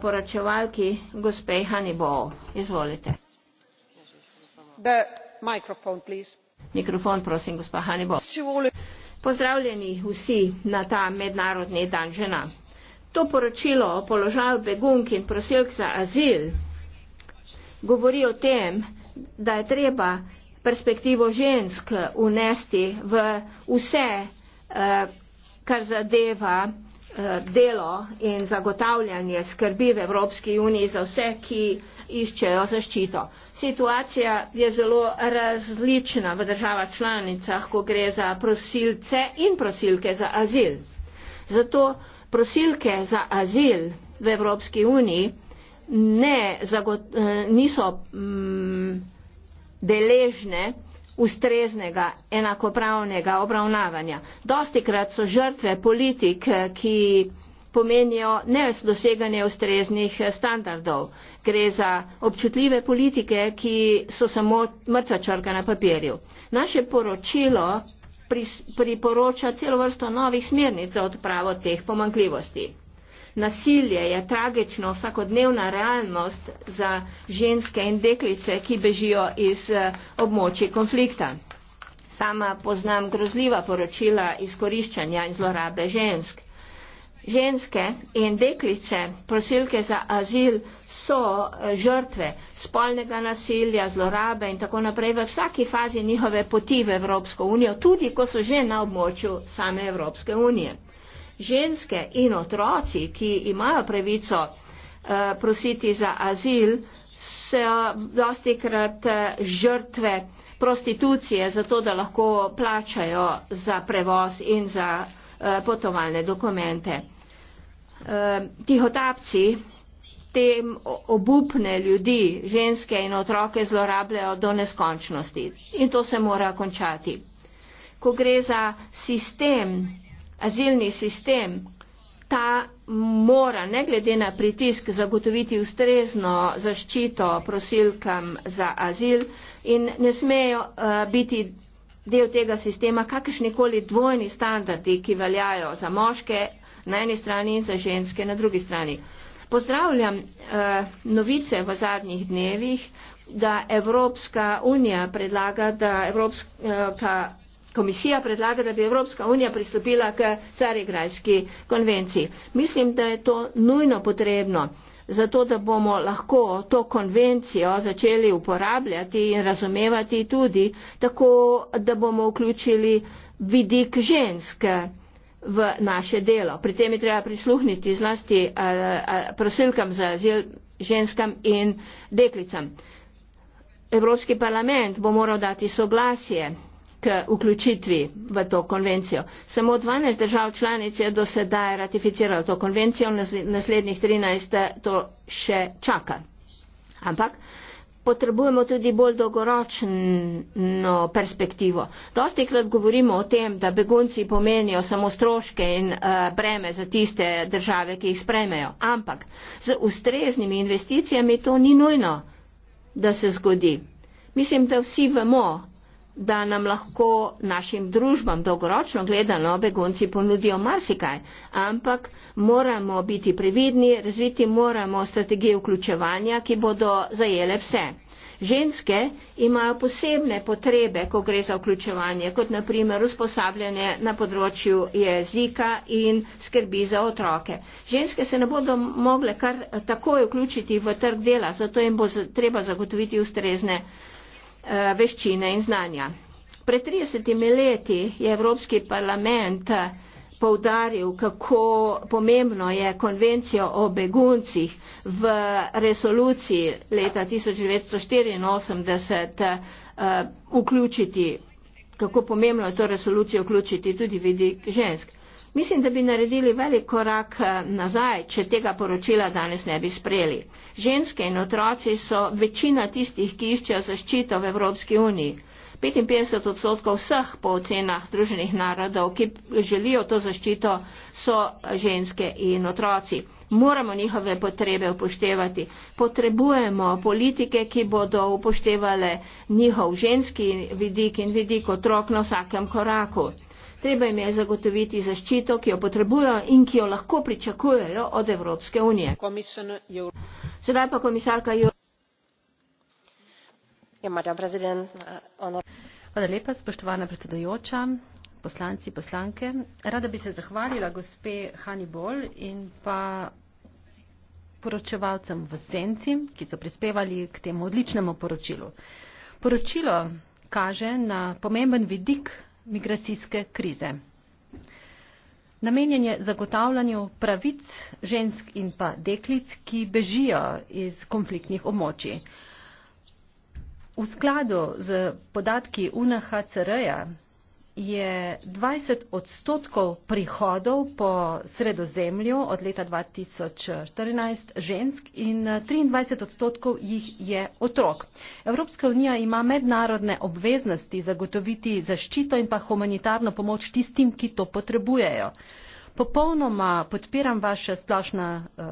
poročevalki gospe honeyball izvolite mikrofon prosim gospa honeyball pozdravljeni vsi na ta mednarodni dan žena to poročilo o položaju begunk in prosilk za azil govori o tem da je treba perspektivo žensk unesti v vse eh, kar zadeva Eh, delo in zagotavljanje skrbi v Evropski uniji za vse, ki iščejo zaščito. Situacija je zelo različna v državah članicah, ko gre za prosilce in prosilke za azil. Zato prosilke za azil v Evropski uniji eh, niso mm, deležne ustreznega, enakopravnega obravnavanja. Dostikrat so žrtve politik, ki pomenijo ne doseganje ustreznih standardov. Gre za občutljive politike, ki so samo mrtva črka na papirju. Naše poročilo priporoča celo vrsto novih smernic za odpravo teh pomankljivosti. Nasilje je tragično vsakodnevna realnost za ženske in deklice, ki bežijo iz eh, območij konflikta. Sama poznam grozljiva poročila izkoriščanja in zlorabe žensk. Ženske in deklice, prosilke za azil, so eh, žrtve spolnega nasilja, zlorabe in tako naprej v vsaki fazi njihove poti v Evropsko unijo, tudi ko so že na območju same Evropske unije ženske in otroci, ki imajo pravico eh, prositi za azil, so dosti krat eh, žrtve prostitucije, zato da lahko plačajo za prevoz in za eh, potovalne dokumente. Tihotapci te obupne ljudi, ženske in otroke zlorabljajo do neskončnosti. In to se mora končati. Ko gre za sistem azilni sistem, ta mora ne glede na pritisk zagotoviti ustrezno zaščito prosilkam za azil in ne smejo uh, biti del tega sistema kakršnikoli dvojni standardi, ki veljajo za moške na eni strani in za ženske na drugi strani. Pozdravljam uh, novice v zadnjih dnevih, da Evropska unija predlaga, da Evropska uh, komisija predlaga, da bi Evropska unija pristopila k Carigrajski konvenciji. Mislim, da je to nujno potrebno, zato da bomo lahko to konvencijo začeli uporabljati in razumevati tudi, tako da bomo vključili vidik ženske v naše delo. Pri tem je treba prisluhniti zlasti eh, eh, prosilkam za azil ženskam in deklicam. Evropski parlament bo moral dati soglasje vključitvi v to konvencijo. Samo 12 držav članic je do sedaj ratificiralo to konvencijo, naslednjih 13 eh, to še čaka. Ampak potrebujemo tudi bolj dolgoročno perspektivo. Dosti krat govorimo o tem, da begunci pomenijo samo stroške in uh, breme za tiste države, ki jih spremejo. Ampak z ustreznimi investicijami to ni nujno, da se zgodi. Mislim, da vsi vemo da nam lahko našim družbam dolgoročno gledano begunci ponudijo marsikaj, ampak moramo biti previdni, razviti moramo strategije vključevanja, ki bodo zajele vse. Ženske imajo posebne potrebe, ko gre za vključevanje, kot naprimer usposabljanje na področju jezika in skrbi za otroke. Ženske se ne bodo mogle kar takoj vključiti v trg dela, zato jim bo treba zagotoviti ustrezne Eh, veščine in znanja. Pred 30 leti je Evropski parlament eh, povdaril, kako pomembno je konvencijo o beguncih v resoluciji leta 1984 uh, eh, vključiti, kako pomembno je to resolucijo vključiti tudi vidik žensk. Mislim, da bi naredili velik korak nazaj, če tega poročila danes ne bi sprejeli. Ženske in otroci so večina tistih, ki iščejo zaščito v Evropski uniji. 55 odstotkov vseh po ocenah Združenih narodov, ki želijo to zaščito, so ženske in otroci. Moramo njihove potrebe upoštevati. Potrebujemo politike, ki bodo upoštevale njihov ženski vidik in vidik otrok na vsakem koraku. Treba jim je zagotoviti zaščito, ki jo potrebujejo in ki jo lahko pričakujejo od Evropske unije. Sedaj pa komisarka Jurek. Ja, Hvala lepa, spoštovana predsedujoča, poslanci, poslanke. Rada bi se zahvalila gospe Hani Bol in pa poročevalcem v Senci, ki so prispevali k temu odličnemu poročilu. Poročilo kaže na pomemben vidik migracijske krize. Namenjen je zagotavljanju pravic žensk in pa deklic, ki bežijo iz konfliktnih območij. V skladu z podatki UNHCR-ja je 20 odstotkov prihodov po sredozemlju od leta 2014 žensk in 23 eh, odstotkov jih je otrok. Evropska unija ima mednarodne obveznosti zagotoviti zaščito in pa humanitarno pomoč tistim, ki to potrebujejo. Popolnoma podpiram vaše splošna eh,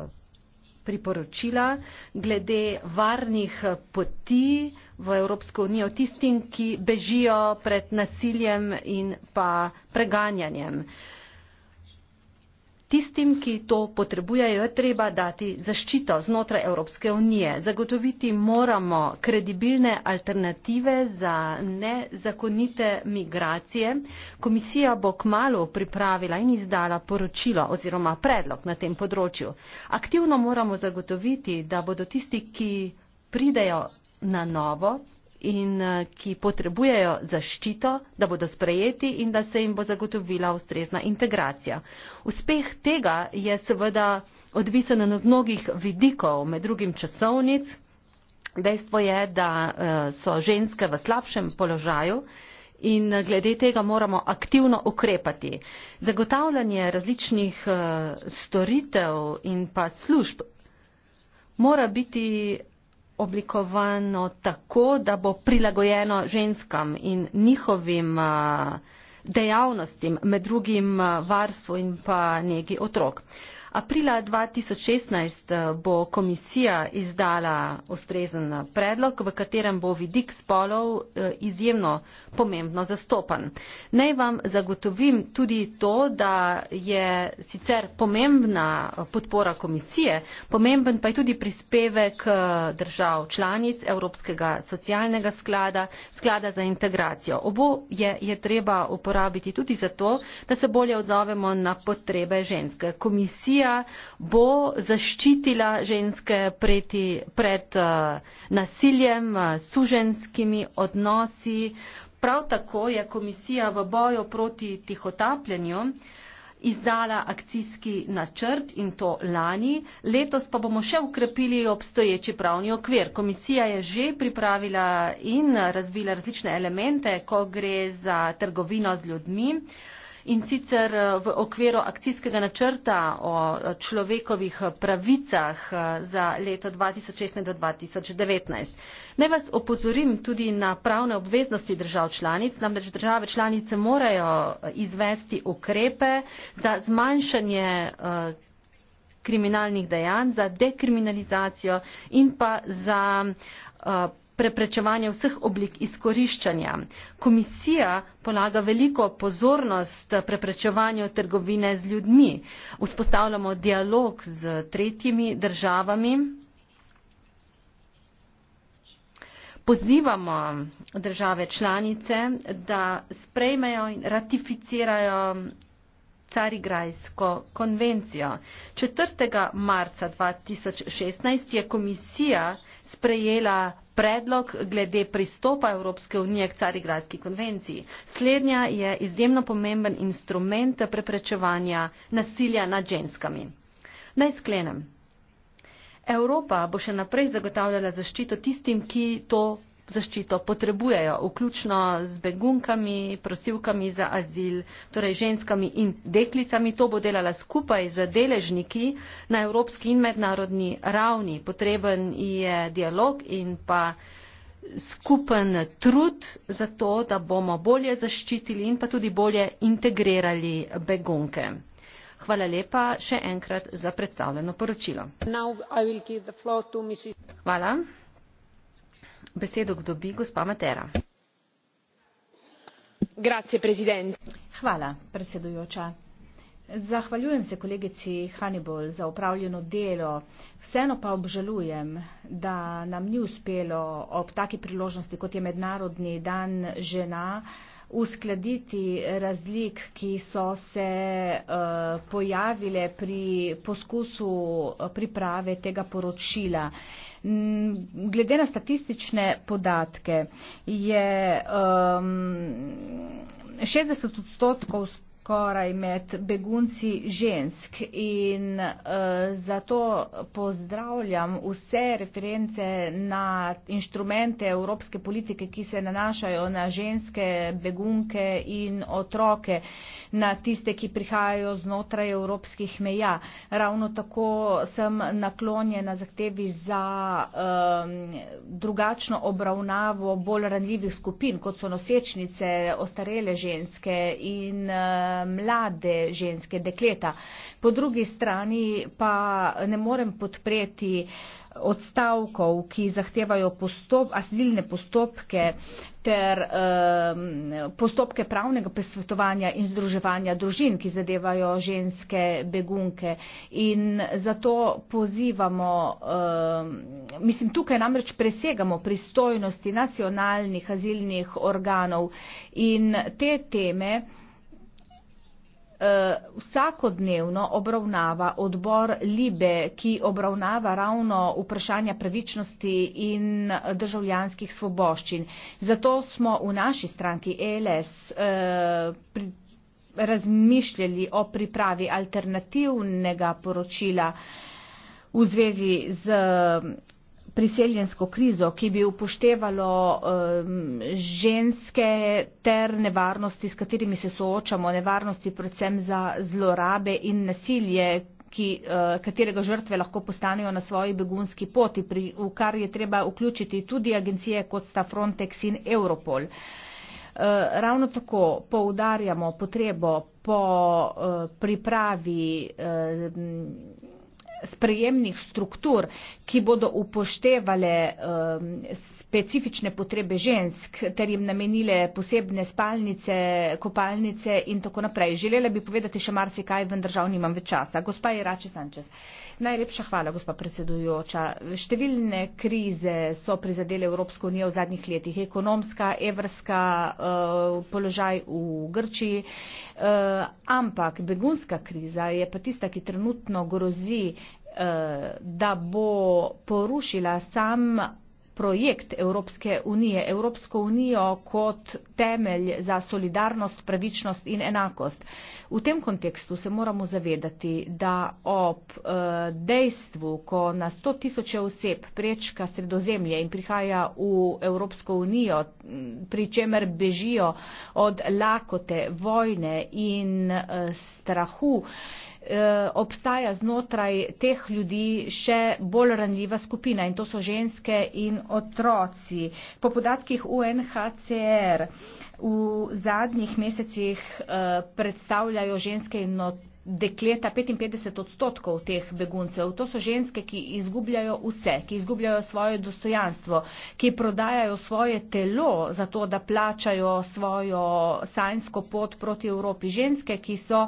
priporočila glede varnih eh, poti, v Evropsko unijo tistim, ki bežijo pred nasiljem in pa preganjanjem. Tistim, ki to potrebujejo, je treba dati zaščito znotraj Evropske unije. Zagotoviti moramo kredibilne alternative za nezakonite migracije. Komisija bo kmalo pripravila in izdala poročilo oziroma predlog na tem področju. Aktivno moramo zagotoviti, da bodo tisti, ki pridejo na novo in eh, ki potrebujejo zaščito, da bodo sprejeti in da se jim bo zagotovila ustrezna integracija. Uspeh tega je seveda odvisen od mnogih vidikov, med drugim časovnic. Dejstvo je, da eh, so ženske v slabšem položaju in eh, glede tega moramo aktivno ukrepati. Zagotavljanje različnih storitev in pa služb mora biti oblikovano tako, da bo prilagojeno ženskam in njihovim dejavnostim, med drugim varstvu in pa negi otrok. Aprila 2016 eh, bo komisija izdala ustrezen eh, predlog, v katerem bo vidik spolov eh, izjemno pomembno zastopan. Naj vam zagotovim tudi to, da je sicer pomembna podpora komisije, pomemben pa je tudi prispevek držav članic Evropskega socialnega sklada, sklada za integracijo. Obo je, je treba uporabiti tudi zato, da se bolje odzovemo na potrebe ženske. Komisija revolucija bo zaščitila ženske preti, pred uh, nasiljem, uh, eh, suženskimi odnosi. Prav tako je komisija v boju proti tihotapljenju izdala akcijski načrt in to lani. Letos pa bomo še ukrepili obstoječi pravni okvir. Komisija je že pripravila in razvila različne elemente, ko gre za trgovino z ljudmi. Uh, in sicer eh, v okviru akcijskega načrta o eh, človekovih eh, pravicah za leto 2016 do 2019. Ne vas opozorim tudi na pravne obveznosti držav članic, namreč države članice morajo izvesti ukrepe za zmanjšanje kriminalnih dejanj, za dekriminalizacijo in pa za preprečevanje vseh oblik izkoriščanja. Komisija polaga veliko pozornost preprečevanju trgovine z ljudmi. Vzpostavljamo dialog z tretjimi državami. Pozivamo države članice, da sprejmejo in ratificirajo Carigrajsko konvencijo. 4. marca 2016 je komisija sprejela predlog glede pristopa Evropske unije k Carigradski konvenciji. Slednja je izjemno pomemben instrument preprečevanja nasilja nad ženskami. Naj sklenem. Evropa bo še naprej zagotavljala zaščito tistim, ki to zaščito potrebujejo, vključno z begunkami, prosilkami za azil, torej ženskami in deklicami. To bo delala skupaj z deležniki na evropski in mednarodni ravni. Potreben je dialog in pa skupen trud za to, da bomo bolje zaščitili in pa tudi bolje integrirali begunke. Hvala lepa še enkrat za predstavljeno poročilo. Hvala zahvaljujem se kolegici honeyball za opravljeno delo vseeno pa obžalujem da nam ni uspelo ob taki priložnosti kot je mednarodni dan žena uskladiti razlik, ki so se uh, pojavile pri poskusu eh, priprave tega poročila. Uh, Mm, glede na statistične podatke je um, 60 odstotkov skoraj med begunci žensk in uh, zato pozdravljam vse reference na inštrumente evropske politike, ki se nanašajo na ženske, begunke in otroke. Uh, na tiste, ki prihajajo znotraj evropskih meja. Ravno tako sem naklonjena zahtevi za um, drugačno obravnavo bolj ranljivih skupin, kot so nosečnice, ostarele ženske in uh, mlade ženske, dekleta. Po drugi strani pa ne morem podpreti uh, odstavkov, ki zahtevajo postop, asilne postopke ter um, postopke pravnega posvetovanja in združevanja družin, ki zadevajo ženske begunke. In zato pozivamo, um, mislim, tukaj namreč presegamo pristojnosti nacionalnih azilnih organov in te teme, Eh, vsakodnevno obravnava odbor Libe, ki obravnava ravno vprašanja pravičnosti in državljanskih svoboščin. Zato smo v naši stranki ELS eh, razmišljali o pripravi alternativnega poročila v zvezi z priseljensko krizo, ki bi upoštevalo um, ženske ter nevarnosti, s katerimi se soočamo, nevarnosti predvsem za zlorabe in nasilje, ki, uh, katerega žrtve lahko postanejo na svoji begunski poti, pri, v kar je treba vključiti tudi agencije kot sta Frontex in Europol. Uh, ravno tako poudarjamo potrebo po uh, pripravi uh, sprejemnih struktur, ki bodo upoštevale um, specifične potrebe žensk, ter jim namenile posebne spalnice, kopalnice in tako naprej. Želela bi povedati še marsikaj, vendar žal nimam več časa. Gospa Irače Sančez. Uh, Najlepša hvala, gospa predsedujoča. Številne krize so prizadele Evropsko unijo v zadnjih letih. Ekonomska, evrska, eh, položaj v Grčiji, eh, ampak begunska kriza je pa tista, ki trenutno grozi, eh, da bo porušila sam projekt Evropske unije, Evropsko unijo kot temelj za solidarnost, pravičnost in enakost. V tem kontekstu se moramo zavedati, da ob eh, dejstvu, ko na 100 tisoče oseb prečka sredozemlje in prihaja v Evropsko unijo, pri čemer bežijo od lakote, vojne in eh, strahu, Eh, obstaja znotraj teh ljudi še bolj ranljiva skupina in to so ženske in otroci. Po podatkih UNHCR v zadnjih mesecih eh, predstavljajo ženske in otroci dekleta 55 odstotkov teh beguncev. To so ženske, ki izgubljajo vse, ki izgubljajo svoje dostojanstvo, ki prodajajo svoje telo za to, da plačajo svojo sanjsko pot proti Evropi. Ženske, ki so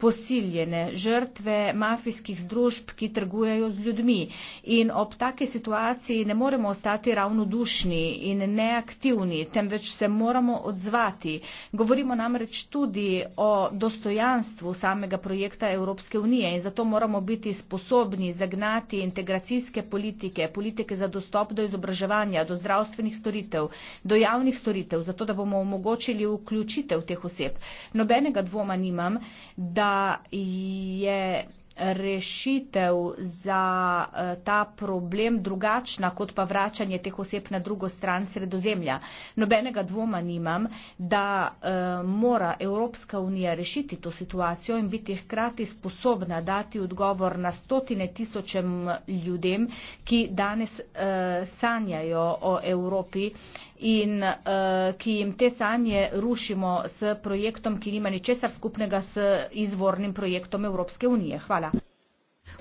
posiljene, žrtve mafijskih združb, ki trgujejo z ljudmi. In ob take situaciji ne moremo ostati ravnodušni in neaktivni, temveč se moramo odzvati. Govorimo namreč tudi o dostojanstvu samega projekta Evropske unije in zato moramo biti sposobni zagnati integracijske politike, politike za dostop do izobraževanja, do zdravstvenih storitev, do javnih storitev, zato da bomo omogočili vključitev teh oseb. Nobenega dvoma nimam, da je rešitev za eh, ta problem drugačna, kot pa vračanje teh oseb na drugo stran sredozemlja. Nobenega dvoma nimam, da eh, mora Evropska unija rešiti to situacijo in biti hkrati sposobna dati odgovor na stotine tisočem ljudem, ki danes eh, sanjajo o Evropi in uh, ki jim te sanje rušimo s projektom, ki nima ničesar skupnega s izvornim projektom Evropske unije. Hvala.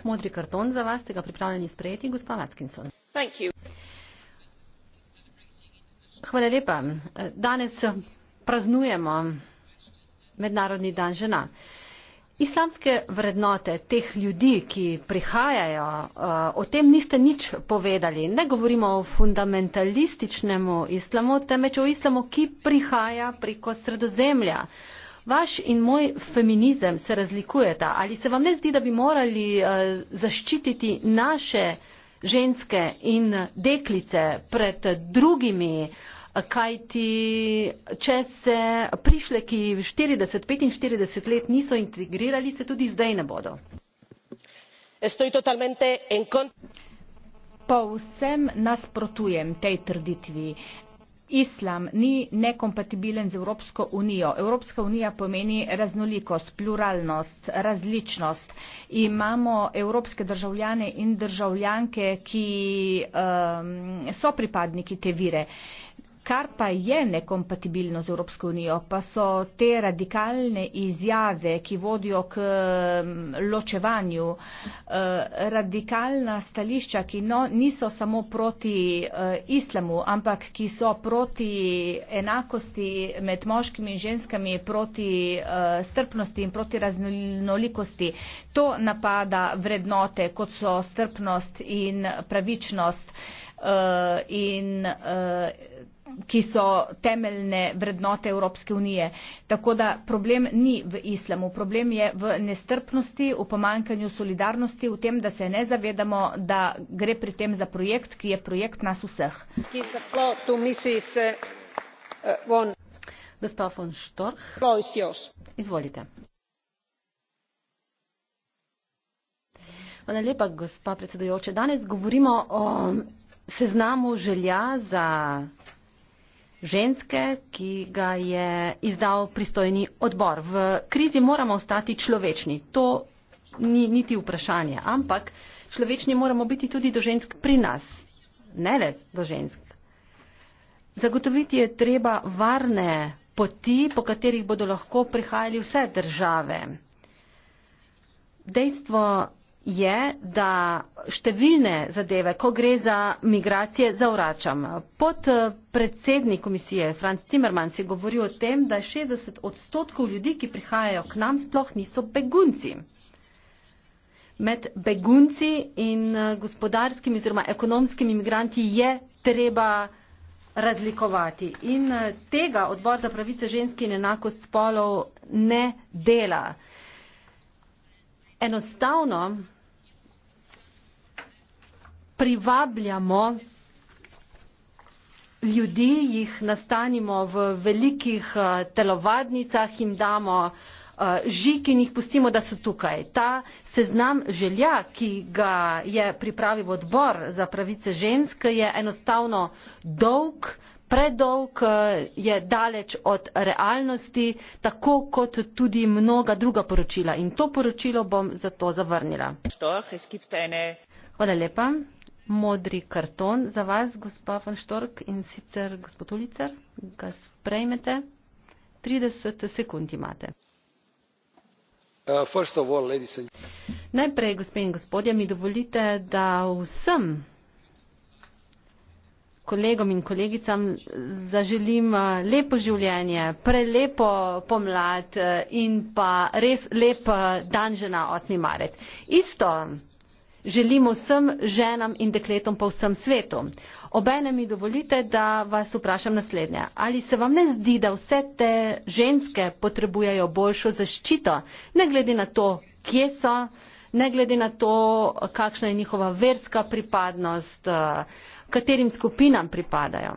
Modri karton za vas, tega pripravljeni sprejeti, gospa Watkinson. Hvala lepa. Danes praznujemo Mednarodni dan žena. Uh, Islamske vrednote teh ljudi, ki prihajajo, eh, o tem niste nič povedali. Ne govorimo o fundamentalističnemu islamu, temveč o islamu, ki prihaja preko sredozemlja. Vaš in moj feminizem se razlikujeta. Ali se vam ne zdi, da bi morali eh, zaščititi naše ženske in deklice pred drugimi? kajti če se prišle, ki 40-45 let niso integrirali, se tudi zdaj ne bodo. Povsem nasprotujem tej trditvi. Islam ni nekompatibilen z Evropsko unijo. Evropska unija pomeni raznolikost, pluralnost, različnost. Imamo evropske državljane in državljanke, ki um, so pripadniki te vire. Uh, Kar pa je nekompatibilno z Evropsko unijo, pa so te radikalne izjave, ki vodijo k ločevanju, eh, radikalna stališča, ki no, niso samo proti eh, islamu, ampak ki so proti enakosti med moškimi in ženskami, proti eh, strpnosti in proti raznolikosti. To napada vrednote, kot so strpnost in pravičnost. In, ki so temeljne vrednote Evropske unije. Tako da problem ni v islamu, problem je v nestrpnosti, v pomankanju solidarnosti, v tem, da se ne zavedamo, da gre pri tem za projekt, ki je projekt nas vseh. Eh, gospa von Storch, izvolite. Hvala lepa, gospa predsedujoča. Danes govorimo o seznamu želja za ženske, ki ga je izdal pristojni odbor. V krizi moramo ostati človečni. To ni niti vprašanje, ampak človečni moramo biti tudi do žensk pri nas, ne le do žensk. Zagotoviti je treba varne poti, po katerih bodo lahko prihajali vse države. Dejstvo, je, da številne zadeve, ko gre za migracije, zavračam. Pod eh, predsednik komisije Franz Timmermans je govoril o tem, da 60 odstotkov ljudi, ki prihajajo k nam, sploh niso begunci. Med begunci in eh, gospodarskimi oziroma ekonomskimi imigranti je treba razlikovati. In eh, tega odbor za pravice ženski in enakost spolov ne dela. Enostavno privabljamo ljudi, jih nastanimo v velikih eh, telovadnicah, jim damo eh, žik in jih pustimo, da so tukaj. Ta seznam želja, ki ga je pripravil odbor za pravice žensk, je enostavno dolg, predolg, eh, je daleč od realnosti, tako kot tudi mnoga druga poročila. In to poročilo bom zato zavrnila. Hvala lepa modri karton za vas, gospa Van Štork, in sicer gospod Ulicer, ga sprejmete. 30 sekund imate. Uh, first of all, and... Najprej, gospe in gospodje, mi dovolite, da vsem kolegom in kolegicam zaželim uh, lepo življenje, prelepo pomlad uh, in pa res lep uh, dan žena 8. marec. Isto želim vsem ženam in dekletom po vsem svetu. Obenem mi dovolite, da vas vprašam naslednje. Ali se vam ne zdi, da vse te ženske potrebujejo boljšo zaščito, ne glede na to, kje so, ne glede na to, kakšna je njihova verska pripadnost, katerim skupinam pripadajo?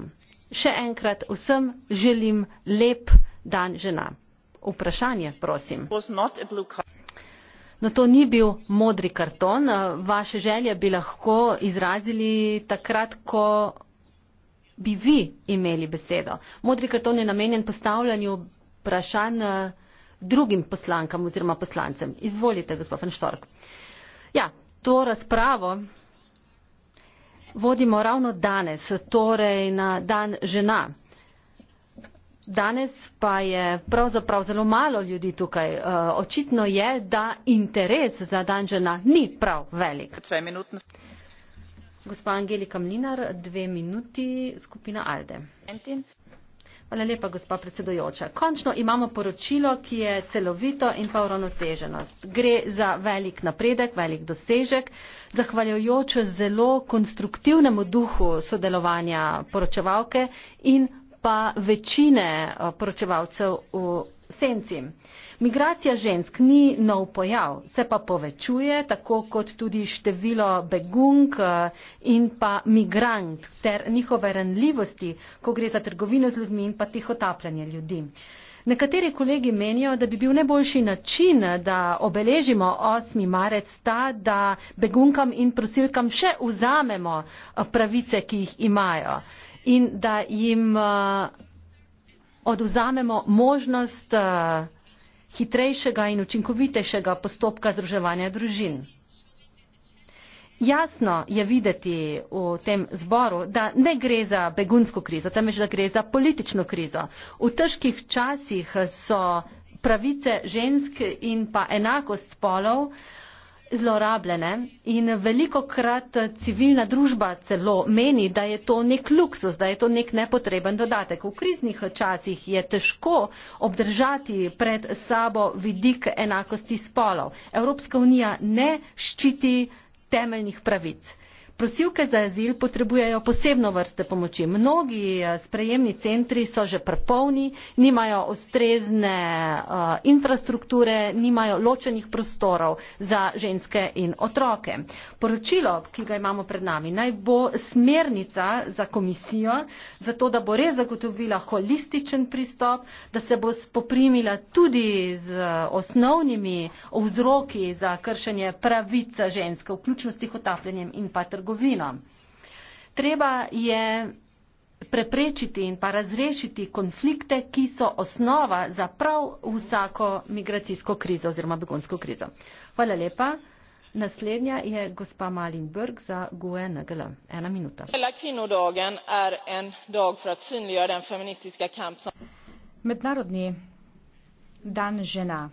Še enkrat vsem želim lep dan žena. Vprašanje, prosim. No, to ni bil modri karton. Vaše želje bi lahko izrazili takrat, ko bi vi imeli besedo. Modri karton je namenjen postavljanju vprašanj eh, drugim poslankam oziroma poslancem. Izvolite, gospod Fenštork. Ja, to razpravo vodimo ravno danes, torej na dan žena danes pa je pravzaprav zelo malo ljudi tukaj eh, očitno je da interes za dungeona ni prav velik končno imamo poročilo ki je celovito in pa uravnoteženost gre za velik napredek velik dosežek zahvaljujoč zelo konstruktivnemu duhu sodelovanja poročevalke in pa večine eh, poročevalcev v senci. Migracija žensk ni nov pojav, se pa povečuje, tako kot tudi število begunk eh, in pa migrant ter njihove ranljivosti, ko gre za trgovino z ljudmi in pa tih otapljanje ljudi. Nekateri kolegi menijo, da bi bil najboljši način, da obeležimo 8. marec ta, da begunkam in prosilkam še vzamemo eh, pravice, ki jih imajo in da jim eh, oduzamemo možnost eh, hitrejšega in učinkovitejšega postopka združevanja družin. Jasno je videti v tem zboru, da ne gre za begunsko krizo, temveč da gre za politično krizo. V težkih časih so pravice žensk in pa enakost spolov uh, zlorabljene in veliko krat civilna družba celo meni, da je to nek luksus, da je to nek nepotreben dodatek. V kriznih časih je težko obdržati pred sabo vidik enakosti spolov. Evropska unija ne ščiti temeljnih pravic. Prosilke za azil potrebujejo posebno vrste pomoči. Mnogi eh, sprejemni centri so že prepolni, nimajo ustrezne uh, infrastrukture, nimajo ločenih prostorov za ženske in otroke. Poročilo, ki ga imamo pred nami, naj bo smernica za komisijo, zato da bo res zagotovila holističen pristop, da se bo spoprimila tudi z eh, osnovnimi vzroki za kršenje pravica ženske, vključno s tihotapljenjem in pa trgovanjem trgovino. Treba je preprečiti in pa razrešiti konflikte, ki so osnova za prav vsako migracijsko krizo oziroma begonsko krizo. Hvala lepa. Naslednja je gospa Malin Brg za GUE NGL. Ena minuta. Er Mednarodni dan žena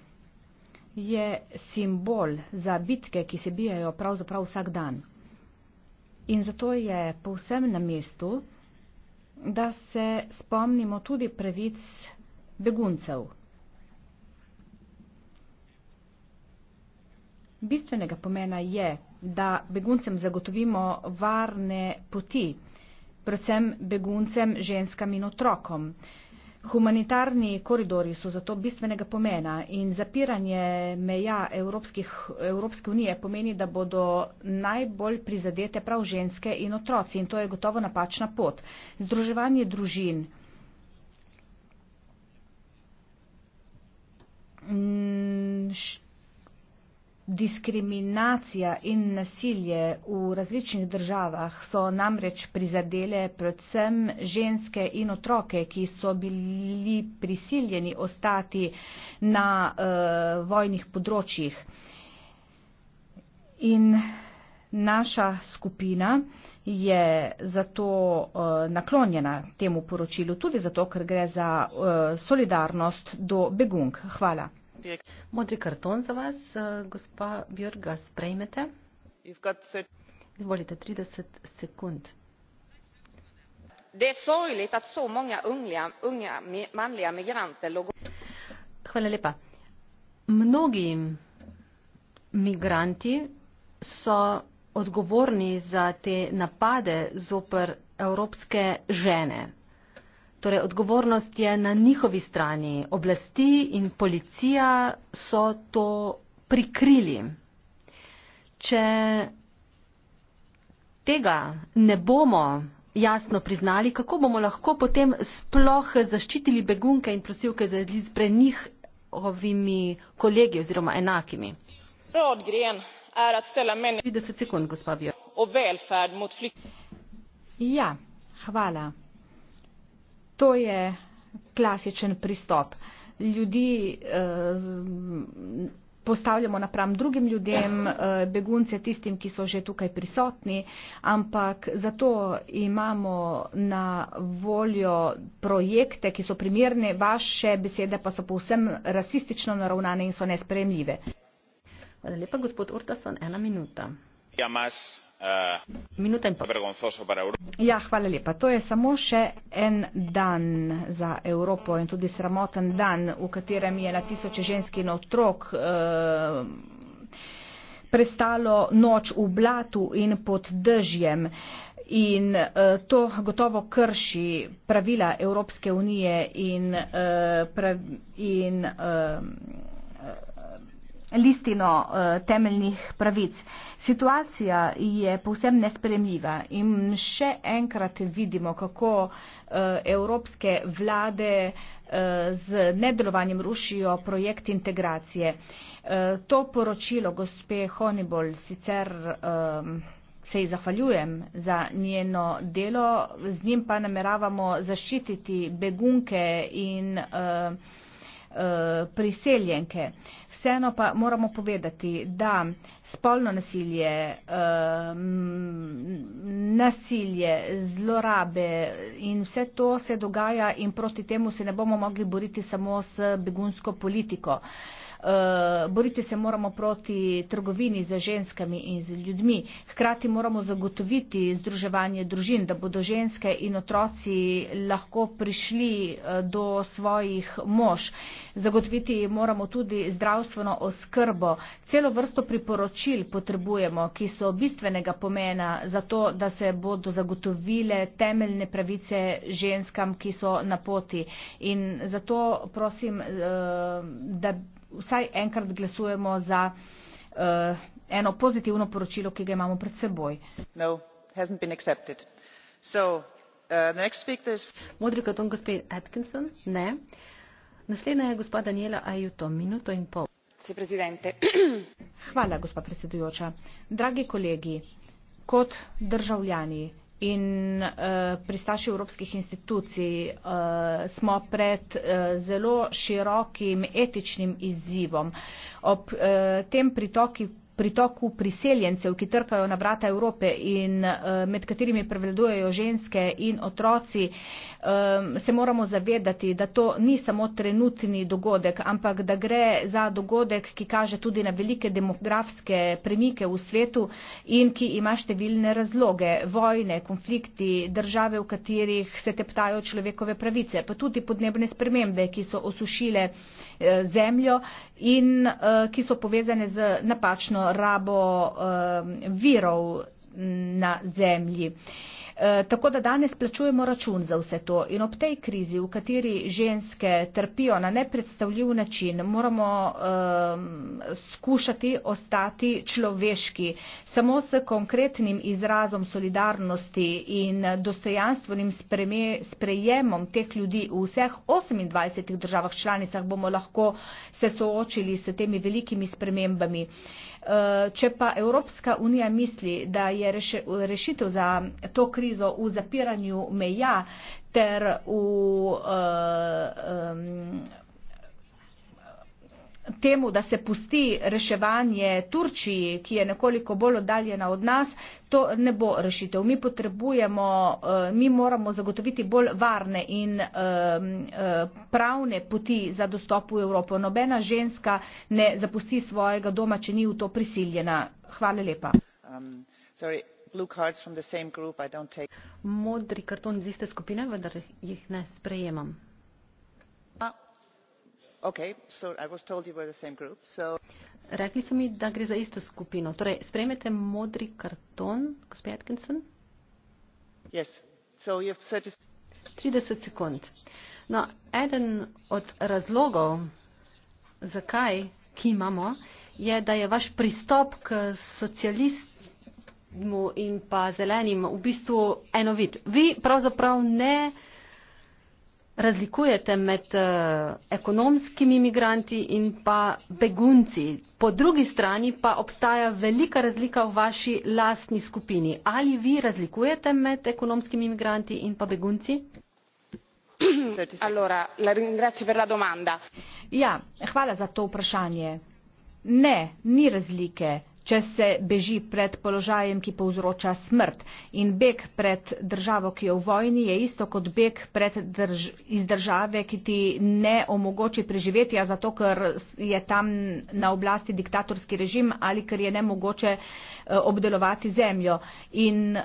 je simbol za bitke, ki se bijajo pravzaprav vsak dan. In zato je povsem na mestu, da se spomnimo tudi pravic beguncev. Bistvenega pomena je, da beguncem zagotovimo varne poti, predvsem beguncem, ženskam in otrokom. Uh, Humanitarni koridori so zato bistvenega pomena in zapiranje meja Evropskih, Evropske unije pomeni, da bodo najbolj prizadete prav ženske in otroci in to je gotovo napačna pot. Združevanje družin. Mm, Diskriminacija in nasilje v različnih državah so namreč prizadele predvsem ženske in otroke, ki so bili prisiljeni ostati na uh, vojnih področjih. In naša skupina je zato uh, naklonjena temu poročilu, tudi zato, ker gre za uh, solidarnost do begunk. Hvala. Modri karton za vas, eh, gospa Björg, ga sprejmete. Izvolite, 30 sekund. Det är sorgligt att så många unga, unga manliga migranter låg... Hvala lepa. Mnogi migranti so odgovorni za te napade zoper evropske žene. Torej, odgovornost je na njihovi strani. Oblasti in policija so to prikrili. Če tega ne bomo jasno priznali, kako bomo lahko potem sploh zaščitili begunke in prosilke za izliz pred njih ovimi kolegi oziroma enakimi? Er ja, hvala to je klasičen pristop. Ljudi eh, z, postavljamo napram drugim ljudem, eh, begunce tistim, ki so že tukaj prisotni, ampak zato imamo na voljo projekte, ki so primerne, vaše besede pa so povsem rasistično naravnane in so nespremljive. Hvala lepa, gospod Urtason, ena minuta. Ja, Eh, Minuta in pol. Ja, hvala lepa. To je samo še en dan za Evropo in tudi sramoten dan, v katerem je na tisoče žensk in otrok uh, prestalo noč v blatu in pod držjem. In uh, to gotovo krši pravila Evropske unije in, uh, prav, in uh, listino uh, temeljnih pravic. Situacija je povsem nespremljiva in še enkrat vidimo, kako uh, evropske vlade uh, z nedelovanjem rušijo projekt integracije. Uh, to poročilo gospe Honibol sicer um, se ji zahvaljujem za njeno delo, z njim pa nameravamo zaščititi begunke in uh, priseljenke vseeno pa moramo povedati, da spolno nasilje, nasilje, zlorabe in vse to se dogaja in proti temu se ne bomo mogli boriti samo s begunsko politiko. Eh, boriti se moramo proti trgovini za ženskami in z ljudmi. Hkrati moramo zagotoviti združevanje družin, da bodo ženske in otroci lahko prišli eh, do svojih mož. Zagotoviti moramo tudi zdravstveno oskrbo. Celo vrsto priporočil potrebujemo, ki so bistvenega pomena za to, da se bodo zagotovile temeljne pravice ženskam, ki so na poti. In zato prosim, eh, da vsaj enkrat glasujemo za uh, eno pozitivno poročilo, ki ga imamo pred seboj. No, hasn't been accepted. So, uh, the next speaker is... Modri karton, gospe Atkinson? Ne. Naslednja je gospa Daniela Ajuto, minuto in pol. Hvala, gospa predsedujoča. Dragi kolegi, kot državljani, in uh, pristaši evropskih institucij uh, smo pred uh, zelo širokim etičnim izzivom. Ob uh, tem pritoki pritoku priseljencev, ki trkajo na vrata Evrope in eh, med katerimi prevladujejo ženske in otroci, eh, se moramo zavedati, da to ni samo trenutni dogodek, ampak da gre za dogodek, ki kaže tudi na velike demografske premike v svetu in ki ima številne razloge. Vojne, konflikti, države, v katerih se teptajo človekove pravice, pa tudi podnebne spremembe, ki so osušile eh, zemljo in ki so povezane z napačno rabo virov na zemlji. E, tako da danes plačujemo račun za vse to in ob tej krizi, v kateri ženske trpijo na nepredstavljiv način, moramo um, skušati ostati človeški. Samo s konkretnim izrazom solidarnosti in dostojanstvenim sprejemom teh ljudi v vseh 28 državah članicah bomo lahko se soočili s temi velikimi spremembami. Uh, Eh, če pa Evropska unija misli, da je rešitev za to krizo v zapiranju meja ter v uh, um, temu, da se pusti reševanje Turčiji, ki je nekoliko bolj oddaljena od nas, to ne bo rešitev. Mi potrebujemo, eh, mi moramo zagotoviti bolj varne in eh, eh, pravne poti za dostop v Evropo. Nobena ženska ne zapusti svojega doma, če ni v to prisiljena. Hvala lepa. Um, Modri karton z iste skupine, vendar jih ne sprejemam. Rekli so mi, da gre za isto skupino. Torej, sprejmete modri karton, gospod Atkinson? Yes. So 30 sekund. No, eden od razlogov, zakaj, ki imamo, je, da je vaš pristop k socialistmu in pa zelenim v bistvu enovit. Vi pravzaprav ne razlikujete med uh, ekonomskimi imigranti in pa begunci. Po drugi strani pa obstaja velika razlika v vaši lastni skupini. Ali vi razlikujete med ekonomskimi imigranti in pa begunci? Allora, la ringrazio per la domanda. Ja, hvala za to vprašanje. Ne, ni razlike če se beži pred položajem, ki povzroča smrt. In beg pred državo, ki je v vojni, je isto kot beg drž iz države, ki ti ne omogoči preživeti, a zato, ker je tam na oblasti diktatorski režim ali ker je nemogoče eh, obdelovati zemljo. In e,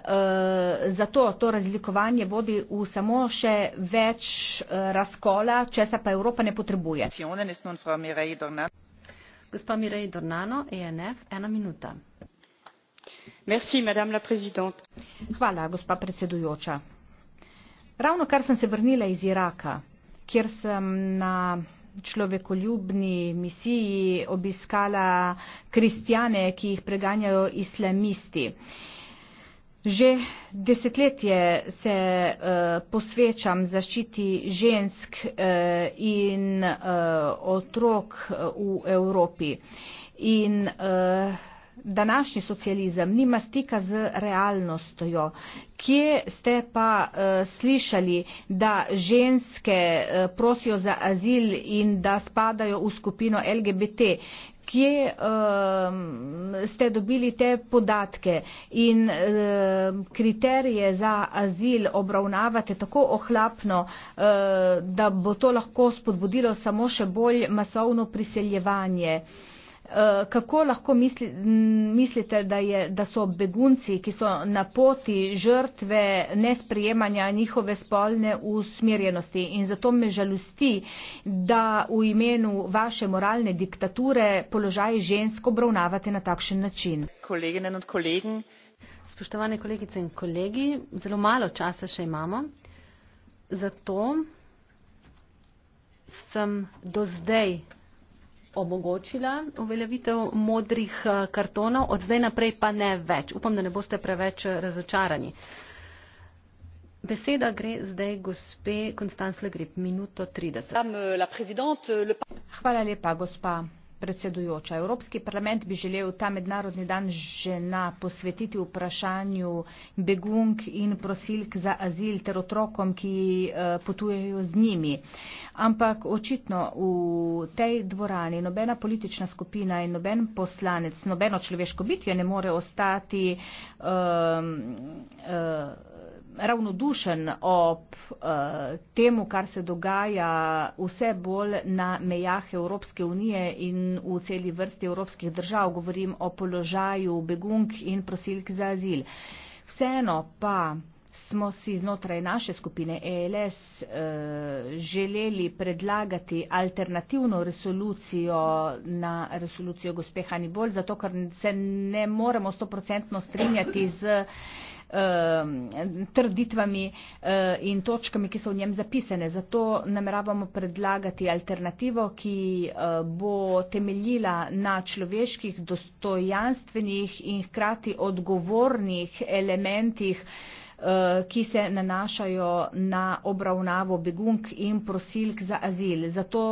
zato to razlikovanje vodi v samo še več e, razkola, česa pa Evropa ne potrebuje. E madame la présidente hvala gospa predsedujoča ravnokar sem se vrnila iz iraka kjer sem na človekoljubni misiji obiskala kristjane ki jih preganjajo islamisti. Že desetletje se uh, posvečam zaščiti žensk uh, in uh, otrok v Evropi. In uh, današnji socializem nima stika z realnostjo. Kje ste pa uh, slišali, da ženske uh, prosijo za azil in da spadajo v skupino LGBT? kje um, ste dobili te podatke in um, kriterije za azil obravnavate tako ohlapno, uh, da bo to lahko spodbudilo samo še bolj masovno priseljevanje. Uh, Eh, kako lahko misli, mislite, da, je, da so begunci, ki so na poti žrtve nesprejemanja njihove spolne usmerjenosti in zato me žalosti, da v imenu vaše moralne diktature položaj žensk obravnavate na takšen način? Spoštovane kolegice in kolegi, zelo malo časa še imamo, zato sem do zdaj omogočila uveljavitev modrih eh, kartonov, od zdaj naprej pa ne več. Upam, da ne boste preveč eh, razočarani. Beseda gre zdaj gospe Konstance Le Grip, minuto 30. Hvala lepa, gospa predsedujoča. Evropski parlament bi želel ta mednarodni dan žena posvetiti vprašanju begunk in prosilk za azil ter otrokom, ki eh, potujejo z njimi. Ampak očitno v tej dvorani nobena politična skupina in noben poslanec, nobeno človeško bitje ne more ostati. Uh, uh, ravnodušen ob eh, temu, kar se dogaja vse bolj na mejah Evropske unije in v celi vrsti evropskih držav, govorim o položaju begunk in prosilk za azil. Vseeno pa smo si znotraj naše skupine ELS eh, želeli predlagati alternativno resolucijo na resolucijo gospe Hanibol, zato ker se ne moremo stoprocentno strinjati z. Eh, Ehm, trditvami eh, in točkami, ki so v njem zapisane. Zato nameravamo predlagati alternativo, ki eh, bo temeljila na človeških, dostojanstvenih in hkrati odgovornih elementih Eh, ki se nanašajo na obravnavo begunk in prosilk za azil. Zato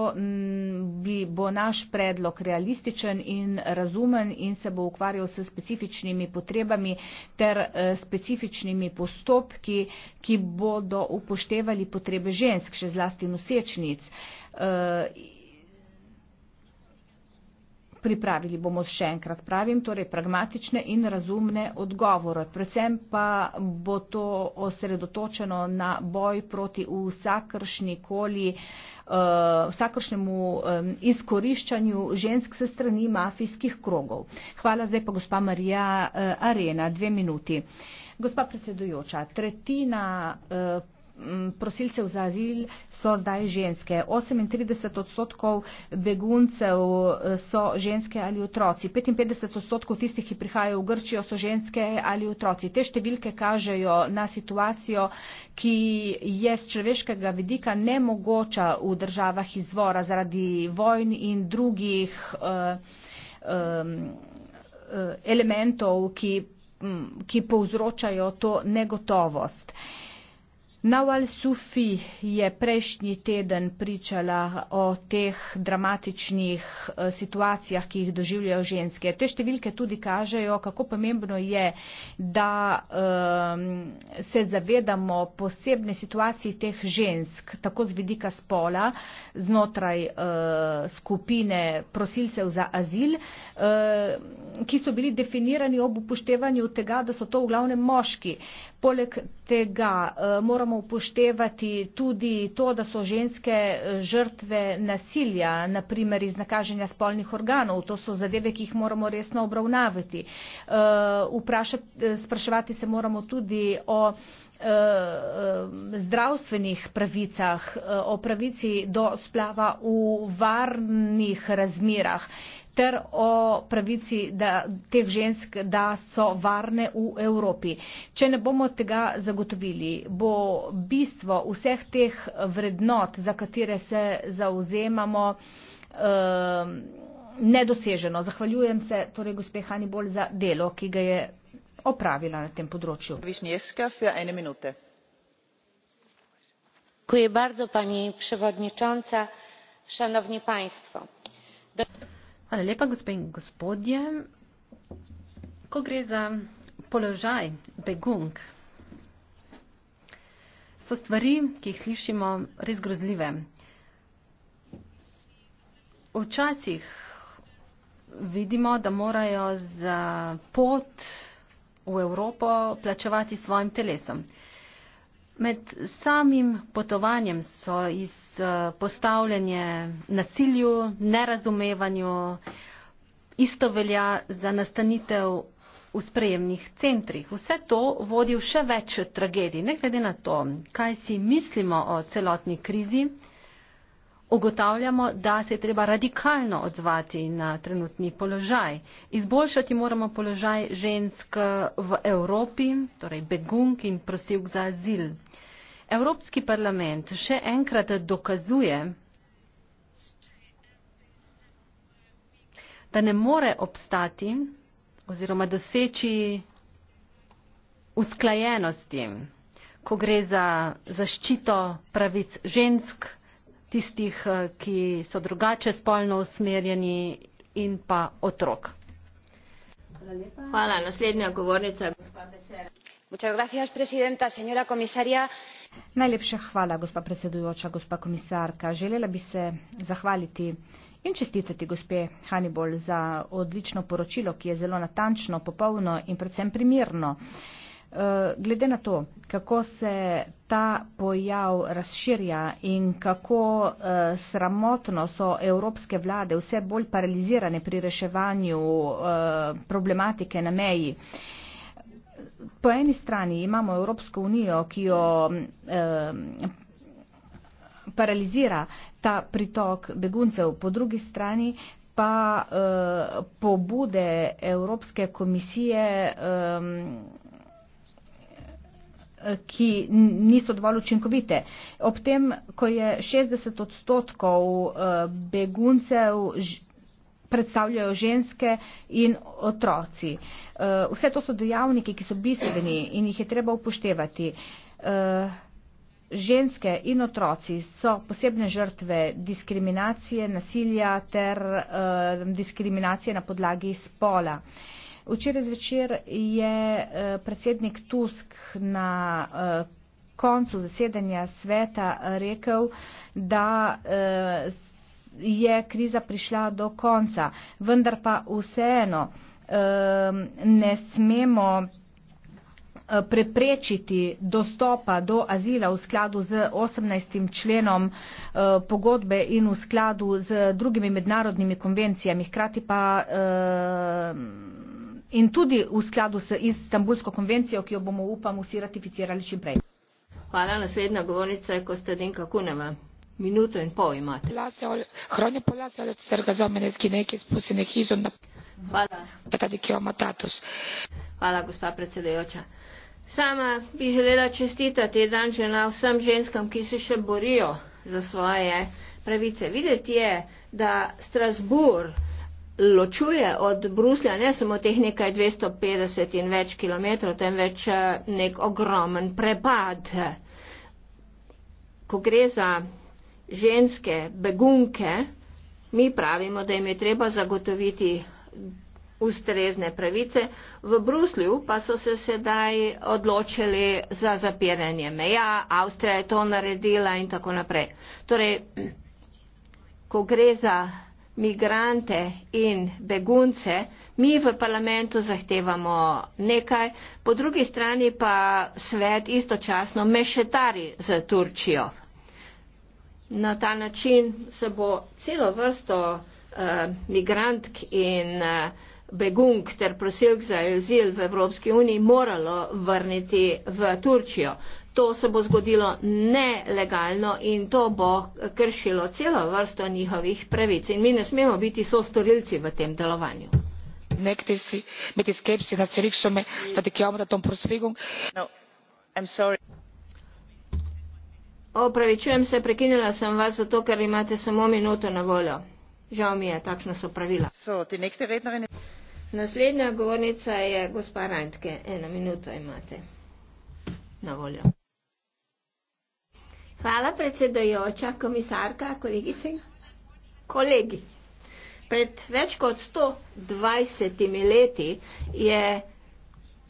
bi, bo naš predlog realističen in razumen in se bo ukvarjal s specifičnimi potrebami ter eh, specifičnimi postopki, ki bodo upoštevali potrebe žensk, še zlasti nosečnic. Eh, pripravili bomo še enkrat pravim, torej pragmatične in razumne odgovore. Predvsem pa bo to osredotočeno na boj proti vsakršni koli eh, vsakršnemu izkoriščanju žensk se strani mafijskih krogov. Hvala zdaj pa gospa Marija eh, Arena, dve minuti. Gospa predsedujoča, tretjina eh, Mm, prosilcev za azil so zdaj ženske. 38 odstotkov beguncev eh, so ženske ali otroci. 55 odstotkov tistih, ki prihajajo v Grčijo, so ženske ali otroci. Te številke kažejo na situacijo, ki je z človeškega vidika nemogoča v državah izvora zaradi vojn in drugih uh, um, elementov, ki, um, ki povzročajo to negotovost. Uh, Nawal Sufi je prejšnji teden pričala o teh dramatičnih eh, situacijah, ki jih doživljajo ženske. Te številke tudi kažejo, kako pomembno je, da um, se zavedamo posebne situacije teh žensk, tako z vidika spola, znotraj uh, skupine prosilcev za azil, uh, ki so bili definirani ob upoštevanju tega, da so to v glavnem moški. Poleg tega uh, moramo moramo upoštevati tudi to, da so ženske eh, žrtve nasilja, naprimer iz nakaženja spolnih organov. To so zadeve, ki jih moramo resno obravnavati. Eh, Vprašati, eh, spraševati se moramo tudi o zdravstvenih pravicah, o pravici do splava v varnih razmerah ter o pravici da, teh žensk, da so varne v Evropi. Če ne bomo tega zagotovili, bo bistvo vseh teh vrednot, za katere se zauzemamo, eh, nedoseženo. Zahvaljujem se torej gospe Hanibol za delo, ki ga je opravila na tem področju. Dziękuję bardzo pani przewodnicząca, szanowni państwo. Do... Hvala lepa, gospod in gospodje. Ko gre za položaj begunk, so stvari, ki jih slišimo, res grozljive. Včasih vidimo, da morajo za pot v Evropo plačevati svojim telesom. Med samim potovanjem so izpostavljeni eh, nasilju, nerazumevanju, isto velja za nastanitev v sprejemnih centrih. Vse to vodi v še več tragedij. Ne glede na to, kaj si mislimo o celotni krizi, ugotavljamo, da se je treba radikalno odzvati na trenutni položaj. Izboljšati moramo položaj žensk v Evropi, torej begunk in prosilk za azil. Evropski parlament še enkrat dokazuje, da ne more obstati oziroma doseči usklajenosti, ko gre za zaščito pravic žensk tistih, eh, ki so drugače spolno usmerjeni in pa otrok. Hvala. Naslednja govornica. Muchas gracias, presidenta, señora comisaria. Najlepša hvala, gospa predsedujoča, gospa komisarka. Želela bi se zahvaliti in čestitati gospe Hannibal za odlično poročilo, ki je zelo natančno, popolno in predvsem primirno. Uh, Eh, glede na to, kako se ta pojav razširja in kako uh, sramotno so evropske vlade vse bolj paralizirane pri reševanju uh, problematike na meji. Po eni strani imamo Evropsko unijo, ki jo uh, paralizira ta pritok beguncev, po drugi strani pa uh, pobude Evropske komisije. Um, ki niso dovolj učinkovite. Ob tem, ko je 60 odstotkov eh, beguncev predstavljajo ženske in otroci. Eh, vse to so dejavniki, ki so bistveni in jih je treba upoštevati. Eh, ženske in otroci so posebne žrtve diskriminacije, nasilja ter diskriminacije na podlagi spola. Včeraj zvečer je eh, predsednik Tusk na eh, koncu zasedanja sveta rekel, da eh, je kriza prišla do konca, vendar pa vseeno ne smemo preprečiti dostopa do azila v skladu z 18. členom pogodbe in v skladu z drugimi mednarodnimi konvencijami. Hkrati pa in tudi v skladu s Istanbulsko konvencijo, ki jo bomo upam vsi ratificirali čim prej. Hvala, naslednja govornica je Kostadinka Kuneva. Minuto in pol imate. Hvala. Hvala. Hvala, gospa predsedajoča. Sama bi želela čestitati dan žena vsem ženskam, ki se še borijo za svoje pravice. Videti je, da Strasbourg ločuje od Bruslja, ne samo teh nekaj 250 in več kilometrov, temveč eh, nek ogromen prepad. Ko gre za ženske begunke, mi pravimo, da jim je treba zagotoviti ustrezne pravice, v Bruslju pa so se sedaj odločili za zapiranje meja, Avstrija je to naredila in tako naprej. Torej, ko gre za migrante in begunce, mi v parlamentu zahtevamo nekaj, po drugi strani pa svet istočasno mešetari z Turčijo. Na ta način se bo celo vrsto uh, migrantk in uh, begunk ter prosilk za azil v Evropski uniji moralo vrniti v Turčijo to se bo zgodilo nelegalno in to bo kršilo celo vrsto njihovih pravic. In mi ne smemo biti sostorilci v tem delovanju. No, Opravičujem se, prekinila sem vas zato, ker imate samo minuto na voljo. Žal mi je, takšna so pravila. Naslednja govornica je gospa Rantke. Eno minuto imate na voljo. Hvala, predsedojoča, komisarka, kolegice in kolegi. Pred več kot 120 leti je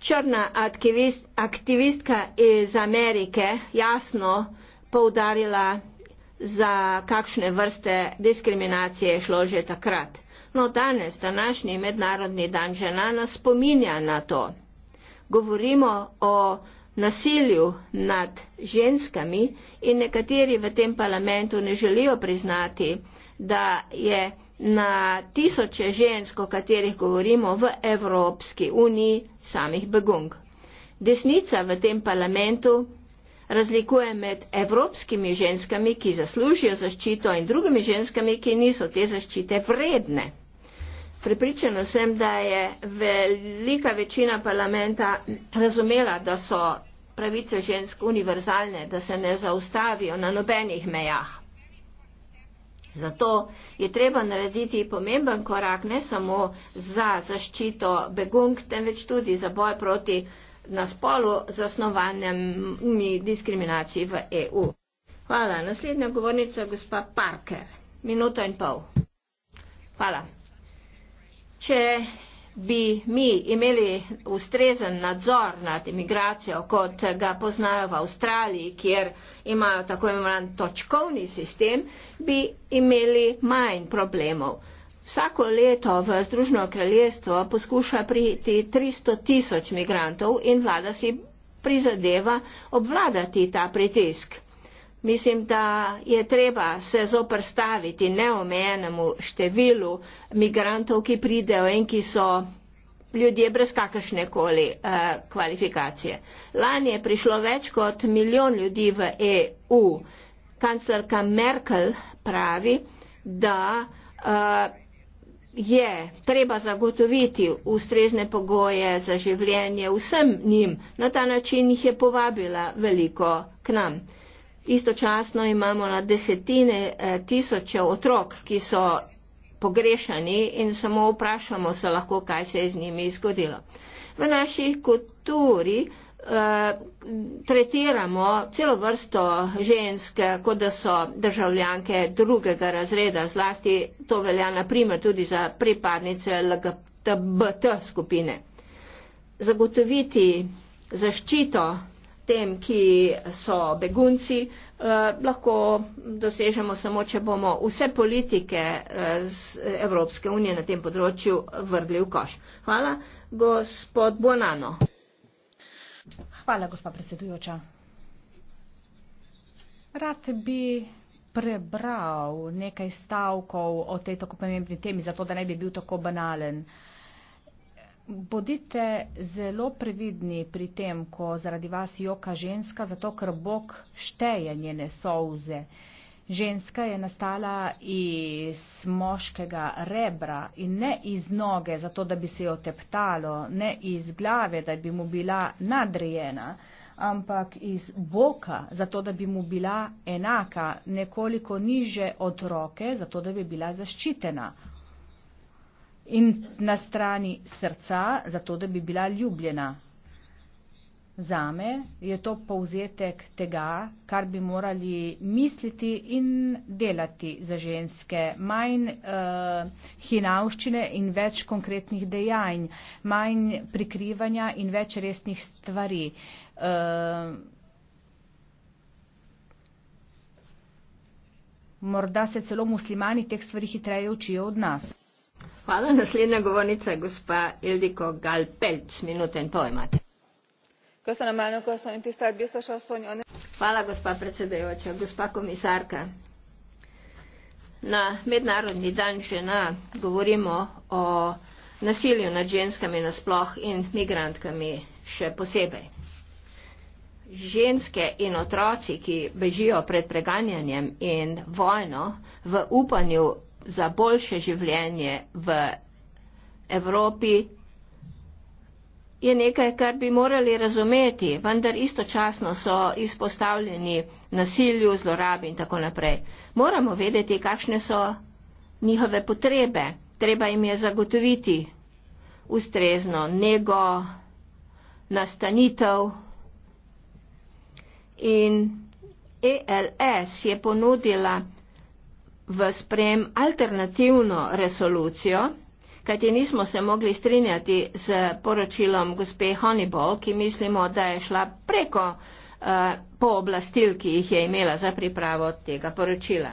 črna aktivist, aktivistka iz Amerike jasno poudarila, za kakšne vrste diskriminacije je šlo že takrat. No danes, današnji mednarodni dan žena nas spominja na to. Govorimo o nasilju nad ženskami in nekateri v tem parlamentu ne želijo priznati, da je na tisoče žensk, o katerih govorimo v Evropski uniji, samih begung. Desnica v tem parlamentu razlikuje med evropskimi ženskami, ki zaslužijo zaščito, in drugimi ženskami, ki niso te zaščite vredne. Pripričana sem, da je velika večina parlamenta razumela, da so pravice žensk univerzalne, da se ne zaustavijo na nobenih mejah. Zato je treba narediti pomemben korak ne samo za zaščito begunk, temveč tudi za boj proti na spolu zasnovanem diskriminaciji v EU. Hvala. Naslednja govornica, gospa Parker. Minuto in pol. Hvala. Če bi mi imeli ustrezen nadzor nad imigracijo, kot ga poznajo v Avstraliji, kjer imajo tako imenovan točkovni sistem, bi imeli manj problemov. Vsako leto v Združeno kraljestvo poskuša priti 300 tisoč migrantov in vlada si prizadeva obvladati ta pritisk. Mislim, da je treba se zoprstaviti neomejenemu številu migrantov, ki pridejo in ki so ljudje brez kakršne koli eh, kvalifikacije. Lani je prišlo več kot milijon ljudi v EU. Kanclerka Merkel pravi, da eh, je treba zagotoviti ustrezne pogoje za življenje vsem njim. Na ta način jih je povabila veliko k nam. Istočasno imamo na desetine eh, tisoče otrok, ki so pogrešani in samo vprašamo se lahko, kaj se je z njimi zgodilo. V naši kulturi eh, tretiramo celo vrsto ženske, kot da so državljanke drugega razreda, zlasti to velja naprimer tudi za pripadnice LGBT skupine. Zagotoviti zaščito tem, ki so begunci, eh, lahko dosežemo samo, če bomo vse politike eh, z Evropske unije na tem področju vrgli v koš. Hvala, gospod Bonano. Hvala, gospa predsedujoča. Rad bi prebral nekaj stavkov o tej tako pomembni temi, zato da ne bi bil tako banalen. Uh, bodite zelo previdni pri tem, ko zaradi vas joka ženska, zato ker Bog šteje njene solze. Ženska je nastala iz moškega rebra in ne iz noge, zato da bi se jo teptalo, ne iz glave, da bi mu bila nadrejena, ampak iz boka, zato da bi mu bila enaka, nekoliko niže od roke, zato da bi bila zaščitena in na strani srca, zato da bi bila ljubljena. Zame je to povzetek tega, kar bi morali misliti in delati za ženske. Manj uh, hinavščine in več konkretnih dejanj, manj prikrivanja in več resnih stvari. Uh, morda se celo muslimani teh stvari hitreje učijo od nas. Hvala. Naslednja govornica je gospa Ildiko Galpelc. Minute in pol imate. Hvala, gospa predsedajoča. Gospa komisarka, na mednarodni dan žena govorimo o nasilju nad ženskami nasploh in migrantkami še posebej. Ženske in otroci, ki bežijo pred preganjanjem in vojno v upanju za boljše življenje v Evropi, je nekaj, kar bi morali razumeti, vendar istočasno so izpostavljeni nasilju, zlorabi in tako naprej. Moramo vedeti, kakšne so njihove potrebe. Treba jim je zagotoviti ustrezno nego, nastanitev. In ELS je ponudila v sprejem alternativno resolucijo, kajti nismo se mogli strinjati z poročilom gospe Honeyball, ki mislimo, da je šla preko uh, pooblastil, ki jih je imela za pripravo tega poročila.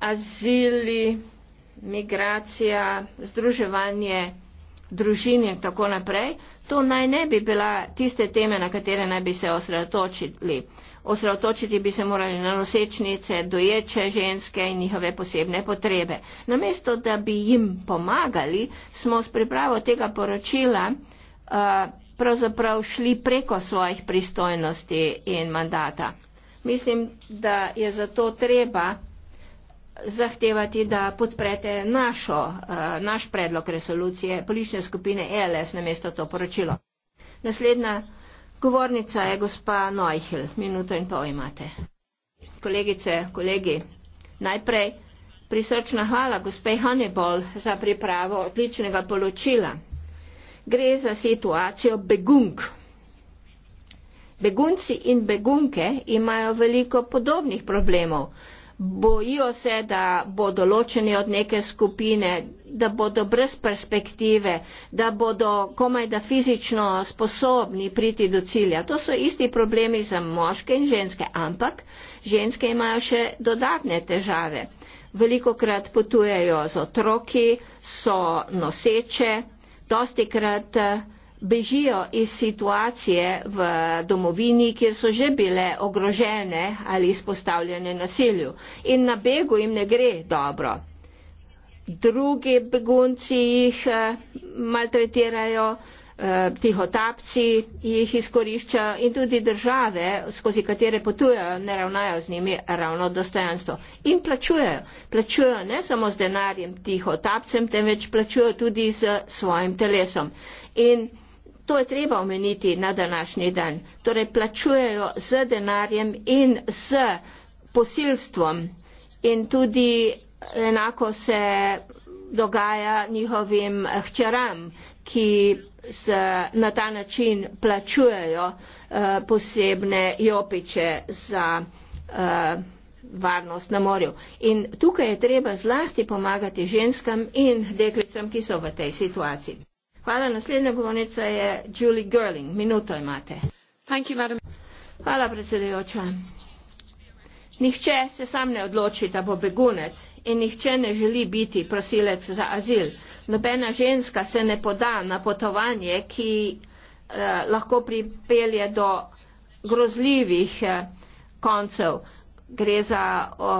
Azili, migracija, združevanje družin in tako naprej, to naj ne bi bila tiste teme, na katere naj bi se osredotočili osredotočiti bi se morali na nosečnice, doječe ženske in njihove posebne potrebe. Namesto, da bi jim pomagali, smo s pripravo tega poročila uh, pravzaprav šli preko svojih pristojnosti in mandata. Mislim, da je zato treba zahtevati, da podprete našo, uh, naš predlog resolucije politične skupine ELS na mesto to poročilo. Naslednja Govornica je gospa Neuchel, minuto in pol imate. Kolegice, kolegi, najprej prisrčna hvala gospe Hannibal za pripravo odličnega poročila. Gre za situacijo begunk. Begunci in begunke imajo veliko podobnih problemov bojijo se, da bodo ločeni od neke skupine, da bodo brez perspektive, da bodo komaj da fizično sposobni priti do cilja. To so isti problemi za moške in ženske, ampak ženske imajo še dodatne težave. Veliko krat potujejo z otroki, so noseče, dosti krat uh, bežijo iz situacije v domovini, kjer so že bile ogrožene ali izpostavljene nasilju. In na begu jim ne gre dobro. Drugi begunci jih eh, maltretirajo, eh, tihotapci jih izkoriščajo in tudi države, skozi katere potujejo, ne ravnajo z njimi ravno dostojanstvo. In plačujejo. Plačujejo ne samo z denarjem tihotapcem, temveč plačujejo tudi z svojim telesom. In to je treba omeniti na današnji dan. Torej, plačujejo z denarjem in z posilstvom in tudi enako se dogaja njihovim hčeram, ki z, na ta način plačujejo uh, posebne jopiče za uh, varnost na morju. In tukaj je treba zlasti pomagati ženskam in deklicam, ki so v tej situaciji. Hvala. Naslednja govornica je Julie Gerling. Minuto imate. Thank you, madam. Hvala, predsedujoča. Nihče se sam ne odloči, da bo begunec in nihče ne želi biti prosilec za azil. Nobena ženska se ne poda na potovanje, ki eh, lahko pripelje do grozljivih eh, koncev. Eh, gre za o,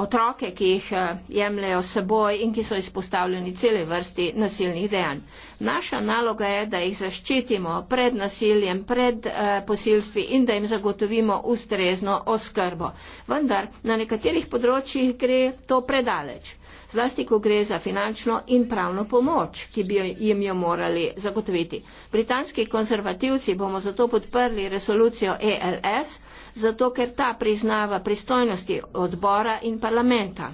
otroke, ki jih e, jemljajo s seboj in ki so izpostavljeni cele vrsti nasilnih dejanj. Naša naloga je, da jih zaščitimo pred nasiljem, pred eh, posilstvi in da jim zagotovimo ustrezno oskrbo. Vendar na nekaterih področjih gre to predaleč. Zlasti, ko gre za finančno in pravno pomoč, ki bi jim jo morali zagotoviti. Britanski konzervativci bomo zato podprli resolucijo ELS, zato ker ta priznava pristojnosti odbora in parlamenta.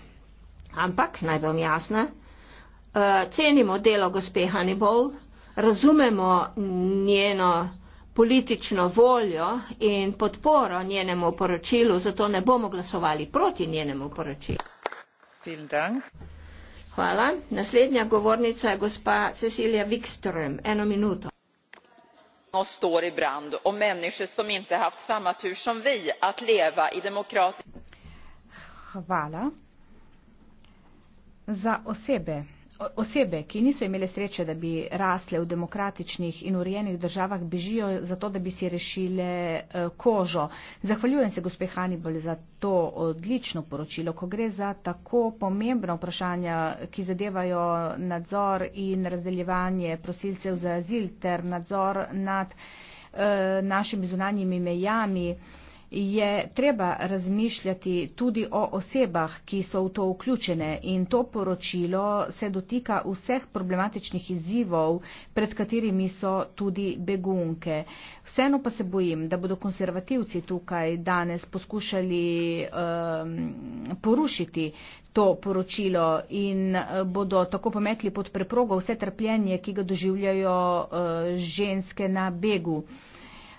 Ampak, naj bom jasna, eh, cenimo delo gospe Hannibal, razumemo njeno politično voljo in podporo njenemu poročilu, zato ne bomo glasovali proti njenemu poročilu. Hvala. Naslednja govornica je gospa Cecilija Wikström. Eno minuto och står i brand och människor som inte haft samma tur som vi att leva i demokratiska Hvala za osebe osebe, ki niso imele sreče, da bi rasle v demokratičnih in urejenih državah, bežijo zato, da bi si rešile eh, kožo. Zahvaljujem se, gospe Hannibal, za to odlično poročilo. Ko gre za tako pomembna vprašanja, ki zadevajo nadzor in razdeljevanje prosilcev za azil ter nadzor nad eh, našimi zunanjimi mejami, je treba razmišljati tudi o osebah, ki so v to vključene in to poročilo se dotika vseh problematičnih izzivov, pred katerimi so tudi begunke. Vseeno pa se bojim, da bodo konservativci tukaj danes poskušali um, porušiti to poročilo in uh, bodo tako pometli pod preprogo vse trpljenje, ki ga doživljajo uh, ženske na begu.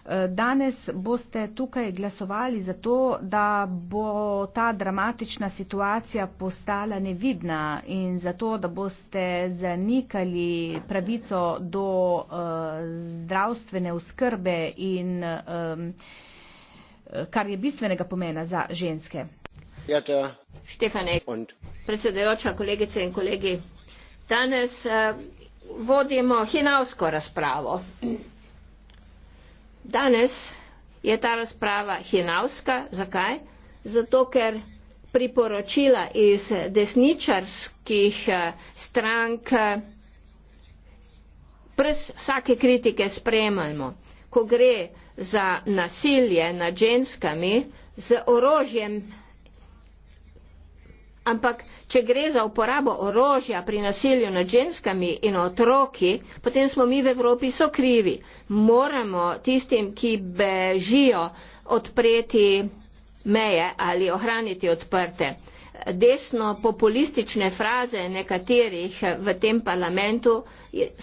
Eh, danes boste tukaj glasovali za to, da bo ta dramatična situacija postala nevidna in za to, da boste zanikali pravico do uh, zdravstvene oskrbe in um, kar je bistvenega pomena za ženske. Ja, Štefane, predsedujoča, kolegice in kolegi, danes uh, vodimo hinavsko razpravo danes je ta razprava hinavska. Zakaj? Zato, ker priporočila iz desničarskih eh, strank eh, brez vsake kritike sprejemamo. Ko gre za nasilje nad ženskami z orožjem, ampak Če gre za uporabo orožja pri nasilju nad ženskami in otroki, potem smo mi v Evropi sokrivi. Moramo tistim, ki bežijo, odpreti meje ali ohraniti odprte. Desno populistične fraze nekaterih v tem parlamentu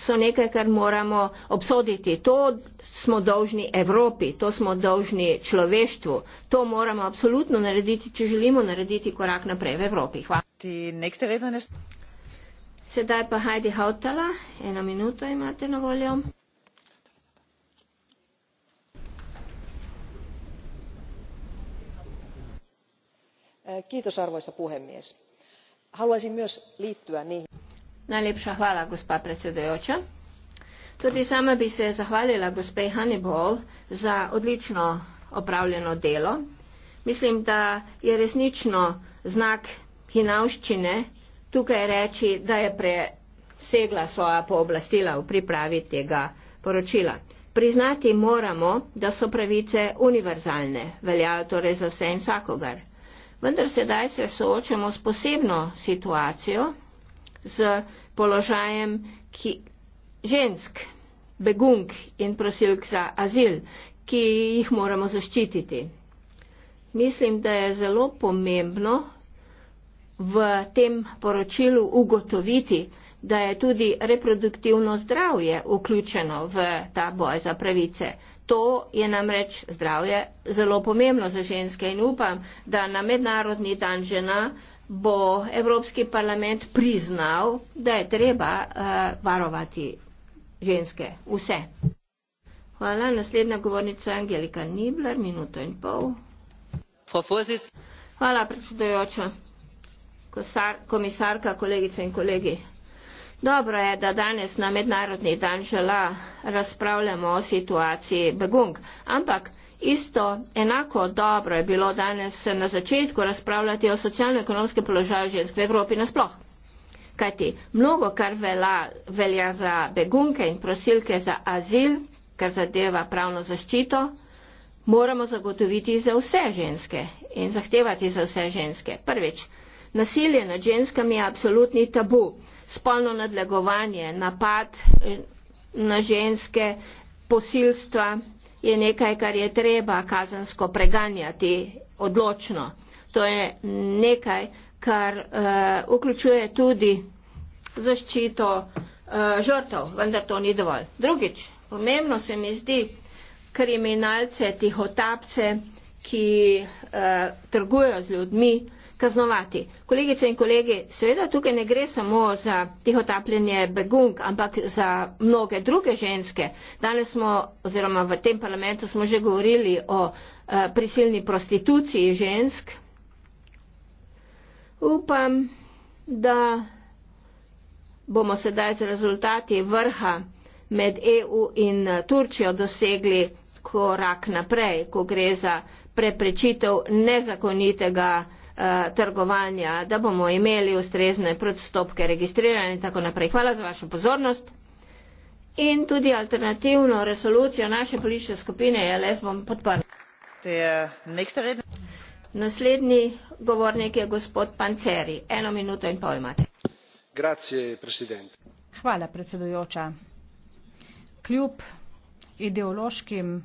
so nekaj, kar moramo obsoditi. To smo dolžni Evropi, to smo dolžni človeštvu. To moramo absolutno narediti, če želimo narediti korak naprej v Evropi. Hvala. Sedaj pa Heidi Hautala, eno minuto imate na voljo. Eh, kiitos, arvoisa puhemies. Haluaisin myös liittyä niihin. Najlepša hvala, gospa predsedujoča. Tudi sama bi se zahvalila gospe Hannibal za odlično opravljeno delo. Mislim, da je resnično znak hinavščine tukaj reči, da je presegla svoja pooblastila v pripravi tega poročila. Priznati moramo, da so pravice univerzalne, veljajo torej za vse in vsakogar. Vendar sedaj se soočamo s posebno situacijo, z položajem ki, žensk, begunk in prosilk za azil, ki jih moramo zaščititi. Mislim, da je zelo pomembno v tem poročilu ugotoviti, da je tudi reproduktivno zdravje vključeno v ta boj za pravice. To je namreč zdravje zelo pomembno za ženske in upam, da na mednarodni dan žena bo Evropski parlament priznal, da je treba uh, varovati ženske. Vse. Hvala. Naslednja govornica Angelika Nibler, minuto in pol. Hvala predsedujoča komisarka, kolegice in kolegi. Dobro je, da danes na mednarodni dan žela razpravljamo o situaciji Begung, ampak isto enako dobro je bilo danes na začetku razpravljati o socialno-ekonomskem položaju žensk v Evropi nasploh. Kajti mnogo, kar vela, velja za begunke in prosilke za azil, kar zadeva pravno zaščito, moramo zagotoviti za vse ženske in zahtevati za vse ženske. Prvič, Nasilje nad ženskami je absolutni tabu. Spolno nadlegovanje, napad eh, na ženske, posilstva je nekaj, kar je treba kazansko preganjati odločno. To je nekaj, kar uh, vključuje tudi zaščito uh, žrtev, vendar to ni dovolj. Drugič, pomembno se mi zdi kriminalce, tihotapce, ki uh, trgujejo z ljudmi, kaznovati. Kolegice in kolegi, seveda tukaj ne gre samo za tihotapljenje begunk, ampak za mnoge druge ženske. Danes smo, oziroma v tem parlamentu smo že govorili o a, eh, prisilni prostituciji žensk. Upam, da bomo sedaj z rezultati vrha med EU in eh, Turčijo dosegli korak naprej, ko gre za preprečitev nezakonitega Eh, trgovanja, da bomo imeli ustrezne predstopke registrirane in tako naprej. Hvala za vašo pozornost. In tudi alternativno resolucijo naše politične skupine je les bom podprl. Naslednji govornik je gospod Panceri. Eno minuto in pol imate. Hvala predsedujoča. Kljub ideološkim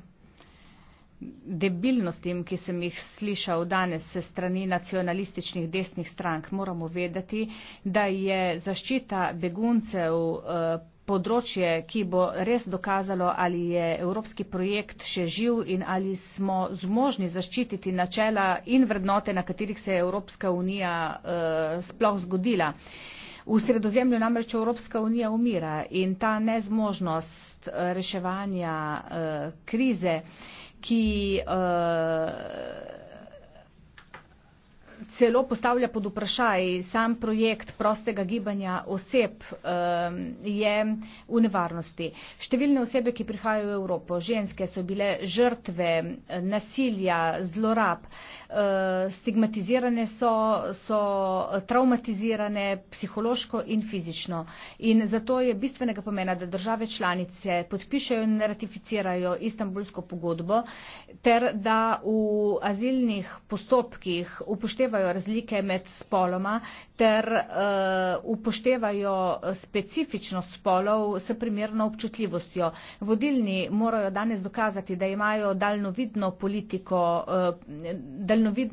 debilnostim, ki sem jih slišal danes se strani nacionalističnih desnih strank, moramo vedeti, da je zaščita beguncev eh, področje, ki bo res dokazalo, ali je evropski projekt še živ in ali smo zmožni zaščititi načela in vrednote, na katerih se je Evropska unija eh, sploh zgodila. V sredozemlju namreč Evropska unija umira in ta nezmožnost eh, reševanja krize ki uh, celo postavlja pod vprašaj sam projekt prostega gibanja oseb, uh, je v nevarnosti. Številne osebe, ki prihajajo v Evropo, ženske so bile žrtve eh, nasilja, zlorab. Uh, Eh, stigmatizirane so, so traumatizirane psihološko in fizično. In zato je bistvenega pomena, da države članice podpišajo in ratificirajo istambulsko pogodbo ter da v azilnih postopkih upoštevajo razlike med spoloma ter uh, upoštevajo specifičnost spolov s primerno občutljivostjo. Vodilni morajo danes dokazati, da imajo daljnovidno politiko, uh, daljnovidno daljnovid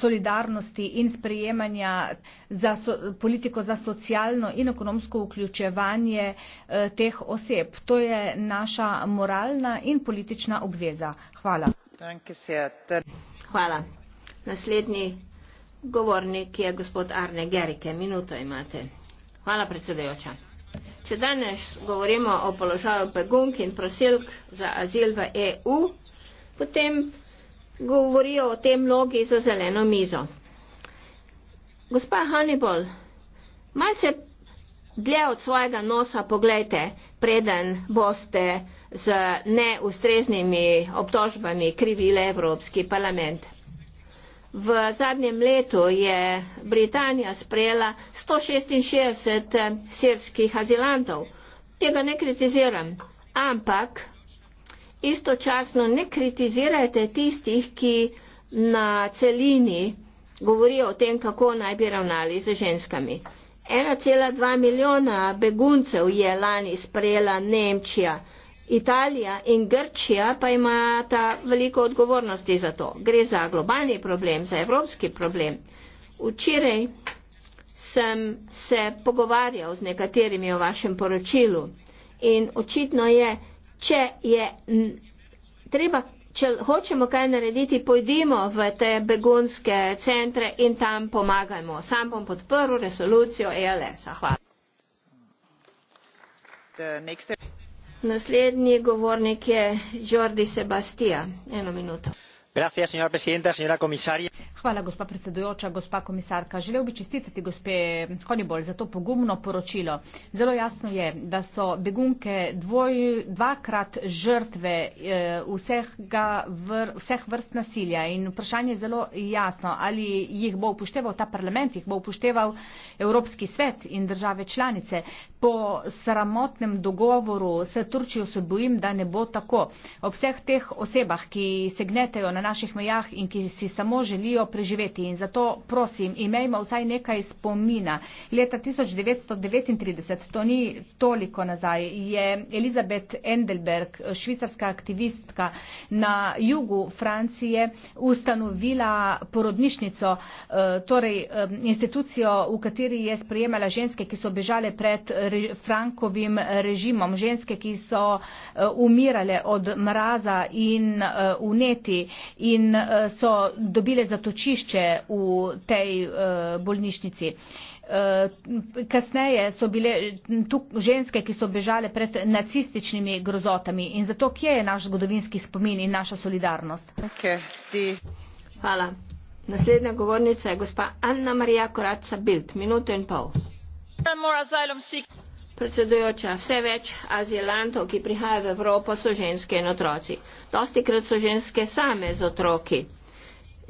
solidarnosti in sprejemanja za so, politiko za socialno in ekonomsko vključevanje eh, teh oseb. To je naša moralna in politična obveza. Hvala. Hvala. Naslednji govornik je gospod Arne Gerike. Minuto imate. Hvala predsedajoča. Če danes govorimo o položaju begunk in prosilk za azil v EU, potem govorijo o tem mnogi za zeleno mizo. Gospa Hannibal, malce dlje od svojega nosa pogledajte, preden boste z neustreznimi obtožbami krivili Evropski parlament. V zadnjem letu je Britanija sprejela 166 sirskih azilantov. Tega ne kritiziram, ampak istočasno ne kritizirajte tistih, ki na celini govorijo o tem, kako naj bi ravnali z ženskami. 1,2 milijona beguncev je lani sprejela Nemčija. Italija in Grčija pa imata veliko odgovornosti za to. Gre za globalni problem, za evropski problem. Včeraj sem se pogovarjal z nekaterimi o vašem poročilu in očitno je, če je treba, če hočemo kaj narediti, pojdimo v te begunske centre in tam pomagajmo. Sam bom podprl resolucijo ELS. Hvala. Naslednji govornik je Jordi Sebastija. Eno minuto hvala gospa predsedujoča gospa komisarka želel bi čestitati gospe honibol za to pogumno poročilo zelo jasno je da so begunke dvoj, dvakrat žrtve eh, vsega, vr, vseh vrst nasilja in vprašanje je zelo jasno ali jih bo upošteval ta parlament jih bo upošteval evropski svet in države članice po sramotnem dogovoru s turčijo se bojim da ne bo tako ob vseh teh osebah ki se gnetejo na naših mejah in ki si samo želijo preživeti. In zato prosim, imejmo vsaj nekaj spomina. Leta 1939, to ni toliko nazaj, je Elizabeth Endelberg, švicarska aktivistka na jugu Francije, ustanovila porodnišnico, eh, torej eh, institucijo, v kateri je sprejemala ženske, ki so bežale pred Frankovim režimom, ženske, ki so eh, umirale od mraza in uneti in eh, so dobile zatočišče v tej eh, bolnišnici. Eh, kasneje so bile tu ženske, ki so bežale pred nacističnimi grozotami in zato kje je naš zgodovinski spomin in naša solidarnost. Okay, Hvala. Naslednja govornica je gospa Anna Marija Koraca Bild. Minuto in pol. Predsedujoča, vse več azilantov, ki prihajajo v Evropo, so ženske in otroci. Dosti krat so ženske same z otroki.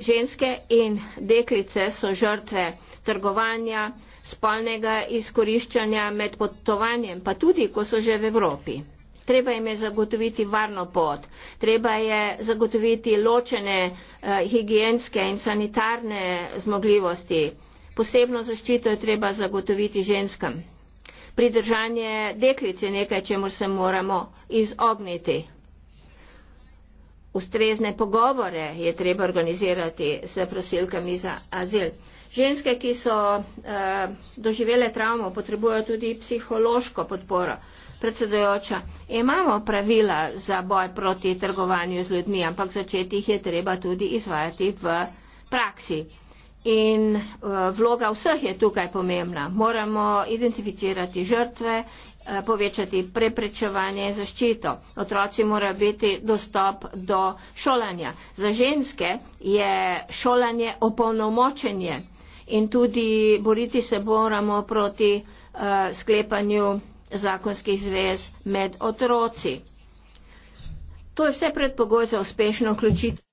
Ženske in deklice so žrtve trgovanja, spolnega izkoriščanja med potovanjem, pa tudi, ko so že v Evropi. Treba jim je zagotoviti varno pot, treba je zagotoviti ločene eh, higijenske in sanitarne zmogljivosti. Posebno zaščito je treba zagotoviti ženskam pridržanje deklic je nekaj, čemu se moramo izogniti. Ustrezne pogovore je treba organizirati s prosilkami za azil. Ženske, ki so uh, doživele travmo, potrebujejo tudi psihološko podporo. Predsedojoča, imamo pravila za boj proti trgovanju z ljudmi, ampak začeti jih je treba tudi izvajati v praksi in eh, vloga vseh je tukaj pomembna. Moramo identificirati žrtve, eh, povečati preprečevanje in zaščito. Otroci morajo biti dostop do šolanja. Za ženske je šolanje opolnomočenje in tudi boriti se moramo proti eh, sklepanju zakonskih zvez med otroci. To je vse predpogoj za uspešno vključitev.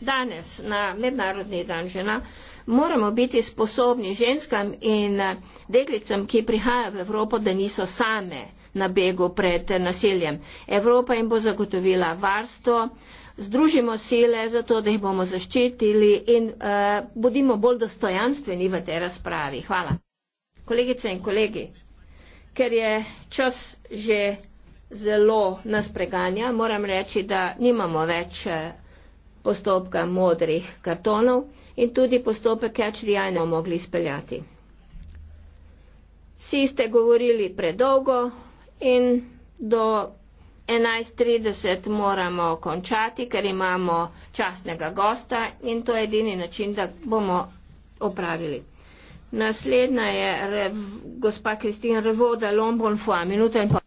Danes na Mednarodni dan žena moramo biti sposobni ženskam in eh, deklicam, ki prihajajo v Evropo, da niso same na begu pred eh, nasiljem. Evropa jim bo zagotovila varstvo, združimo sile za to, da jih bomo zaščitili in uh, bodimo bolj dostojanstveni v tej razpravi. Hvala. Kolegice in kolegi, ker je čas že zelo nas preganja, moram reči, da nimamo več postopka modrih kartonov in tudi postopek catch-the-eye ne bomo mogli izpeljati. Vsi ste govorili predolgo in do 11.30 moramo končati, ker imamo časnega gosta in to je edini način, da bomo opravili. Naslednja je rev, gospa Kristina Revoda Lombonfoa, minuta in pol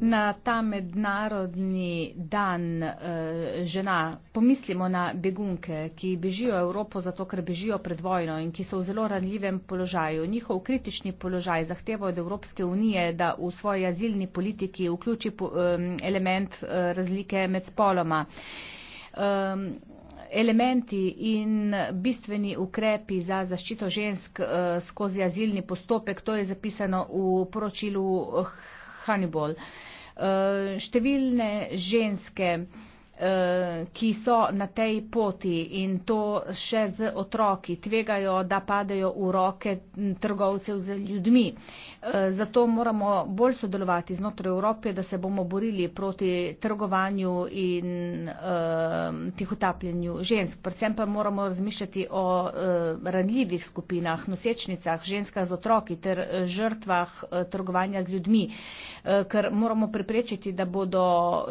na ta mednarodni dan e, žena pomislimo na begunke, ki bežijo Evropo zato, ker bežijo pred vojno in ki so v zelo ranljivem položaju. Njihov kritični položaj zahteva od Evropske unije, da v svoji azilni politiki vključi po, e, element e, razlike med spoloma. E, Elementi in bistveni ukrepi za zaščito žensk eh, skozi azilni postopek, to je zapisano v poročilu Hannibal. Eh, številne ženske, eh, ki so na tej poti in to še z otroki, tvegajo, da padejo v roke trgovcev z ljudmi. Eh, zato moramo bolj sodelovati znotraj Evrope, da se bomo borili proti trgovanju in tihotapljenju žensk. Predvsem pa moramo razmišljati o ranljivih skupinah, nosečnicah, ženskah z otroki ter žrtvah trgovanja z ljudmi. Eh, ker moramo preprečiti, da bodo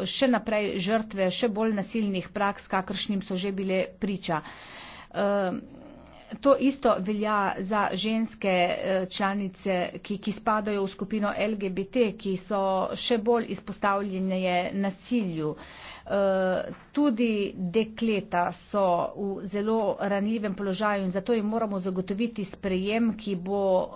še naprej žrtve še bolj nasilnih praks, kakršnim so že bile priča. Eh, to isto velja za ženske eh, članice, ki, ki spadajo v skupino LGBT, ki so še bolj izpostavljene nasilju. Eh, tudi dekleta so v zelo ranljivem položaju in zato jim moramo zagotoviti sprejem, ki bo eh,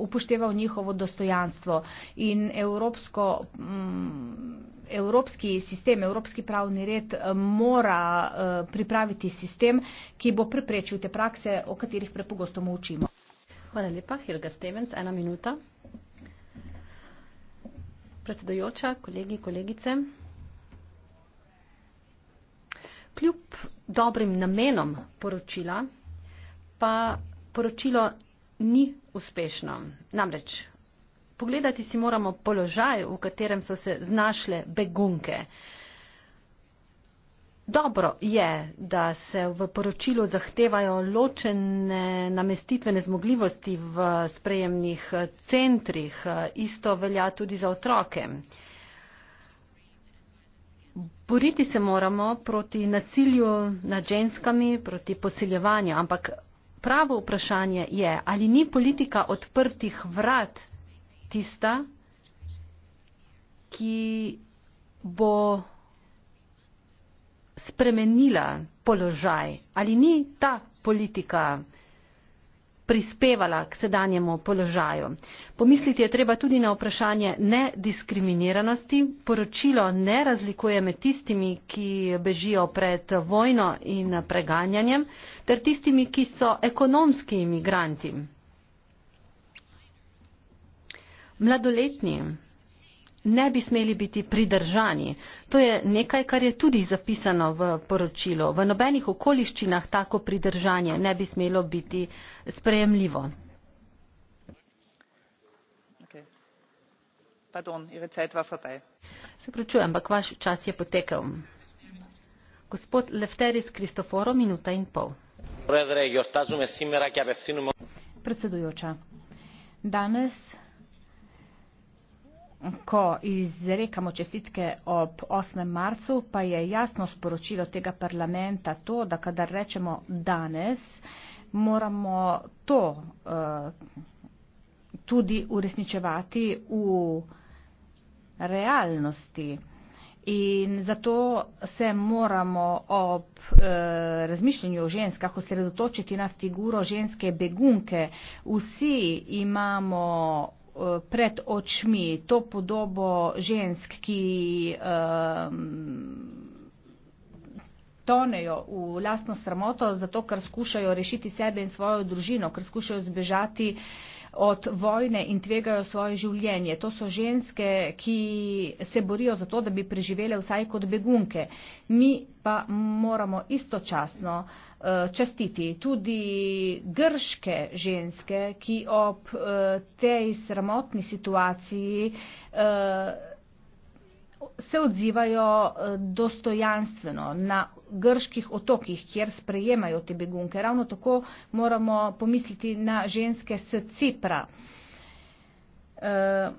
upošteval njihovo dostojanstvo. In evropsko, mm, evropski sistem, evropski pravni red eh, mora pripraviti sistem, ki bo preprečil te prakse, o katerih prepogosto učimo. Hvala lepa, Helga Stevens, ena minuta. Predsedojoča, kolegi, kolegice. dobrim namenom poročila, pa poročilo ni uspešno. Namreč, pogledati si moramo položaj, v katerem so se znašle begunke. Dobro je, da se v poročilu zahtevajo ločene namestitvene zmogljivosti v sprejemnih centrih, isto velja tudi za otroke. Boriti se moramo proti nasilju nad ženskami, proti posiljevanju, ampak pravo vprašanje je, ali ni politika odprtih vrat tista, ki bo spremenila položaj, ali ni ta politika prispevala k sedanjemu položaju. Pomisliti je treba tudi na vprašanje nediskriminiranosti. Poročilo ne razlikuje med tistimi, ki bežijo pred vojno in preganjanjem, ter tistimi, ki so ekonomski imigranti. Mladoletni ne bi smeli biti pridržani. To je nekaj, kar je tudi zapisano v poročilu. V nobenih okoliščinah tako pridržanje ne bi smelo biti sprejemljivo. Pardon, Se pričujem, ampak vaš čas je potekel. Gospod Lefteris Kristoforo, minuta in pol. Predsedujoča, danes ko izrekamo čestitke ob 8. marcu, pa je jasno sporočilo tega parlamenta to, da kadar rečemo danes, moramo to uh, tudi uresničevati v realnosti. In zato se moramo ob e, razmišljanju o ženskah osredotočiti na figuro ženske begunke. Vsi imamo pred očmi, to podobo žensk, ki tonejo v lastno sramoto, zato ker skušajo rešiti sebe in svojo družino, ker skušajo zbežati od vojne in tvegajo svoje življenje. To so ženske, ki se borijo za to, da bi preživele vsaj kot begunke. Mi pa moramo istočasno eh, častiti tudi grške ženske, ki ob eh, tej sramotni situaciji eh, se odzivajo eh, dostojanstveno na grških otokih, kjer sprejemajo te begunke. Ravno tako moramo pomisliti na ženske s Cipra. Uh, eh,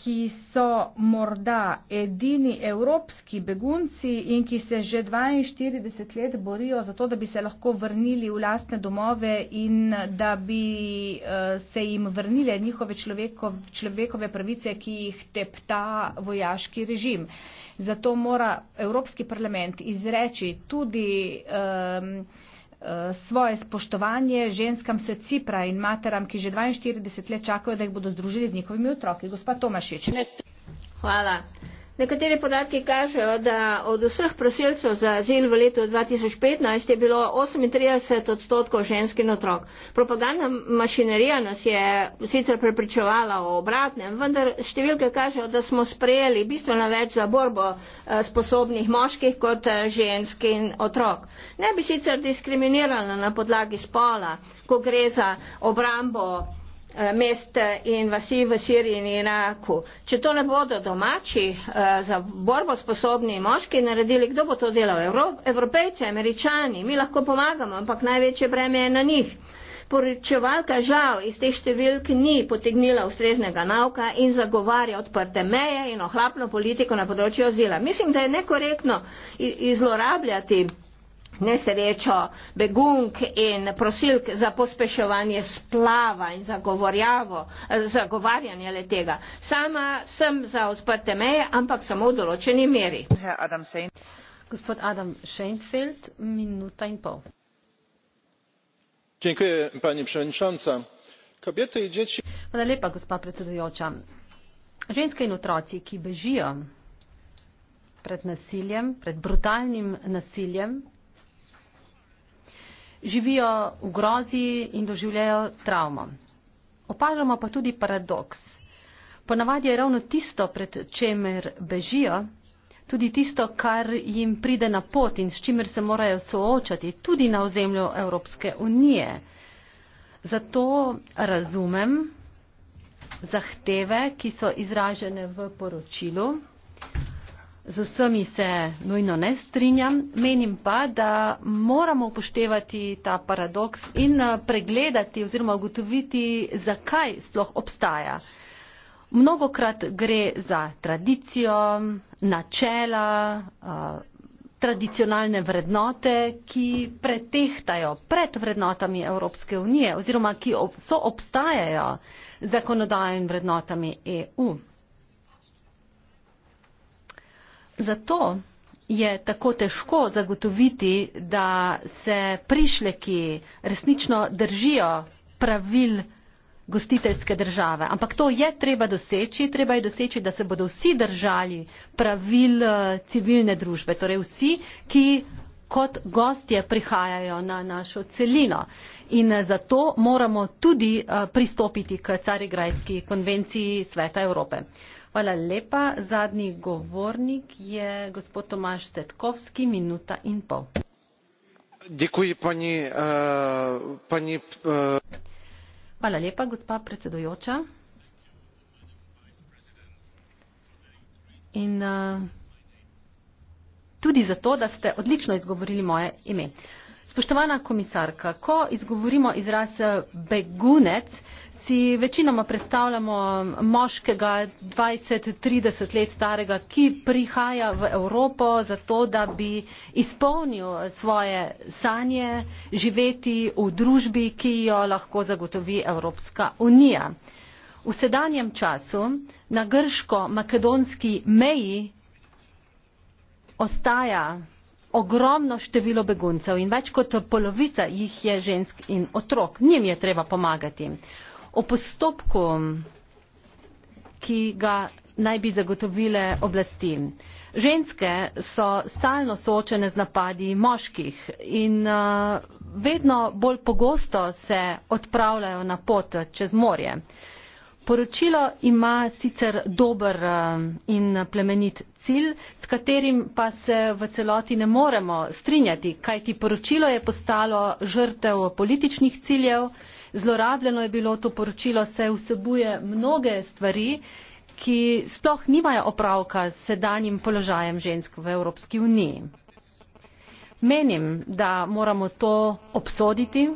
ki so morda edini evropski begunci in ki se že 42 let borijo za to, da bi se lahko vrnili v lastne domove in da bi eh, se jim vrnile njihove človeko, človekove pravice, ki jih tepta vojaški režim. Zato mora Evropski parlament izreči tudi um, Eh, svoje spoštovanje ženskam se Cipra in materam, ki že 42 let čakajo, da jih bodo združili z njihovimi otroki. Gospa Tomašič. Hvala. Nekateri podatki kažejo, da od vseh prosilcev za azil v letu 2015 je bilo 38 odstotkov žensk in otrok. Propagandna mašinerija nas je sicer prepričevala o obratnem, vendar številke kažejo, da smo sprejeli bistveno več za borbo eh, sposobnih moških kot eh, žensk in otrok. Ne bi sicer diskriminirala na podlagi spola, ko gre za obrambo Eh, mest in vasi v Siriji in Iraku. Če to ne bodo domači eh, za borbo sposobni moški naredili, kdo bo to delal? Evro, evropejci, američani, mi lahko pomagamo, ampak največje breme je na njih. Poričevalka žal iz teh številk ni potegnila ustreznega nauka in zagovarja odprte meje in ohlapno politiko na področju azila. Mislim, da je nekorektno izlorabljati iz nesrečo begunk in prosilk za pospeševanje splava in zagovarjanje le tega. Sama sem za odprte meje, ampak samo v določeni meri. Adam Gospod Adam Scheinfeld, minuta in pol. Dziękuję, pani przewodnicząca. Kobiety i dzieci. Hvala lepa, gospa predsedujoča. Ženske in otroci, ki bežijo pred nasiljem, pred brutalnim nasiljem, živijo v grozi in doživljajo travmo. Opažamo pa tudi paradoks. Ponavadi je ravno tisto, pred čemer bežijo, tudi tisto, kar jim pride na pot in s čimer se morajo soočati, tudi na ozemlju Evropske unije. Zato razumem zahteve, ki so izražene v poročilu. Z vsemi se nujno ne strinjam, menim pa, da moramo upoštevati ta paradoks in eh, pregledati oziroma ugotoviti, zakaj sploh obstaja. Mnogokrat gre za tradicijo, načela, eh, tradicionalne vrednote, ki pretehtajo pred vrednotami Evropske unije oziroma ki so obstajajo zakonodajo in vrednotami EU. Zato je tako težko zagotoviti, da se prišleki resnično držijo pravil gostiteljske države. Ampak to je treba doseči, treba je doseči, da se bodo vsi držali pravil eh, civilne družbe, torej vsi, ki kot gostje prihajajo na našo celino. In eh, zato moramo tudi eh, pristopiti k Carigrajski konvenciji Sveta Evrope. Hvala lepa. Zadnji govornik je gospod Tomaš Setkovski, minuta in pol. Děkuji, paní, uh, paní, uh... Hvala lepa, gospa predsedujoča. In uh, tudi zato, da ste odlično izgovorili moje ime. Spoštovana komisarka, ko izgovorimo izraz begunec, si večinoma predstavljamo moškega 20-30 let starega, ki prihaja v Evropo zato, da bi izpolnil svoje sanje živeti v družbi, ki jo lahko zagotovi Evropska unija. V sedanjem času na grško-makedonski meji ostaja ogromno število beguncev in več kot polovica jih je žensk in otrok. Njim je treba pomagati o postopku, ki ga naj bi zagotovile oblasti. Ženske so stalno soočene z napadi moških in uh, vedno bolj pogosto se odpravljajo na pot čez morje. Poročilo ima sicer dober uh, in plemenit cilj, s katerim pa se v celoti ne moremo strinjati, kajti poročilo je postalo žrtev političnih ciljev, zlorabljeno je bilo to poročilo, saj vsebuje mnoge stvari, ki sploh nimajo opravka s sedanjim položajem žensk v Evropski uniji. Menim, da moramo to obsoditi,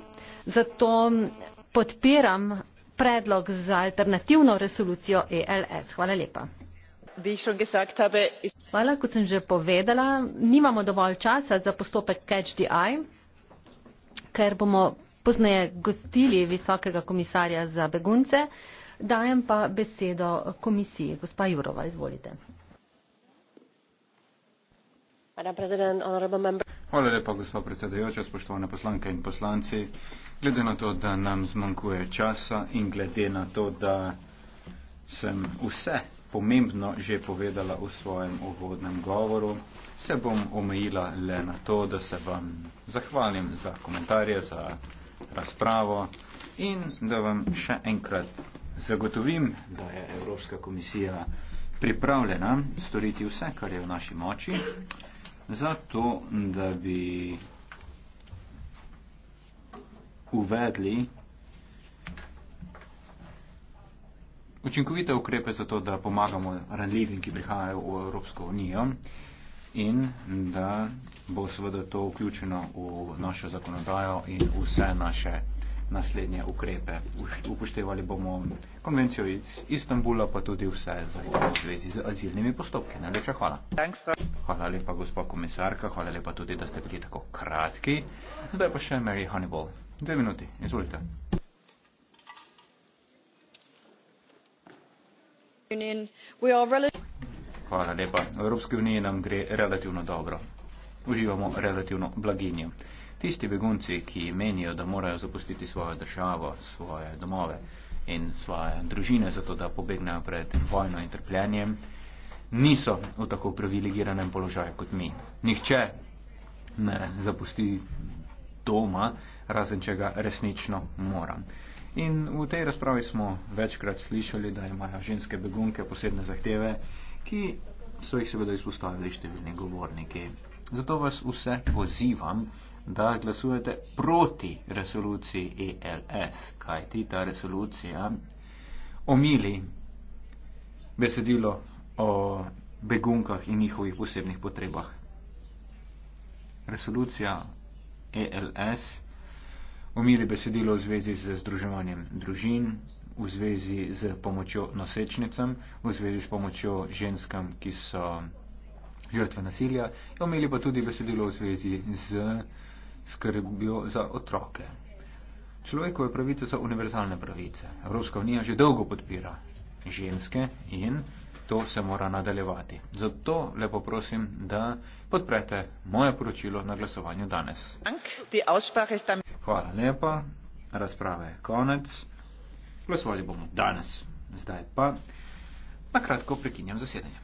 zato podpiram predlog za alternativno resolucijo ELS. Hvala lepa. Hvala, kot sem že povedala, nimamo dovolj časa za postopek catch the eye, ker bomo pozneje gostili visokega komisarja za begunce. Dajem pa besedo komisiji. Gospa Jurova, izvolite. Hvala lepa, gospod predsedujoča, spoštovane poslanke in poslanci. Glede na to, da nam zmanjkuje časa in glede na to, da sem vse pomembno že povedala v svojem uvodnem govoru, se bom omejila le na to, da se vam zahvalim za komentarje, za razpravo in da vam še enkrat zagotovim, da je Evropska komisija pripravljena storiti vse, kar je v naši moči, zato da bi uvedli učinkovite ukrepe za to, da pomagamo ranljivim, ki prihajajo v Evropsko unijo in da bo seveda to vključeno v našo zakonodajo in vse naše naslednje ukrepe. Upoštevali bomo konvencijo iz Istanbula, pa tudi vse zahteve v zvezi z azilnimi postopki. Najlepša hvala. Thanks, hvala lepa, gospa komisarka, hvala lepa tudi, da ste bili tako kratki. Zdaj pa še Mary Honeyball. Dve minuti, izvolite. Union. We are relative. Hvala lepa. V Evropski uniji nam gre relativno dobro. Uživamo relativno blaginjo. Tisti begunci, ki menijo, da morajo zapustiti svojo državo, svoje domove in svoje družine, zato da pobegnejo pred vojno in trpljenjem, niso v tako privilegiranem položaju kot mi. Nihče ne zapusti doma, razen če ga resnično mora. In v tej razpravi smo večkrat slišali, da imajo ženske begunke posebne zahteve ki so jih seveda izpostavili številni govorniki. Zato vas vse pozivam, da glasujete proti resoluciji ELS, kajti ta resolucija omili besedilo o begunkah in njihovih posebnih potrebah. Resolucija ELS omili besedilo v zvezi z združevanjem družin, v zvezi z pomočjo nosečnicam, v zvezi s pomočjo ženskam, ki so žrtve nasilja, omeli pa tudi besedilo v zvezi z skrbjo za otroke. Človekove pravice so univerzalne pravice. Evropska unija že dolgo podpira ženske in to se mora nadaljevati. Zato lepo prosim, da podprete moje poročilo na glasovanju danes. Hvala lepa, razprave je konec glasovali bomo danes. Zdaj pa na kratko prekinjam zasedanje.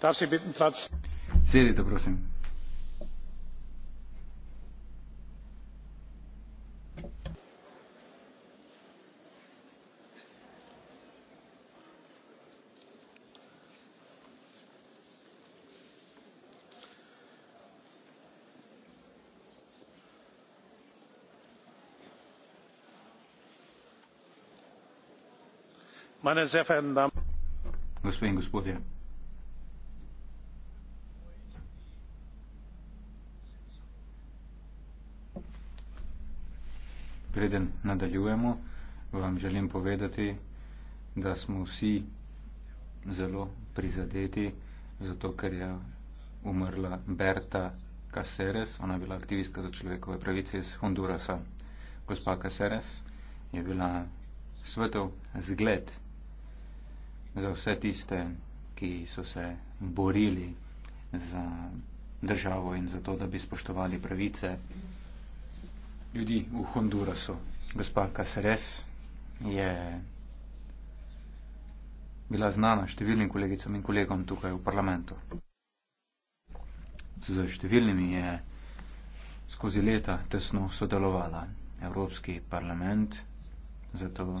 darf sie bitten platz sedite prosim meine sehr verehrten damen gospe in gospodje preden nadaljujemo, vam želim povedati, da smo vsi zelo prizadeti, zato ker je umrla Berta Caceres, ona je bila aktivistka za človekove pravice iz Hondurasa. Gospa Caceres je bila svetov zgled za vse tiste, ki so se borili za državo in za to, da bi spoštovali pravice ljudi v Hondurasu. Gospa Kaseres je bila znana številnim kolegicam in kolegom tukaj v parlamentu. Z številnimi je skozi leta tesno sodelovala Evropski parlament, zato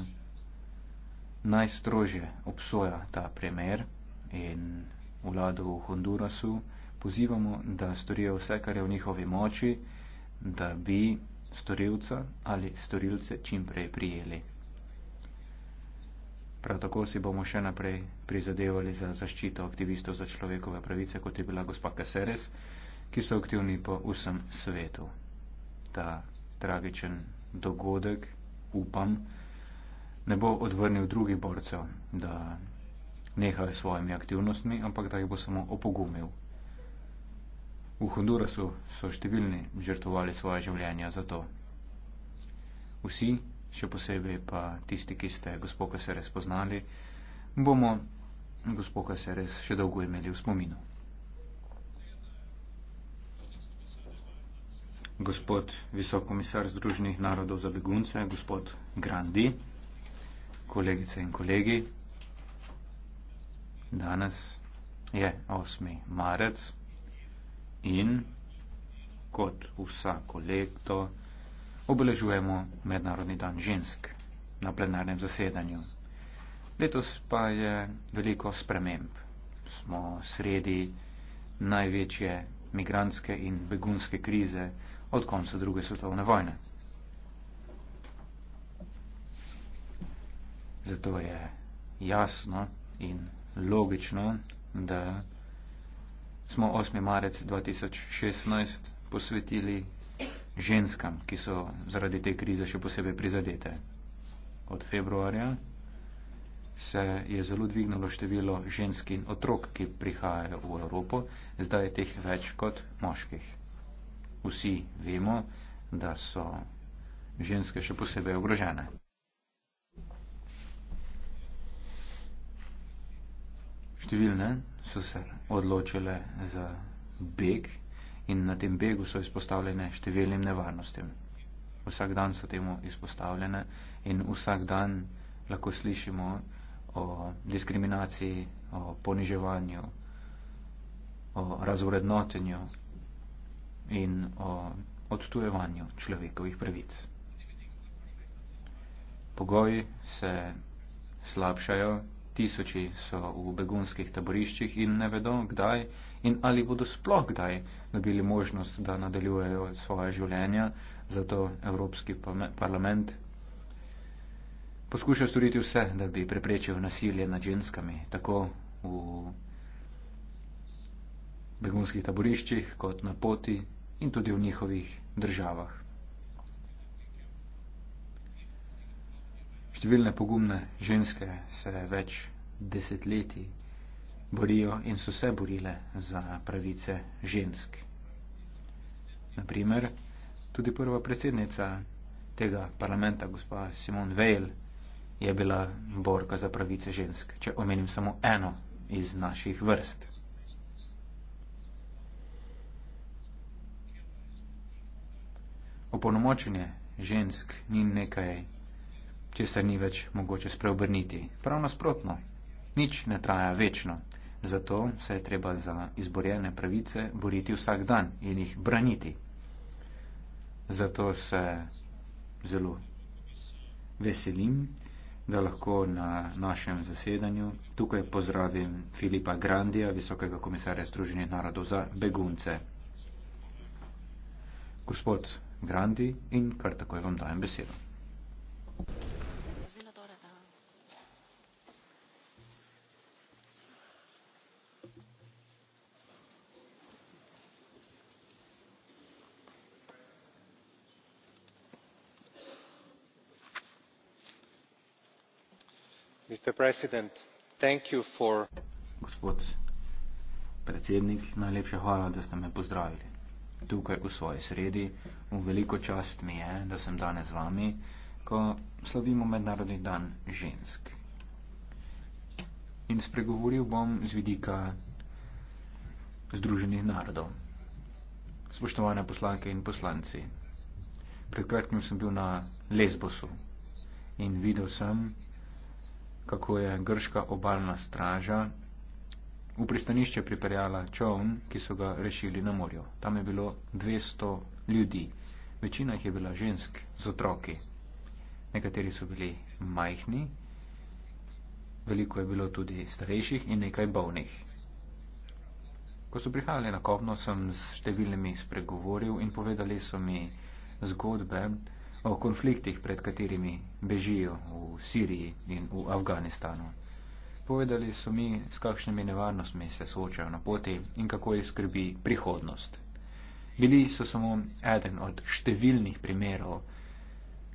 najstrože obsoja ta primer in vlado v Hondurasu pozivamo, da storijo vse, kar je v njihovi moči, da bi storilca ali storilce čim prej prijeli. Prav tako si bomo še naprej prizadevali za zaščito aktivistov za človekove pravice, kot je bila gospa Kaseres, ki so aktivni po vsem svetu. Ta tragičen dogodek, upam, ne bo odvrnil drugih borcev, da nehajo s svojimi aktivnostmi, ampak da jih bo samo opogumil. V Hondurasu so številni žrtvovali svoje življenje za to. Vsi, še posebej pa tisti, ki ste gospoka se res poznali, bomo gospoka se res še dolgo imeli v spominu. Gospod visokomisar Združenih narodov za begunce, gospod Grandi, kolegice in kolegi, danes je 8. marec in kot vsako leto obeležujemo Mednarodni dan žensk na plenarnem zasedanju. Letos pa je veliko sprememb. Smo sredi največje migranske in begunske krize od konca druge svetovne vojne. Zato je jasno in logično, da smo 8. marec 2016 posvetili ženskam, ki so zaradi te krize še posebej prizadete. Od februarja se je zelo dvignulo število žensk in otrok, ki prihajajo v Evropo, zdaj je teh več kot moških. Vsi vemo, da so ženske še posebej ogrožene. Številne so se odločile za beg in na tem begu so izpostavljene številnim nevarnostim. Vsak dan so temu izpostavljene in vsak dan lahko slišimo o diskriminaciji, o poniževanju, o razurednotenju in o odtujevanju človekovih pravic. Pogoji se slabšajo tisoči so v begunskih taboriščih in ne vedo, kdaj in ali bodo sploh kdaj dobili možnost, da nadaljujejo svoje življenja, zato Evropski parlament poskuša storiti vse, da bi preprečil nasilje nad ženskami, tako v begunskih taboriščih kot na poti in tudi v njihovih državah. Številne pogumne ženske se več desetletij borijo in so se borile za pravice žensk. Naprimer, tudi prva predsednica tega parlamenta, gospa Simone Veil, je bila borka za pravice žensk, če omenim samo eno iz naših vrst. Oponomočenje žensk ni nekaj česar ni več mogoče spreobrniti. Prav nasprotno, nič ne traja večno. Zato se je treba za izborjene pravice boriti vsak dan in jih braniti. Zato se zelo veselim, da lahko na našem zasedanju tukaj pozdravim Filipa Grandija, visokega komisarja Združenih narodov za begunce. Gospod Grandi in kar takoj vam dajem besedo. Thank you. gospod predsednik najlepša hvala da ste me pozdravili tukaj v svoji sredi v veliko čast mi je da sem danes z vami ko slavimo mednarodni dan žensk in spregovoril bom z vidika združenih narodov spoštovane poslanke in poslanci pred kratkim sem bil na lesbosu in videl sem kako je grška obalna straža v pristanišče pripeljala čovn, ki so ga rešili na morju. Tam je bilo 200 ljudi, večina jih je bila žensk z otroki, nekateri so bili majhni, veliko je bilo tudi starejših in nekaj bolnih. Ko so prihajali na kopno, sem s številnimi spregovoril in povedali so mi zgodbe, o konfliktih, pred katerimi bežijo v Siriji in v Afganistanu. Povedali so mi, s kakšnimi nevarnostmi se soočajo na poti in kako jih skrbi prihodnost. Bili so samo eden od številnih primerov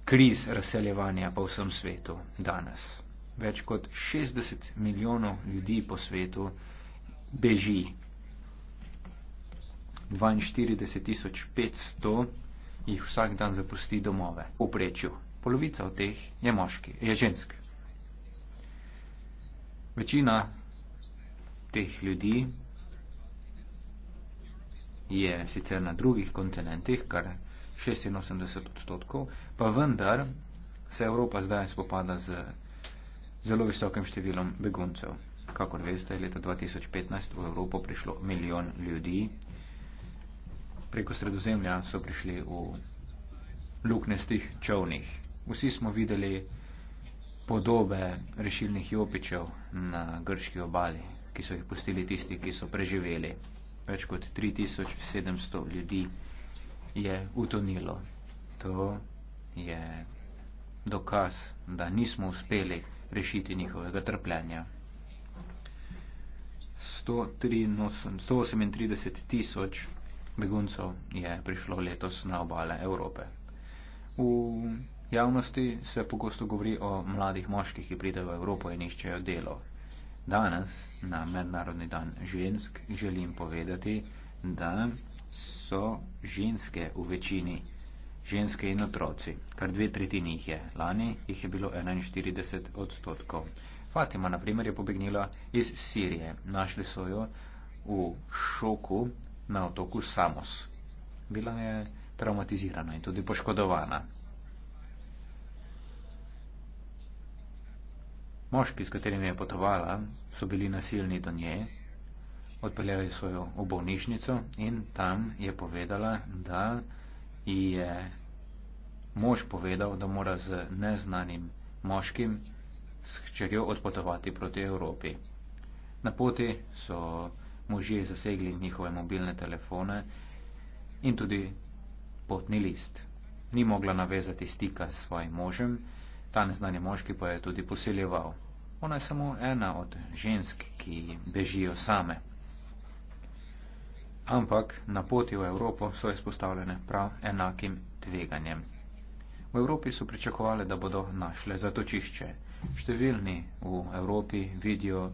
kriz razseljevanja po vsem svetu danes. Več kot 60 milijonov ljudi po svetu beži. 42.500 jih vsak dan zapusti domove. V prečju polovica od teh je moški, je žensk. Večina teh ljudi je sicer na drugih kontinentih, kar 86 odstotkov, pa vendar se Evropa zdaj spopada z zelo visokim številom beguncev. Kakor veste, leta 2015 v Evropo prišlo milijon ljudi preko sredozemlja so prišli v luknestih čovnih. Vsi smo videli podobe rešilnih jopičev na grški obali, ki so jih pustili tisti, ki so preživeli. Več kot 3700 ljudi je utonilo. To je dokaz, da nismo uspeli rešiti njihovega trpljenja. 133 no, tisoč beguncev je prišlo letos na obale Evrope. V javnosti se pogosto govori o mladih moških, ki pridejo v Evropo in iščejo delo. Danes, na Mednarodni dan žensk, želim povedati, da so ženske v večini, ženske in otroci, kar dve tretjini jih je, lani jih je bilo 41 odstotkov. Fatima, na primer, je pobegnila iz Sirije. Našli so jo v šoku, na otoku Samos. Bila je traumatizirana in tudi poškodovana. Moški, s katerimi je potovala, so bili nasilni do nje, odpeljali so jo v bolnišnico in tam je povedala, da ji je mož povedal, da mora z neznanim moškim s hčerjo odpotovati proti Evropi. Na poti so možje zasegli njihove mobilne telefone in tudi potni list. Ni mogla navezati stika s svojim možem, ta neznani moški pa jo je tudi posiljeval. Ona je samo ena od žensk, ki bežijo same. Ampak na poti v Evropo so izpostavljene prav enakim tveganjem. V Evropi so pričakovali, da bodo našle zatočišče. Številni v Evropi vidijo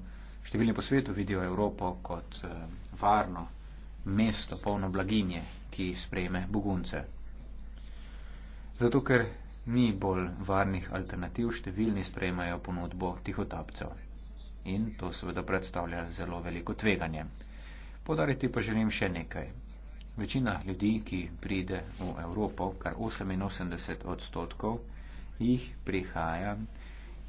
Številni po svetu vidijo Evropo kot eh, varno mesto, polno blaginje, ki sprejme begunce. Zato, ker ni bolj varnih alternativ, številni sprejmajo ponudbo tihotapcev. In to seveda predstavlja zelo veliko tveganje. Podariti pa želim še nekaj. Večina ljudi, ki pride v Evropo, kar 88 odstotkov, jih prihaja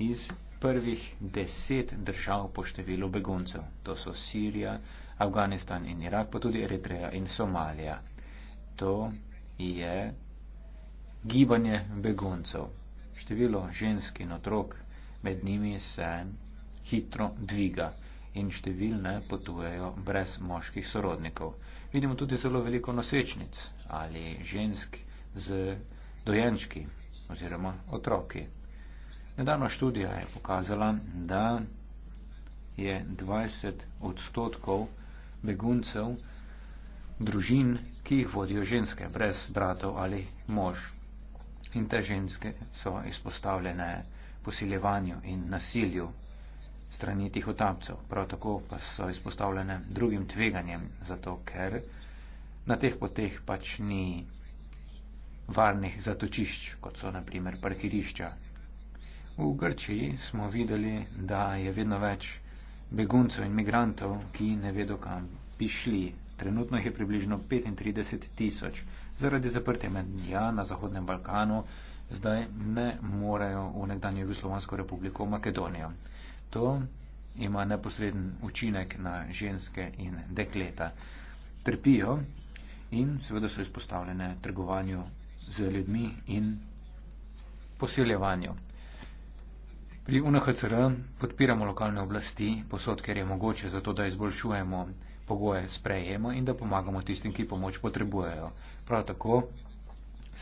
iz prvih deset držav po številu beguncev. To so Sirija, Afganistan in Irak, pa tudi Eritreja in Somalija. To je gibanje beguncev. Število žensk in otrok med njimi se hitro dviga in številne potujejo brez moških sorodnikov. Vidimo tudi zelo veliko nosečnic ali žensk z dojenčki oziroma otroki. Nedavna študija je pokazala, da je 20 odstotkov beguncev družin, ki jih vodijo ženske, brez bratov ali mož. In te ženske so izpostavljene posiljevanju in nasilju strani tih otapcev. Prav tako pa so izpostavljene drugim tveganjem, zato ker na teh poteh pač ni varnih zatočišč, kot so naprimer parkirišča, V Grčiji smo videli, da je vedno več beguncev in migrantov, ki ne vedo, kam bi šli. Trenutno jih je približno 35 tisoč. Zaradi zaprtja menja na Zahodnem Balkanu zdaj ne morejo v nekdanje Jugoslovansko republiko Makedonijo. To ima neposreden učinek na ženske in dekleta. Trpijo in seveda so izpostavljene trgovanju z ljudmi in posiljevanju. Pri UNHCR podpiramo lokalne oblasti, posod, ker je mogoče, zato da izboljšujemo pogoje sprejema in da pomagamo tistim, ki pomoč potrebujejo. Prav tako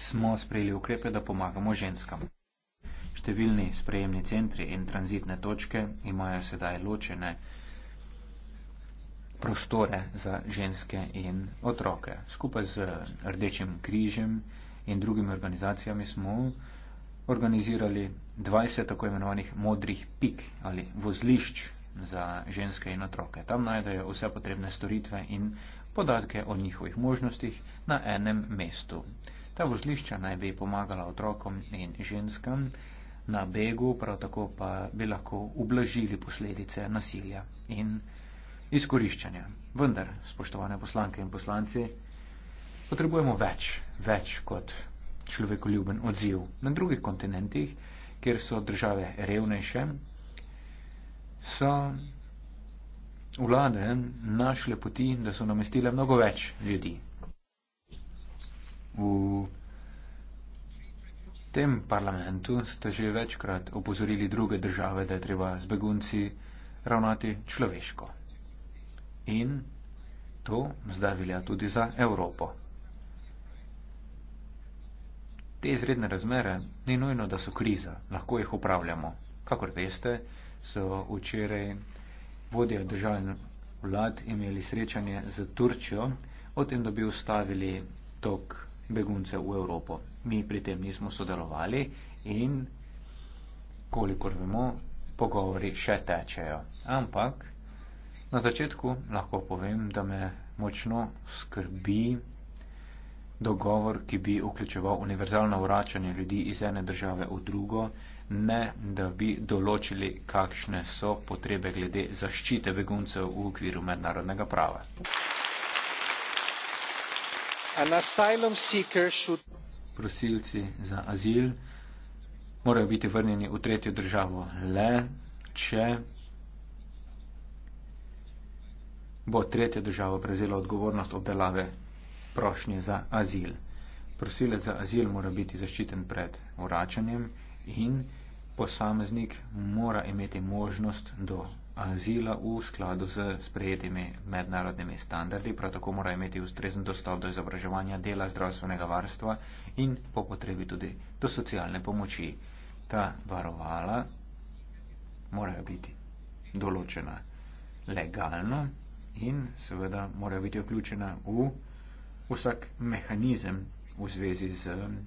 smo sprejeli ukrepe, da pomagamo ženskam. Številni sprejemni centri in tranzitne točke imajo sedaj ločene prostore za ženske in otroke. Skupaj z Rdečim križem in drugimi organizacijami smo organizirali 20 tako imenovanih modrih pik ali vozlišč za ženske in otroke. Tam najdejo vse potrebne storitve in podatke o njihovih možnostih na enem mestu. Ta vozlišča naj bi pomagala otrokom in ženskam na begu, prav tako pa bi lahko ublažili posledice nasilja in izkoriščanja. Vendar, spoštovane poslanke in poslanci, potrebujemo več, več kot človekoljuben odziv. Na drugih kontinentih kjer so države revnejše, so vlade našle poti, da so namestile mnogo več ljudi. V tem parlamentu ste že večkrat opozorili druge države, da je treba z begunci ravnati človeško. In to zdaj velja tudi za Evropo. Te izredne razmere ni nujno, da so kriza, lahko jih upravljamo. Kakor veste, so včeraj vodje držav in vlad imeli srečanje z Turčjo, o tem, da bi ustavili tok beguncev v Evropo. Mi pri tem nismo sodelovali in, kolikor vemo, pogovori še tečejo. Ampak na začetku lahko povem, da me močno skrbi dogovor, ki bi vključeval univerzalno vračanje ljudi iz ene države v drugo, ne da bi določili, kakšne so potrebe glede zaščite beguncev v okviru mednarodnega prava. Should... Prosilci za azil morajo biti vrnjeni v tretjo državo le, če bo tretja država prevzela odgovornost obdelave prošnje za azil. Prosilec za azil mora biti zaščiten pred vračanjem in posameznik mora imeti možnost do azila v skladu z sprejetimi mednarodnimi standardi, prav tako mora imeti ustrezen dostop do izobraževanja dela zdravstvenega varstva in po potrebi tudi do socialne pomoči. Ta varovala morajo biti določena legalno in seveda morajo biti vključena v vsak mehanizem v zvezi z um,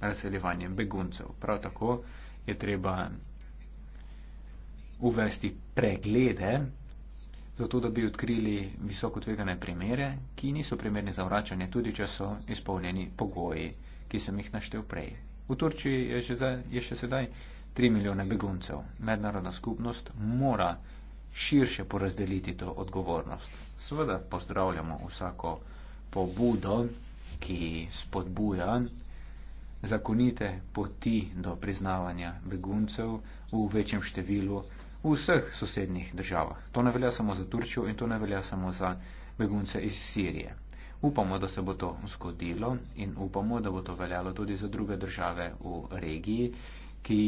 razseljevanjem beguncev. Prav tako je treba uvesti preglede, zato da bi odkrili visoko tvegane primere, ki niso primerni za vračanje, tudi če so izpolnjeni pogoji, ki sem jih naštel prej. V Turčiji je, že za, je še sedaj 3 milijone beguncev. Mednarodna skupnost mora širše porazdeliti to odgovornost. Sveda pozdravljamo vsako pobudo, ki spodbuja zakonite poti do priznavanja beguncev v večjem številu v vseh sosednjih državah. To ne velja samo za Turčijo in to ne velja samo za begunce iz Sirije. Upamo, da se bo to zgodilo in upamo, da bo to veljalo tudi za druge države v regiji, ki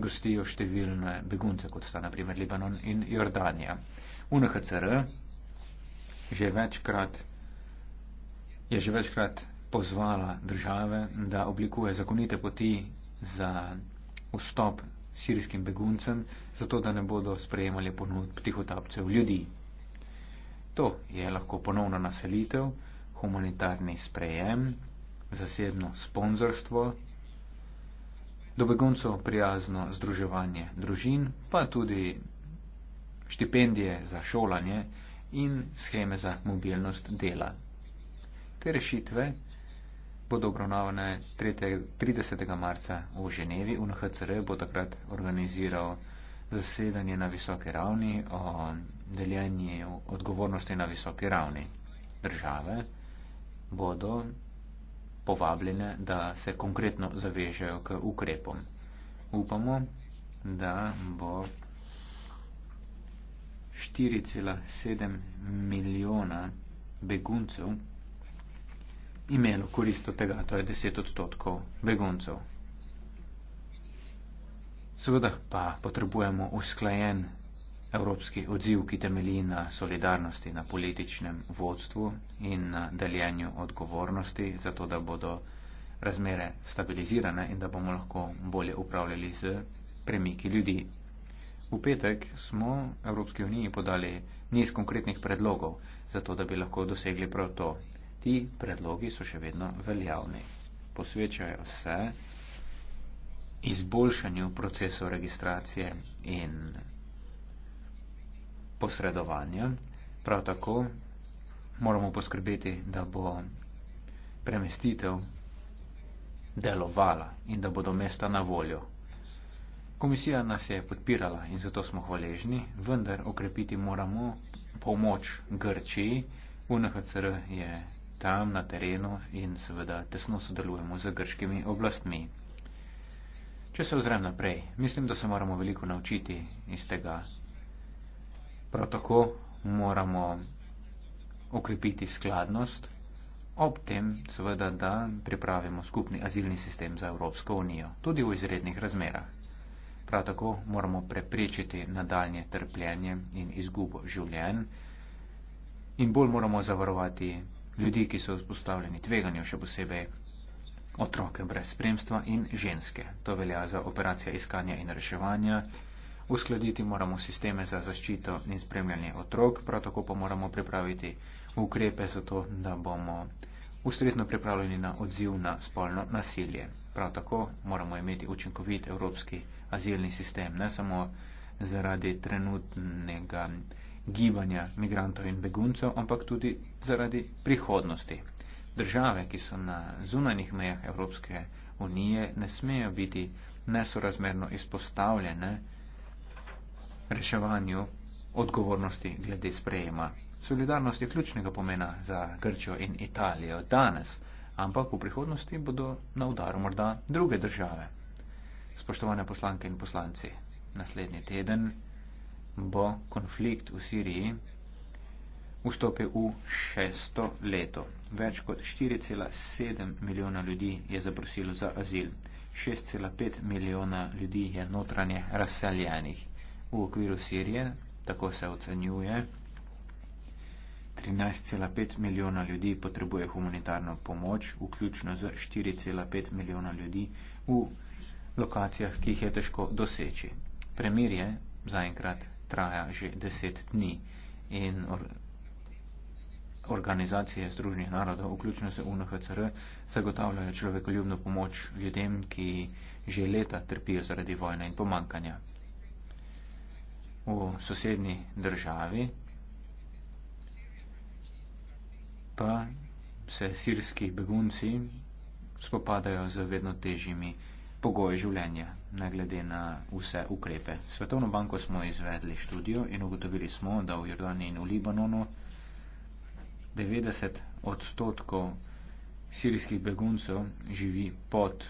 gostijo številne begunce, kot sta naprimer Libanon in Jordanija. UNHCR že večkrat je že večkrat pozvala države, da oblikuje zakonite poti za vstop sirijskim beguncem, zato da ne bodo sprejemali ponudb tihotapcev ljudi. To je lahko ponovna naselitev, humanitarni sprejem, zasebno sponzorstvo, do beguncov prijazno združevanje družin, pa tudi štipendije za šolanje in scheme za mobilnost dela. Te rešitve bodo obravnavane 30. marca v Ženevi. UNHCR bo takrat organiziral zasedanje na visoke ravni o deljenju odgovornosti na visoke ravni. Države bodo povabljene, da se konkretno zavežejo k ukrepom. Upamo, da bo 4,7 milijona beguncev imelo korist od tega, to je 10 odstotkov beguncev. Seveda pa potrebujemo usklajen evropski odziv, ki temelji na solidarnosti, na političnem vodstvu in na deljenju odgovornosti, zato da bodo razmere stabilizirane in da bomo lahko bolje upravljali z premiki ljudi. V petek smo Evropski uniji podali niz konkretnih predlogov, zato da bi lahko dosegli prav to ti predlogi so še vedno veljavni. Posvečajo se izboljšanju procesov registracije in posredovanja. Prav tako moramo poskrbeti, da bo premestitev delovala in da bodo mesta na voljo. Komisija nas je podpirala in zato smo hvaležni, vendar okrepiti moramo pomoč Grčiji. UNHCR je tam na terenu in seveda tesno sodelujemo z grškimi oblastmi. Če se ozrem naprej, mislim, da se moramo veliko naučiti iz tega. Prav tako moramo okrepiti skladnost, ob tem seveda, da pripravimo skupni azilni sistem za Evropsko unijo, tudi v izrednih razmerah. Prav tako moramo preprečiti nadaljnje trpljenje in izgubo življenj in bolj moramo zavarovati ljudi, ki so vzpostavljeni tveganju, še posebej otroke brez spremstva in ženske. To velja za operacije iskanja in reševanja. Uskladiti moramo sisteme za zaščito in spremljanje otrok, prav tako pa moramo pripraviti ukrepe za to, da bomo ustrezno pripravljeni na odziv na spolno nasilje. Prav tako moramo imeti učinkovit evropski azilni sistem, ne samo zaradi trenutnega gibanja migrantov in beguncev, ampak tudi zaradi prihodnosti. Države, ki so na zunanjih mejah Evropske unije, ne smejo biti nesorazmerno izpostavljene reševanju odgovornosti glede sprejema. Solidarnost je ključnega pomena za Grčjo in Italijo danes, ampak v prihodnosti bodo na udaru morda druge države. Spoštovane poslanke in poslanci, naslednji teden bo konflikt v Siriji vstopil v šesto leto. Več kot 4,7 milijona ljudi je zaprosilo za azil. 6,5 milijona ljudi je notranje razseljenih. V okviru Sirije, tako se ocenjuje, 13,5 milijona ljudi potrebuje humanitarno pomoč, vključno z 4,5 milijona ljudi v lokacijah, ki jih je težko doseči. Premir je zaenkrat traja že deset dni. In or organizacije Združenih narodov, vključno se UNHCR, zagotavljajo človekoljubno pomoč ljudem, ki že leta trpijo zaradi vojne in pomankanja. V sosednji državi pa se sirski begunci spopadajo z vedno težjimi pogoji življenja ne glede na vse ukrepe. Svetovno banko smo izvedli študijo in ugotovili smo, da v Jordaniji in v Libanonu 90 odstotkov sirijskih beguncev živi pod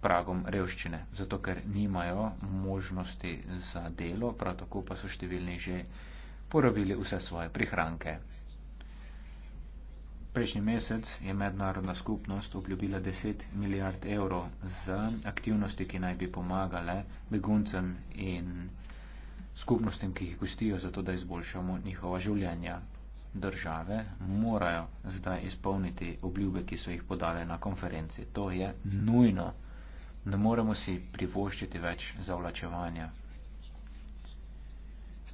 pragom revščine, zato ker nimajo možnosti za delo, prav tako pa so številni že porobili vse svoje prihranke. Prejšnji mesec je mednarodna skupnost obljubila 10 milijard evrov za aktivnosti, ki naj bi pomagale beguncem in skupnostim, ki jih gostijo, zato da izboljšamo njihova življenja. Države morajo zdaj izpolniti obljube, ki so jih podale na konferenci. To je nujno. Ne moremo si privoščiti več zavlačevanja.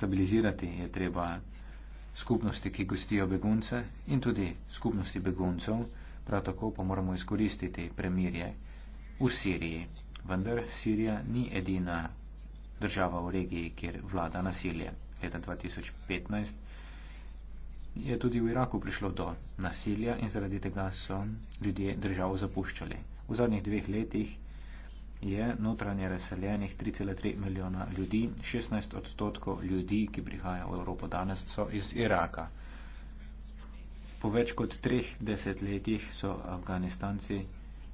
Stabilizirati je treba skupnosti, ki gostijo begunce in tudi skupnosti beguncev, prav tako pa moramo izkoristiti premirje v Siriji. Vendar Sirija ni edina država v regiji, kjer vlada nasilje. Leta 2015 je tudi v Iraku prišlo do nasilja in zaradi tega so ljudje državo zapuščali. V zadnjih dveh letih je notranje razseljenih 3,3 milijona ljudi, 16 odstotkov ljudi, ki prihajajo v Evropo danes, so iz Iraka. Po več kot treh desetletjih so Afganistanci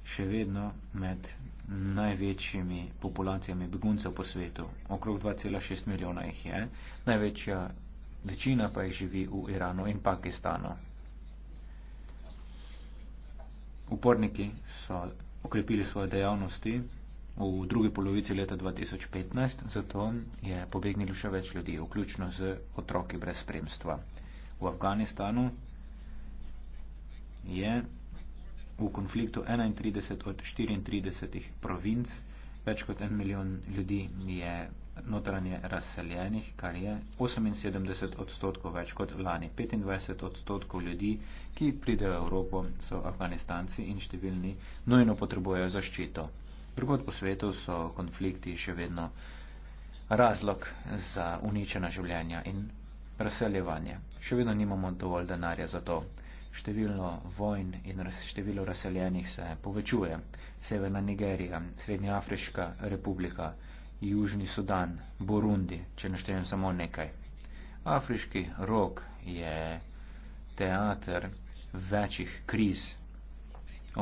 še vedno med največjimi populacijami beguncev po svetu. Okrog 2,6 milijona jih je, največja večina pa jih živi v Iranu in Pakistanu. Uporniki so okrepili svoje dejavnosti, v drugi polovici leta 2015, zato je pobegnilo še več ljudi, vključno z otroki brez spremstva. V Afganistanu je v konfliktu 31 od 34 provinc, več kot en milijon ljudi je notranje razseljenih, kar je 78 odstotkov več kot lani. 25 odstotkov ljudi, ki pridejo v Evropo, so Afganistanci in številni nujno potrebujejo zaščito. Drugod po svetu so konflikti še vedno razlog za uničena življenja in razseljevanje. Še vedno nimamo dovolj denarja za to. Število vojn in število razseljenih se povečuje. Severna Nigerija, Srednjeafriška republika, Južni Sudan, Burundi, če naštejem samo nekaj. Afriški rok je teater večjih kriz.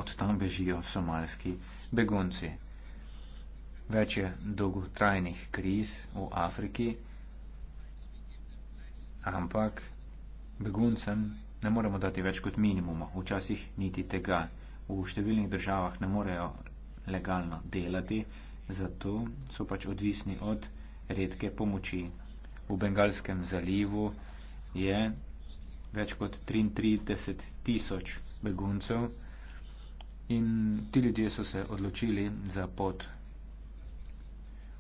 Od tam bežijo somalski begunci. Več je dolgotrajnih kriz v Afriki, ampak beguncem ne moremo dati več kot minimuma, včasih niti tega. V številnih državah ne morejo legalno delati, zato so pač odvisni od redke pomoči. V Bengalskem zalivu je več kot 33 tisoč beguncev. In ti ljudje so se odločili za pot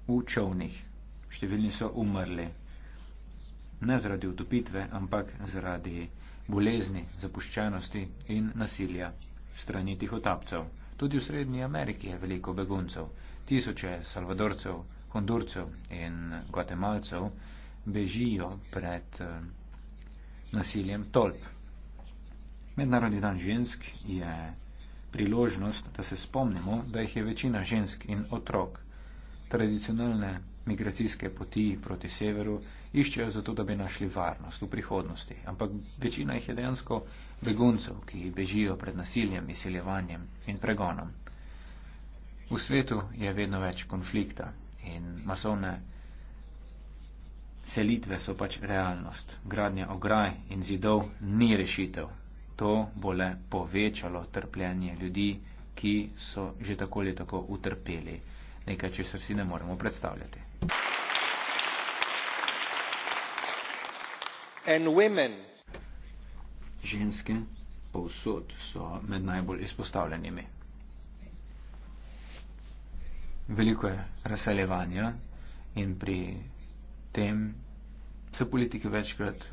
v čovnih. Številni so umrli. Ne zaradi utopitve, ampak zaradi bolezni, zapuščenosti in nasilja strani tih otapcev. Tudi v Srednji Ameriki je veliko beguncev. Tisoče salvadorcev, hondurcev in guatemalcev bežijo pred eh, nasiljem tolp. Mednarodni dan žensk je priložnost, da se spomnimo, da jih je večina žensk in otrok. Tradicionalne migracijske poti proti severu iščejo zato, da bi našli varnost v prihodnosti, ampak večina jih je dejansko beguncev, ki bežijo pred nasiljem, izsiljevanjem in pregonom. V svetu je vedno več konflikta in masovne selitve so pač realnost. Gradnja ograj in zidov ni rešitev, to bo le povečalo trpljenje ljudi, ki so že tako ali tako utrpeli. Nekaj, če se vsi ne moremo predstavljati. Ženske povsod so med najbolj izpostavljenimi. Veliko je razseljevanja in pri tem se politiki večkrat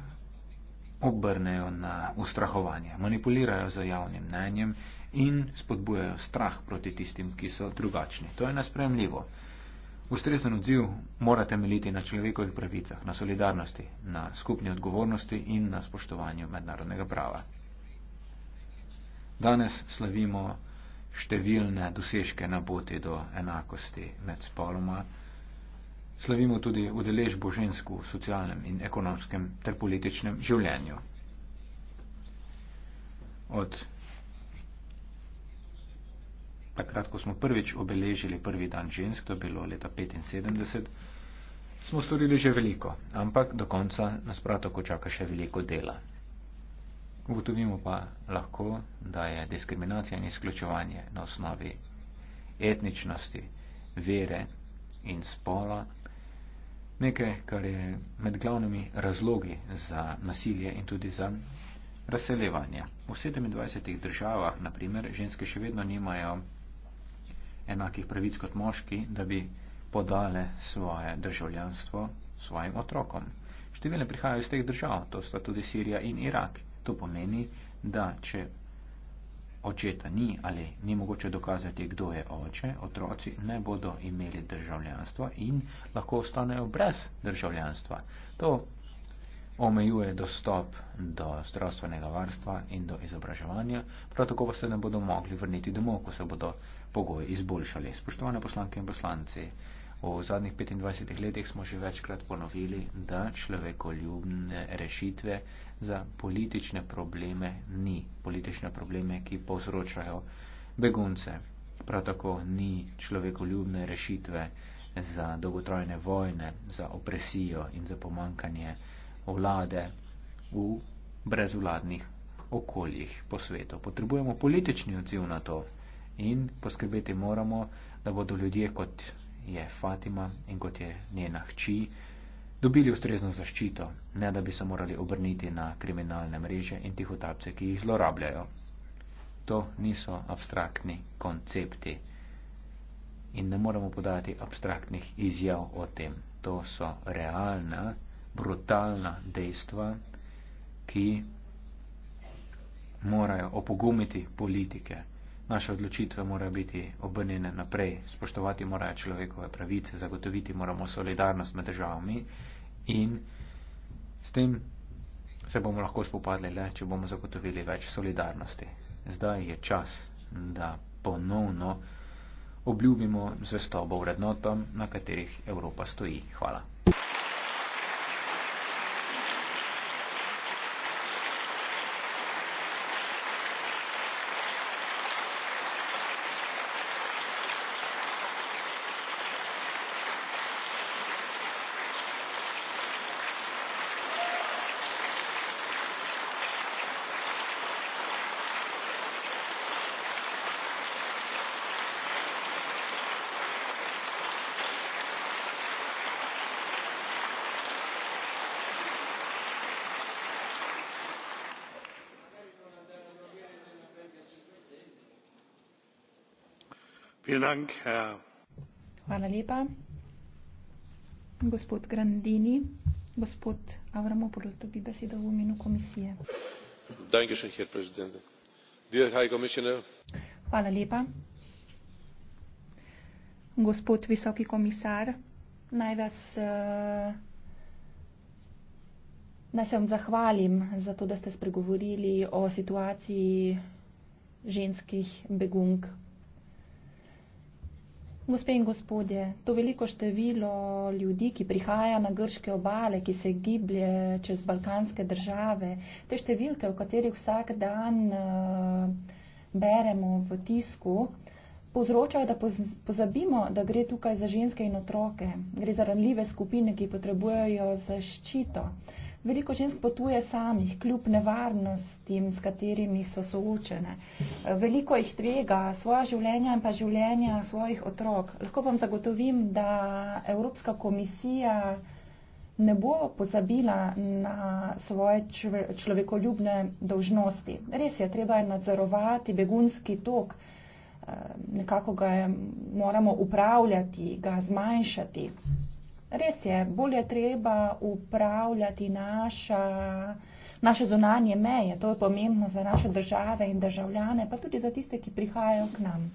obrnejo na ustrahovanje, manipulirajo za javnim mnenjem in spodbujajo strah proti tistim, ki so drugačni. To je nespremljivo. Ustrezen odziv mora temeljiti na človekovih pravicah, na solidarnosti, na skupni odgovornosti in na spoštovanju mednarodnega prava. Danes slavimo številne dosežke na poti do enakosti med spoloma slavimo tudi udeležbo žensk v socialnem in ekonomskem ter političnem življenju. Od takrat, ko smo prvič obeležili prvi dan žensk, to je bilo leta 75, smo storili že veliko, ampak do konca nas prav tako čaka še veliko dela. Ugotovimo pa lahko, da je diskriminacija in izključevanje na osnovi etničnosti, vere in spola nekaj, kar je med glavnimi razlogi za nasilje in tudi za razseljevanje. V 27 državah, naprimer, ženske še vedno nimajo enakih pravic kot moški, da bi podale svoje državljanstvo svojim otrokom. Številne prihajajo iz teh držav, to sta tudi Sirija in Irak. To pomeni, da če očeta ni ali ni mogoče dokazati, kdo je oče, otroci ne bodo imeli državljanstva in lahko ostanejo brez državljanstva. To omejuje dostop do zdravstvenega varstva in do izobraževanja, prav tako pa se ne bodo mogli vrniti domov, ko se bodo pogoji izboljšali. Spoštovane poslanke in poslanci, V zadnjih 25 letih smo že večkrat ponovili, da človekoljubne rešitve za politične probleme ni. Politične probleme, ki povzročajo begunce. Prav tako ni človekoljubne rešitve za dolgotrajne vojne, za opresijo in za pomankanje vlade v brezvladnih okoljih po svetu. Potrebujemo politični odziv na to in poskrbeti moramo, da bodo ljudje kot je Fatima in kot je njena hči, dobili ustrezno zaščito, ne da bi se morali obrniti na kriminalne mreže in tihotapce, ki jih zlorabljajo. To niso abstraktni koncepti in ne moremo podati abstraktnih izjav o tem. To so realna, brutalna dejstva, ki morajo opogumiti politike naše odločitve morajo biti obrnjene naprej, spoštovati morajo človekove pravice, zagotoviti moramo solidarnost med državami in s tem se bomo lahko spopadli le, če bomo zagotovili več solidarnosti. Zdaj je čas, da ponovno obljubimo zvestobo vrednotam, na katerih Evropa stoji. Hvala. Hvala lepa. Gospod Grandini, gospod Avramopoulos dobi besedo v imenu komisije. Hvala lepa. Gospod visoki komisar, naj vas. Eh, naj se vam zahvalim za to, da ste spregovorili o situaciji ženskih begunk Gospe in gospodje, to veliko število ljudi, ki prihaja na grške obale, ki se giblje čez balkanske države, te številke, o katerih vsak dan eh, beremo v tisku, povzročajo, da pozabimo, da gre tukaj za ženske in otroke. Gre za ranljive skupine, ki potrebujejo zaščito. Veliko žensk potuje samih, kljub nevarnostim, s katerimi so soočene. Veliko jih tvega svoja življenja in pa življenja svojih otrok. Lahko vam zagotovim, da Evropska komisija ne bo pozabila na svoje človekoljubne dožnosti. Res je, treba je nadzorovati begunski tok, eh, nekako ga je, moramo upravljati, ga zmanjšati. Res je, bolj je treba upravljati naša, naše zonanje meje. To je pomembno za naše države in državljane, pa tudi za tiste, ki prihajajo k nam.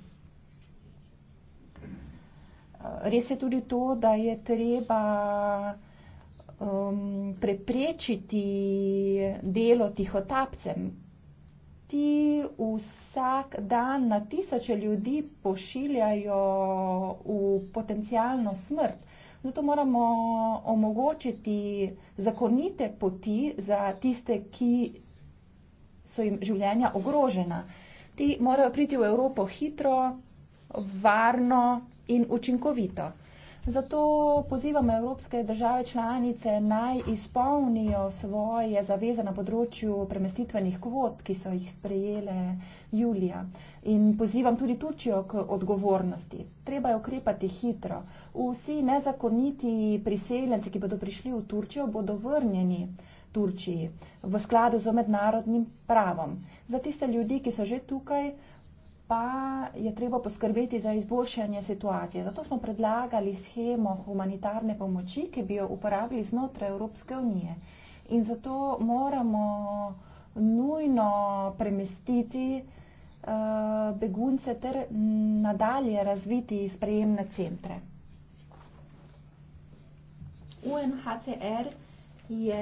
Eh, res je tudi to, da je treba um, preprečiti delo tihotapcem. Ti vsak dan na tisoče ljudi pošiljajo v potencijalno smrt. Zato moramo eh, omogočiti zakonite poti za tiste, ki so jim življenja ogrožena. Ti morajo priti v Evropo hitro, varno in učinkovito. Zato pozivamo evropske države članice naj izpolnijo svoje zaveze na področju premestitvenih kvot, ki so jih sprejele julija. In pozivam tudi Turčijo k odgovornosti. Treba je ukrepati hitro. Vsi nezakoniti priseljenci, ki bodo prišli v Turčijo, bodo vrnjeni. Turčiji v skladu z mednarodnim pravom. Za tiste ljudi, ki so že tukaj, pa je treba poskrbeti za izboljšanje situacije. Zato smo predlagali schemo humanitarne pomoči, ki bi jo uporabili znotraj Evropske unije. In zato moramo nujno premestiti uh, begunce ter nadalje razviti sprejemne centre. UNHCR ki je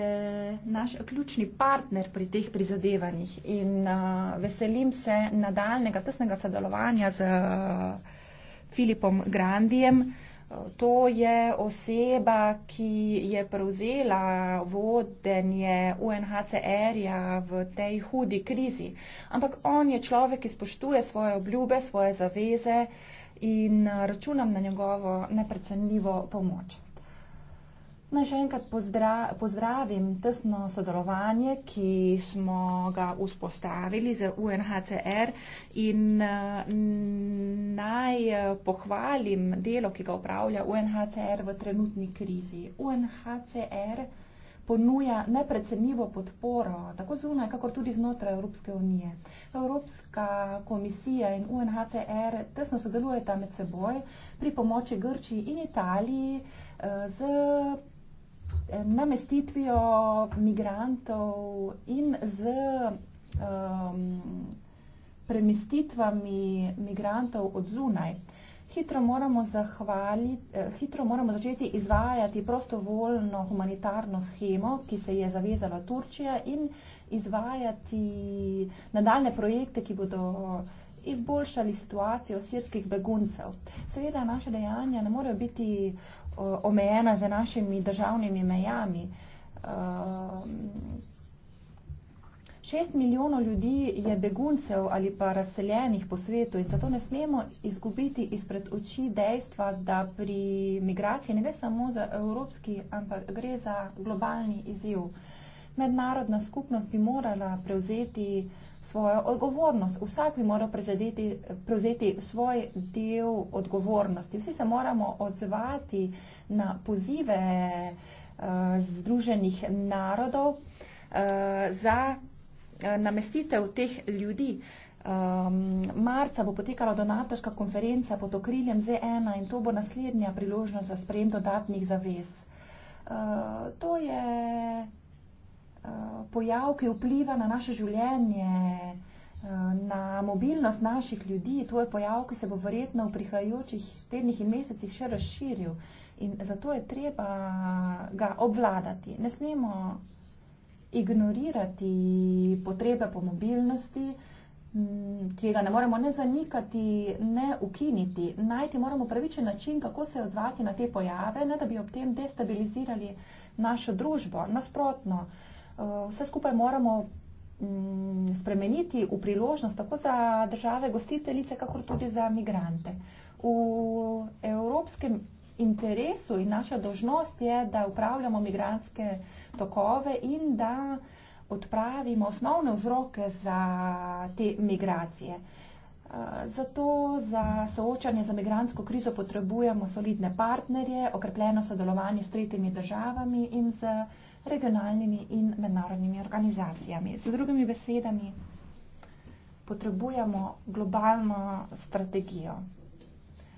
naš ključni partner pri teh prizadevanjih in uh, veselim se nadaljnega tesnega sodelovanja z uh, Filipom Grandijem. To je oseba, ki je prevzela vodenje UNHCR-ja v tej hudi krizi. Ampak on je človek, ki spoštuje svoje obljube, svoje zaveze in računam na njegovo neprecenljivo pomoč. Naj še enkrat pozdra pozdravim tesno sodelovanje, ki smo ga vzpostavili z UNHCR in naj pohvalim delo, ki ga upravlja UNHCR v trenutni krizi. UNHCR ponuja neprecenljivo podporo tako zunaj, kakor tudi znotraj Evropske unije. Evropska komisija in UNHCR tesno sodelujeta med seboj pri pomoči Grčiji in Italiji eh, z namestitvijo migrantov in z um, premestitvami migrantov od zunaj. Hitro moramo, eh, hitro moramo začeti izvajati prostovoljno humanitarno schemo, ki se je zavezala Turčija in izvajati nadaljne projekte, ki bodo izboljšali situacijo sirskih beguncev. Seveda naše dejanja ne morejo biti omejena za našimi državnimi mejami. Ehm, šest milijonov ljudi je beguncev ali pa razseljenih po svetu in zato ne smemo izgubiti izpred oči dejstva, da pri migraciji ne gre samo za evropski, ampak gre za globalni izziv. Mednarodna skupnost bi morala prevzeti uh, svojo odgovornost. Vsak bi moral prevzeti svoj del odgovornosti. Vsi se moramo odzvati na pozive uh, Združenih narodov uh, za uh, namestitev teh ljudi. Um, marca bo potekala donatorska konferenca pod okriljem ZN in to bo naslednja priložnost za sprejem dodatnih zavez. Uh, to je pojav, ki vpliva na naše življenje, eh, na mobilnost naših ljudi. To je pojav, ki se bo verjetno v prihajajočih tednih in mesecih še razširil. In zato je treba ga obvladati. Ne smemo ignorirati potrebe po mobilnosti, tega ne moremo ne zanikati, ne ukiniti. Najti moramo pravičen način, kako se odzvati na te pojave, ne da bi ob tem destabilizirali našo družbo. Nasprotno, uh, Eh, vse skupaj moramo mm, spremeniti v priložnost tako za države gostiteljice, kakor tudi za migrante. V evropskem interesu in naša dožnost je, da upravljamo migranske tokove in da odpravimo osnovne vzroke za te migracije. Eh, zato za soočanje za migransko krizo potrebujemo solidne partnerje, okrepljeno sodelovanje s tretjimi državami in z regionalnimi in mednarodnimi organizacijami. Z drugimi besedami, potrebujemo globalno strategijo.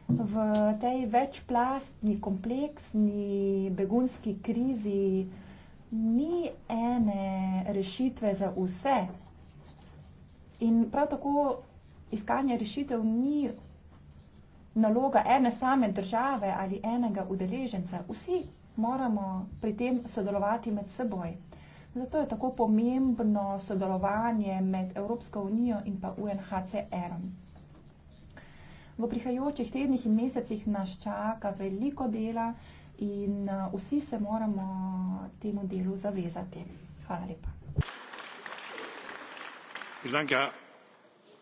V tej večplastni, kompleksni begunski krizi ni ene rešitve za vse. In prav tako iskanje rešitev ni naloga ene same države ali enega udeleženca. Vsi moramo pri tem sodelovati med seboj. Zato je tako pomembno sodelovanje med Evropsko unijo in pa UNHCR. V prihajajočih tednih in mesecih nas čaka veliko dela in vsi se moramo temu delu zavezati. Hvala lepa. Danke,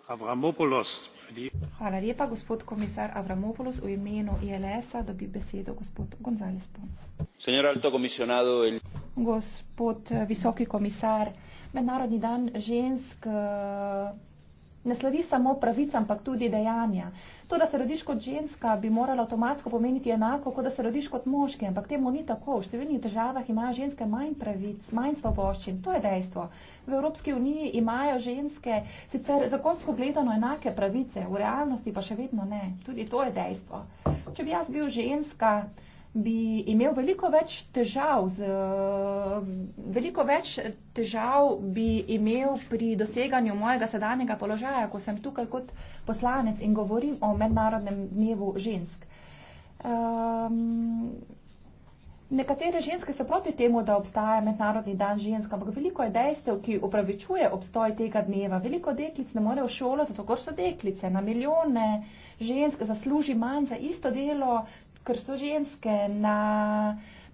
Avramopoulos. Filip. Hvala lepa, gospod komisar Avramopoulos. V imenu ILS-a dobi besedo gospod González Pons. Senor Alto Komisionado. El... Gospod eh, visoki komisar, mednarodni dan žensk. Uh, ne slovi samo pravica, ampak tudi dejanja. To, da se rodiš kot ženska, bi moralo avtomatsko pomeniti enako, kot da se rodiš kot moški, ampak temu ni tako. V številnih državah imajo ženske manj pravic, manj svoboščin. To je dejstvo. V Evropski uniji imajo ženske sicer zakonsko gledano enake pravice, v realnosti pa še vedno ne. Tudi to je dejstvo. Če bi jaz bil ženska, bi imel veliko več težav, z, veliko več težav bi imel pri doseganju mojega sedanjega položaja, ko sem tukaj kot poslanec in govorim o mednarodnem dnevu žensk. Um, nekatere ženske so proti temu, da obstaja mednarodni dan žensk, ampak veliko je dejstev, ki upravičuje obstoj tega dneva. Veliko deklic ne more v šolo, zato ker so deklice na milijone žensk zasluži manj za isto delo, ker so ženske na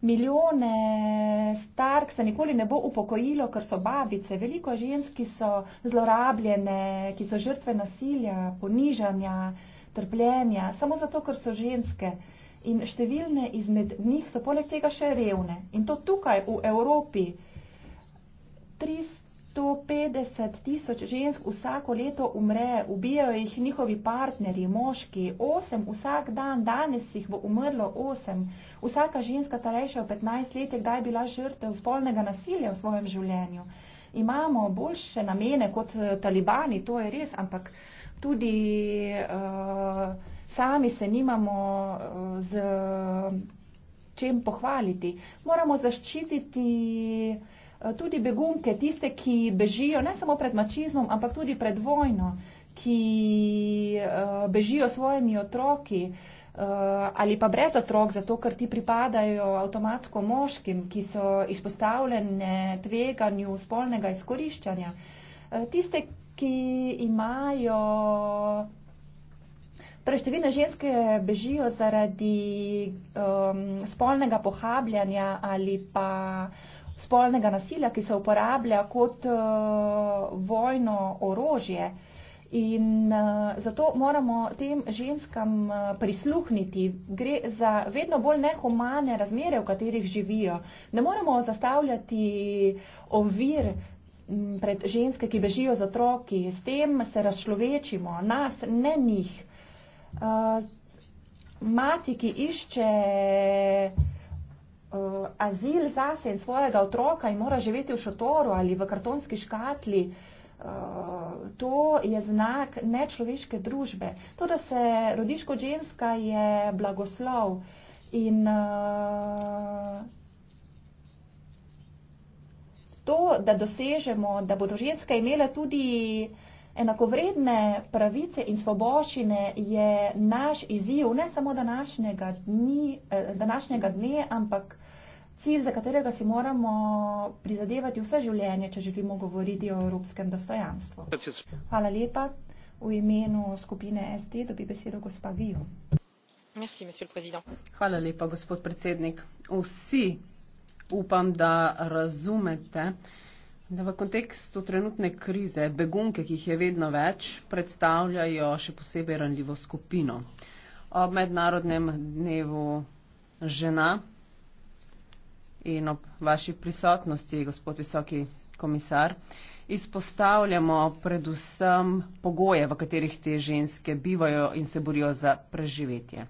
milijone stark, se nikoli ne bo upokojilo, ker so babice. Veliko ženski so zlorabljene, ki so žrtve nasilja, ponižanja, trpljenja, samo zato, ker so ženske. In številne izmed njih so poleg tega še revne. In to tukaj v Evropi. 300 150 tisoč žensk vsako leto umre, ubijajo jih njihovi partnerji, moški, osem vsak dan, danes jih bo umrlo osem. Vsaka ženska starejša od 15 let je kdaj bila žrtev spolnega nasilja v svojem življenju. Imamo boljše namene kot eh, talibani, to je res, ampak tudi uh, sami se nimamo eh, z čem pohvaliti. Moramo zaščititi. Eh, tudi begunke, tiste, ki bežijo ne samo pred mačizmom, ampak tudi pred vojno, ki eh, bežijo svojimi otroki eh, ali pa brez otrok, zato ker ti pripadajo avtomatsko moškim, ki so izpostavljene tveganju spolnega izkoriščanja. Tiste, ki imajo. Torej, številne ženske bežijo zaradi um, spolnega pohabljanja ali pa uh, spolnega nasilja, ki se uporablja kot uh, vojno orožje. In uh, zato moramo tem ženskam uh, prisluhniti. Gre za vedno bolj nehumane razmere, v katerih živijo. Ne moramo zastavljati ovir pred ženske, ki bežijo z otroki. S tem se razčlovečimo, nas, ne njih. Uh, mati, ki išče uh, azil zase in svojega otroka in mora živeti v šotoru ali v kartonski škatli. Uh, to je znak nečloveške družbe. To, da se rodiš kot ženska, je blagoslov. In uh, to, da dosežemo, da bodo ženske imele tudi uh, Enakovredne pravice in svoboščine je naš izziv ne samo današnjega, dni, eh, današnjega dne, ampak cilj, za katerega si moramo prizadevati vse življenje, če želimo govoriti o evropskem dostojanstvu. Hvala lepa. V imenu skupine SD dobi besedo gospa Vijo. Hvala lepa, gospod predsednik. Vsi upam, da razumete, Da v kontekstu trenutne krize begunke, ki jih je vedno več, predstavljajo še posebej ranljivo skupino. Ob mednarodnem dnevu žena in ob vaši prisotnosti, gospod visoki komisar, izpostavljamo predvsem pogoje, v katerih te ženske bivajo in se borijo za preživetje.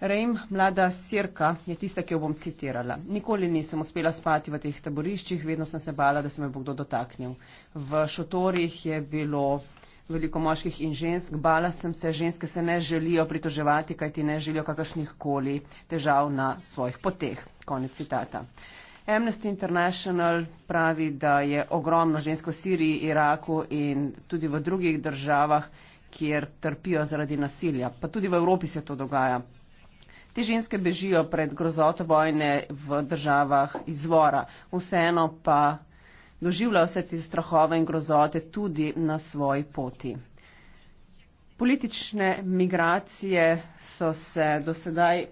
Reim, mlada sirka, je tista, ki jo bom citirala. Nikoli nisem uspela spati v teh taboriščih, vedno sem se bala, da se me bo kdo dotaknil. V šotorih je bilo veliko moških in žensk, bala sem se, ženske se ne želijo pritoževati, kajti ne želijo kakršnih koli težav na svojih poteh. Konec citata. Amnesty International pravi, da je ogromno žensk v Siriji, Iraku in tudi v drugih državah, kjer trpijo zaradi nasilja. Pa tudi v Evropi se to dogaja. Te ženske bežijo pred grozoto vojne v državah izvora, vseeno pa doživlja vse te strahove in grozote tudi na svoji poti. Politične migracije so se do sedaj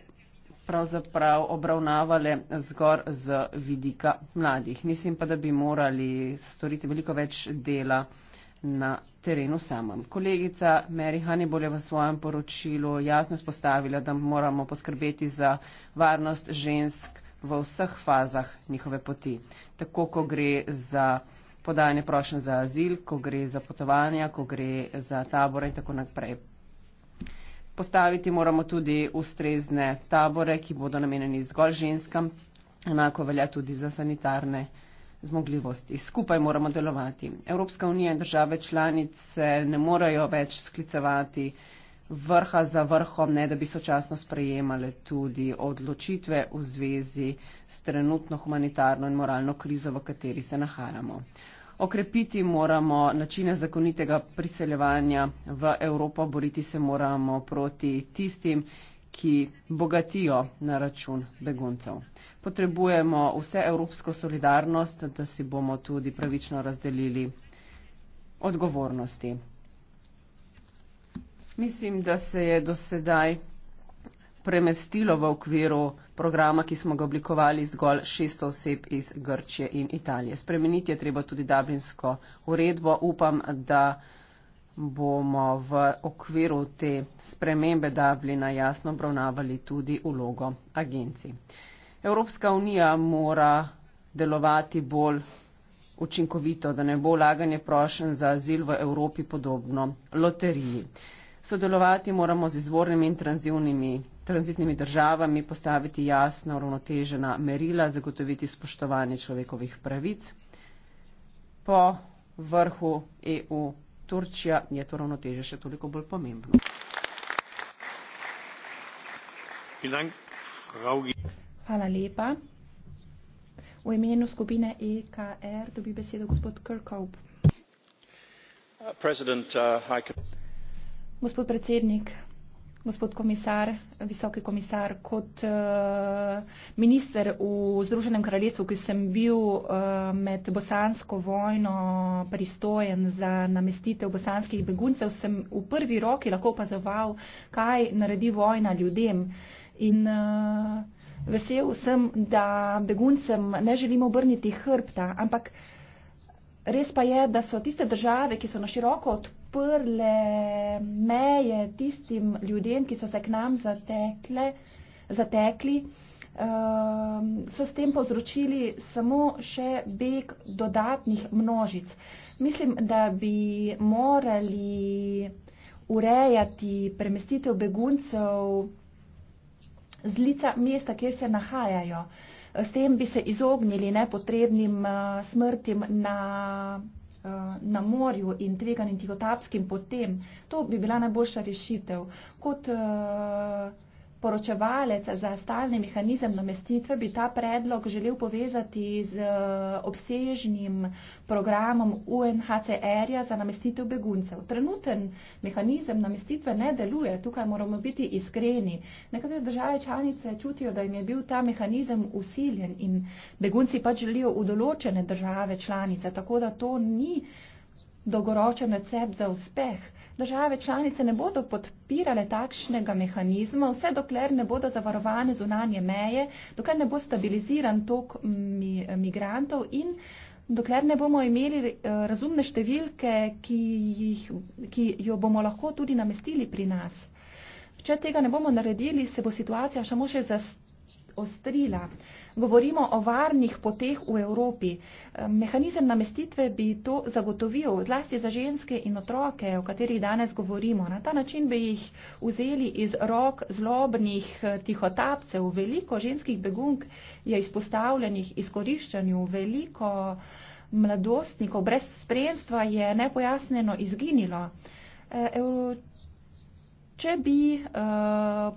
pravzaprav obravnavale zgor z vidika mladih. Mislim pa, da bi morali storiti veliko več dela na terenu samem. Kolegica Mary Hannibal je v svojem poročilu jasno spostavila, da moramo poskrbeti za varnost žensk v vseh fazah njihove poti. Tako, ko gre za podajanje prošen za azil, ko gre za potovanja, ko gre za tabore in tako naprej. Postaviti moramo tudi ustrezne tabore, ki bodo namenjeni zgolj ženskam. Enako velja tudi za sanitarne zmogljivosti. Skupaj moramo delovati. Evropska unija in države članice ne morejo več sklicevati vrha za vrhom, ne da bi sočasno sprejemale tudi odločitve v zvezi s trenutno humanitarno in moralno krizo, v kateri se nahajamo. Okrepiti moramo načine zakonitega priseljevanja v Evropo, boriti se moramo proti tistim, ki bogatijo na račun beguncev potrebujemo vse evropsko solidarnost, da si bomo tudi pravično razdelili odgovornosti. Mislim, da se je do sedaj premestilo v okviru programa, ki smo ga oblikovali zgolj 600 oseb iz Grčije in Italije. Spremeniti je treba tudi dublinsko uredbo. Upam, da bomo v okviru te spremembe Dublina jasno obravnavali tudi ulogo agencij. Evropska unija mora delovati bolj učinkovito, da ne bo laganje prošen za azil v Evropi podobno loteriji. Sodelovati moramo z izvornimi in tranzitnimi državami, postaviti jasna, uravnotežena merila, zagotoviti spoštovanje človekovih pravic. Po vrhu EU Turčija je to uravnoteže še toliko bolj pomembno. Vielen Dank, Frau Hvala lepa. V imenu skupine EKR dobi besedo gospod Kirkhope. Uh, uh, gospod predsednik, gospod komisar, visoki komisar, kot uh, minister v Združenem kraljestvu, ki sem bil med bosansko vojno pristojen za namestitev bosanskih beguncev, sem v prvi roki lahko opazoval, kaj naredi vojna ljudem. In Vesel sem, da beguncem ne želimo obrniti hrbta, ampak res pa je, da so tiste države, ki so na široko odprle meje tistim ljudem, ki so se k nam zatekle, zatekli, ehm, so s tem povzročili samo še beg dodatnih množic. Mislim, da bi morali urejati premestitev beguncev z lica mesta, kjer se nahajajo. S tem bi se izognili nepotrebnim eh, smrtim na, eh, na morju in tveganim tihotapskim potem. To bi bila najboljša rešitev. Kot, eh, poročevalec za stalni mehanizem namestitve bi ta predlog želel povezati z eh, obsežnim programom UNHCR-ja za namestitev beguncev. Trenuten mehanizem namestitve ne deluje, tukaj moramo biti iskreni. Nekatere države članice čutijo, da jim je bil ta mehanizem usiljen in begunci pač želijo v določene države članice, tako da to ni dolgoročen recept za uspeh. Države članice ne bodo podpirale takšnega mehanizma, vse dokler ne bodo zavarovane zunanje meje, dokler ne bo stabiliziran tok mi, migrantov in dokler ne bomo imeli eh, razumne številke, ki, jih, ki jo bomo lahko tudi namestili pri nas. Če tega ne bomo naredili, se bo situacija samo še zastavila ostrila. Govorimo o varnih poteh v Evropi. Eh, mehanizem namestitve bi to zagotovil, zlasti za ženske in otroke, o katerih danes govorimo. Na ta način bi jih vzeli iz rok zlobnih eh, tihotapcev. Veliko ženskih begunk je izpostavljenih izkoriščanju, veliko mladostnikov brez spremstva je nepojasneno izginilo. Eh, če bi uh,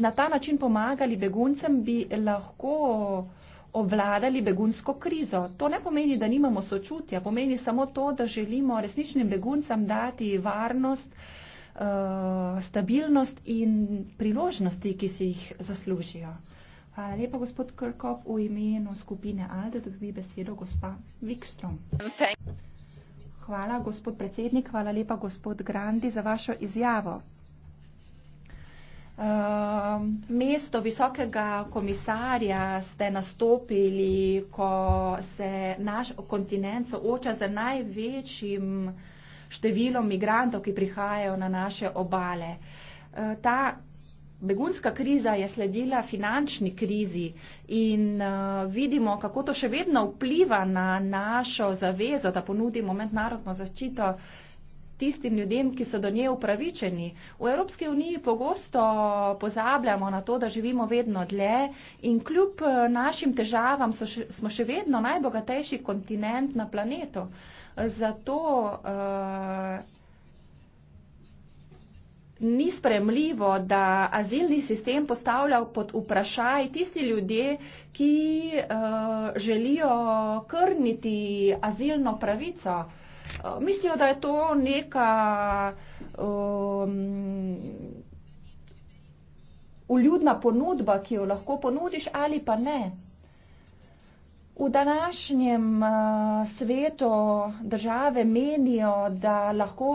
na ta način pomagali beguncem, bi lahko obvladali begunsko krizo. To ne pomeni, da nimamo sočutja, pomeni samo to, da želimo resničnim beguncem dati varnost, eh, stabilnost in priložnosti, ki si jih zaslužijo. Hvala lepa, gospod Krkov, v imenu skupine ALDE dobi besedo gospa Vikstrom. Hvala, gospod predsednik, hvala lepa, gospod Grandi, za vašo izjavo. Ehm, mesto visokega komisarja ste nastopili, ko se naš kontinent sooča z največjim številom migrantov, ki prihajajo na naše obale. E, ta begunska kriza je sledila finančni krizi in e, vidimo, kako to še vedno vpliva na našo zavezo, da ponudimo mednarodno zaščito tistim ljudem, ki so do nje upravičeni. V Evropski uniji pogosto pozabljamo na to, da živimo vedno dlje in kljub eh, našim težavam še, smo še vedno najbogatejši kontinent na planetu. Zato uh, ni spremljivo, da azilni sistem postavlja pod vprašaj tisti ljudje, ki uh, želijo krniti azilno pravico. Eh, mislijo, da je to neka um, uljudna ponudba, ki jo lahko ponudiš ali pa ne. V današnjem uh, svetu države menijo, da, lahko,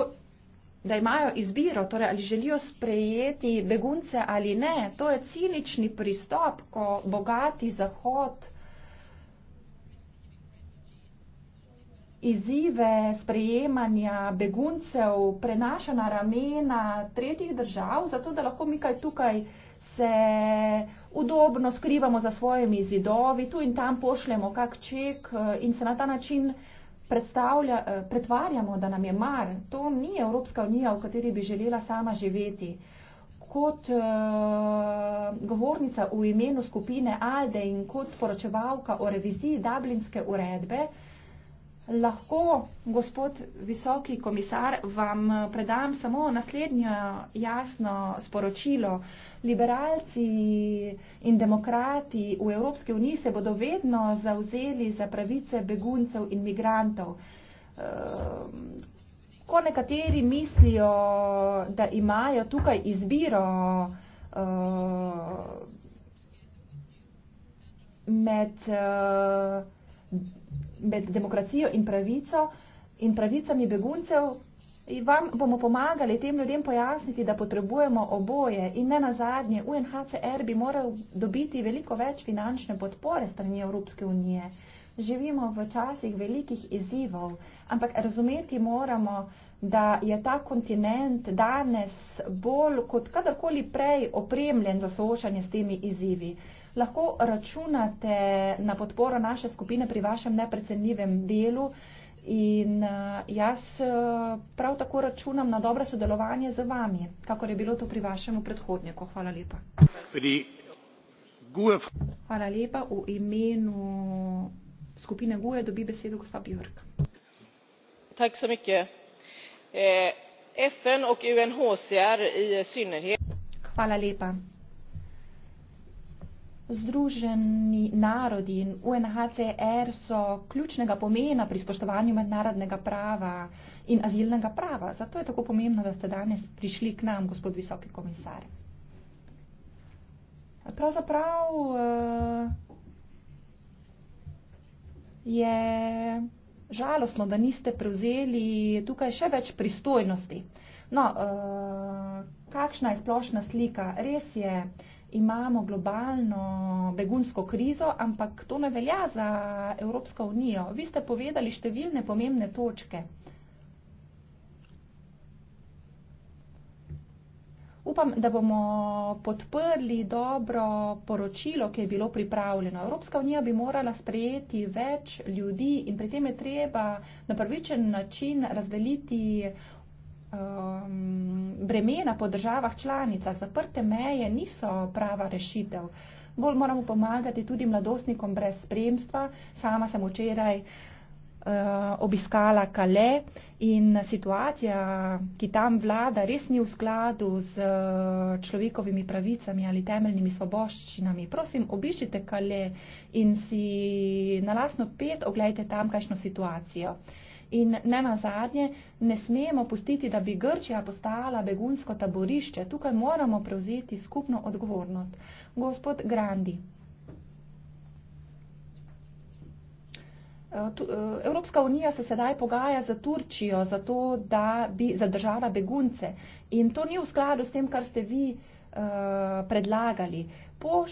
da imajo izbiro, torej ali želijo sprejeti begunce ali ne. To je cinični pristop, ko bogati zahod. izzive sprejemanja beguncev prenaša na ramena tretjih držav, zato da lahko mi kaj tukaj se udobno skrivamo za svojimi zidovi, tu in tam pošljemo kak ček eh, in se na ta način eh, pretvarjamo, da nam je mar. To ni Evropska unija, v kateri bi želela sama živeti. Kot uh, govornica v imenu skupine ALDE in kot poročevalka o reviziji Dublinske uredbe, uh, Lahko, gospod visoki komisar, vam eh, predam samo naslednjo eh, jasno sporočilo. Liberalci in demokrati v Evropski uniji se bodo vedno zauzeli za pravice beguncev in migrantov. Eh, ko nekateri mislijo, da imajo tukaj izbiro med med demokracijo in pravico in pravicami beguncev. In vam bomo pomagali tem ljudem pojasniti, da potrebujemo oboje in ne nazadnje UNHCR bi moral dobiti veliko več finančne podpore strani Evropske unije. Živimo v časih velikih izzivov, ampak razumeti moramo, da je ta kontinent danes bolj kot kadarkoli prej opremljen za soočanje s temi izzivi lahko računate na podporo naše skupine pri vašem neprecenljivem delu. In eh, jaz eh, prav tako računam na dobro sodelovanje z vami, kakor je bilo to pri vašem predhodniku. Hvala lepa. Hvala lepa. V imenu skupine GUE dobi besedo gospa Björk. Eh, Hvala lepa. Združeni narodi in UNHCR so ključnega pomena pri spoštovanju mednarodnega prava in azilnega prava. Zato je tako pomembno, da ste danes prišli k nam, gospod visoki komisar. Pravzaprav eh, je žalostno, da niste prevzeli tukaj še več pristojnosti. No, eh, kakšna je splošna slika? Res je imamo globalno begunsko krizo, ampak to ne velja za Evropsko unijo. Vi ste povedali številne pomembne točke. Upam, da bomo podprli dobro poročilo, ki je bilo pripravljeno. Evropska unija bi morala sprejeti več ljudi in pri tem je treba na prvičen način razdeliti um, bremena po državah članicah, zaprte meje niso prava rešitev. Bolj moramo pomagati tudi mladostnikom brez spremstva. Sama sem včeraj uh, obiskala Kale in situacija, ki tam vlada, res ni v skladu z uh, človekovimi pravicami ali temeljnimi svoboščinami. Prosim, obiščite Kale in si na lasno pet oglejte tamkajšno situacijo. Uh, In ne na zadnje, ne smemo pustiti, da bi Grčija postala begunsko taborišče. Tukaj moramo prevzeti skupno odgovornost. Gospod Grandi. Eh, eh, Evropska unija se sedaj pogaja za Turčijo, za to, da bi zadržala begunce. In to ni v skladu s tem, kar ste vi uh, predlagali. Po,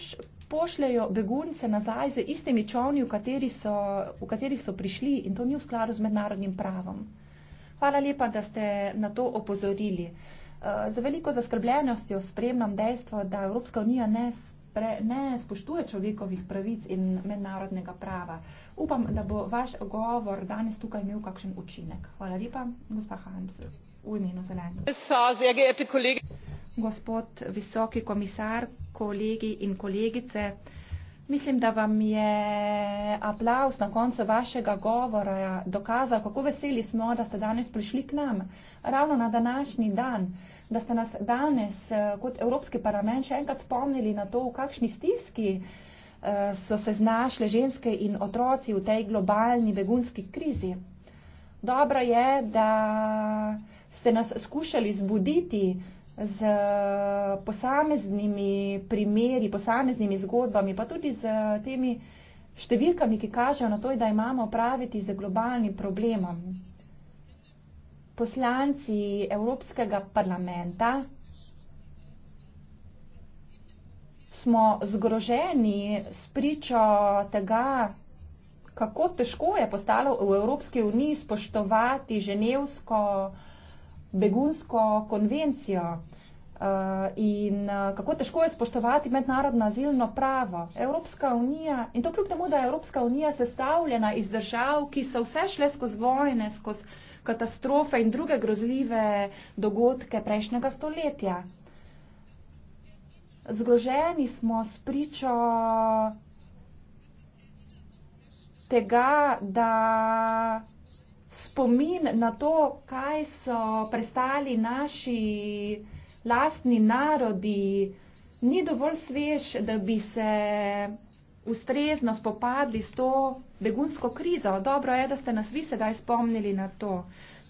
pošljajo begunce nazaj z istimi čovni, v, kateri so, v katerih so prišli in to ni v skladu z mednarodnim pravom. Hvala lepa, da ste na to opozorili. Eh, z veliko zaskrbljenostjo spremljam dejstvo, da Evropska unija ne, spre, ne spoštuje človekovih pravic in mednarodnega prava. Upam, da bo vaš govor danes tukaj imel kakšen učinek. Hvala lepa, gospa Hans, v imenu zelenih gospod visoki komisar, kolegi in kolegice. Mislim, da vam je aplavz na koncu vašega govora dokazal, kako veseli smo, da ste danes prišli k nam, ravno na današnji dan, da ste nas danes eh, kot Evropski parlament še enkrat spomnili na to, v kakšni stiski eh, so se znašle ženske in otroci v tej globalni begunski krizi. Dobro je, da ste nas skušali zbuditi z posameznimi primeri, posameznimi zgodbami, pa tudi z temi številkami, ki kažejo na to, da imamo opraviti z globalnim problemom. Poslanci Evropskega parlamenta smo zgroženi s pričo tega, kako težko je postalo v Evropski uniji spoštovati ženevsko begunsko konvencijo eh, in eh, kako težko je spoštovati mednarodno azilno pravo. Evropska unija, in to kljub temu, da je Evropska unija sestavljena iz držav, ki so vse šle skozi vojne, skozi katastrofe in druge grozljive dogodke prejšnjega stoletja. Zgroženi smo s pričo tega, da spomin na to, kaj so prestali naši lastni narodi, ni dovolj svež, da bi se ustrezno spopadli s to begunsko krizo. Dobro je, da ste nas vi sedaj spomnili na to.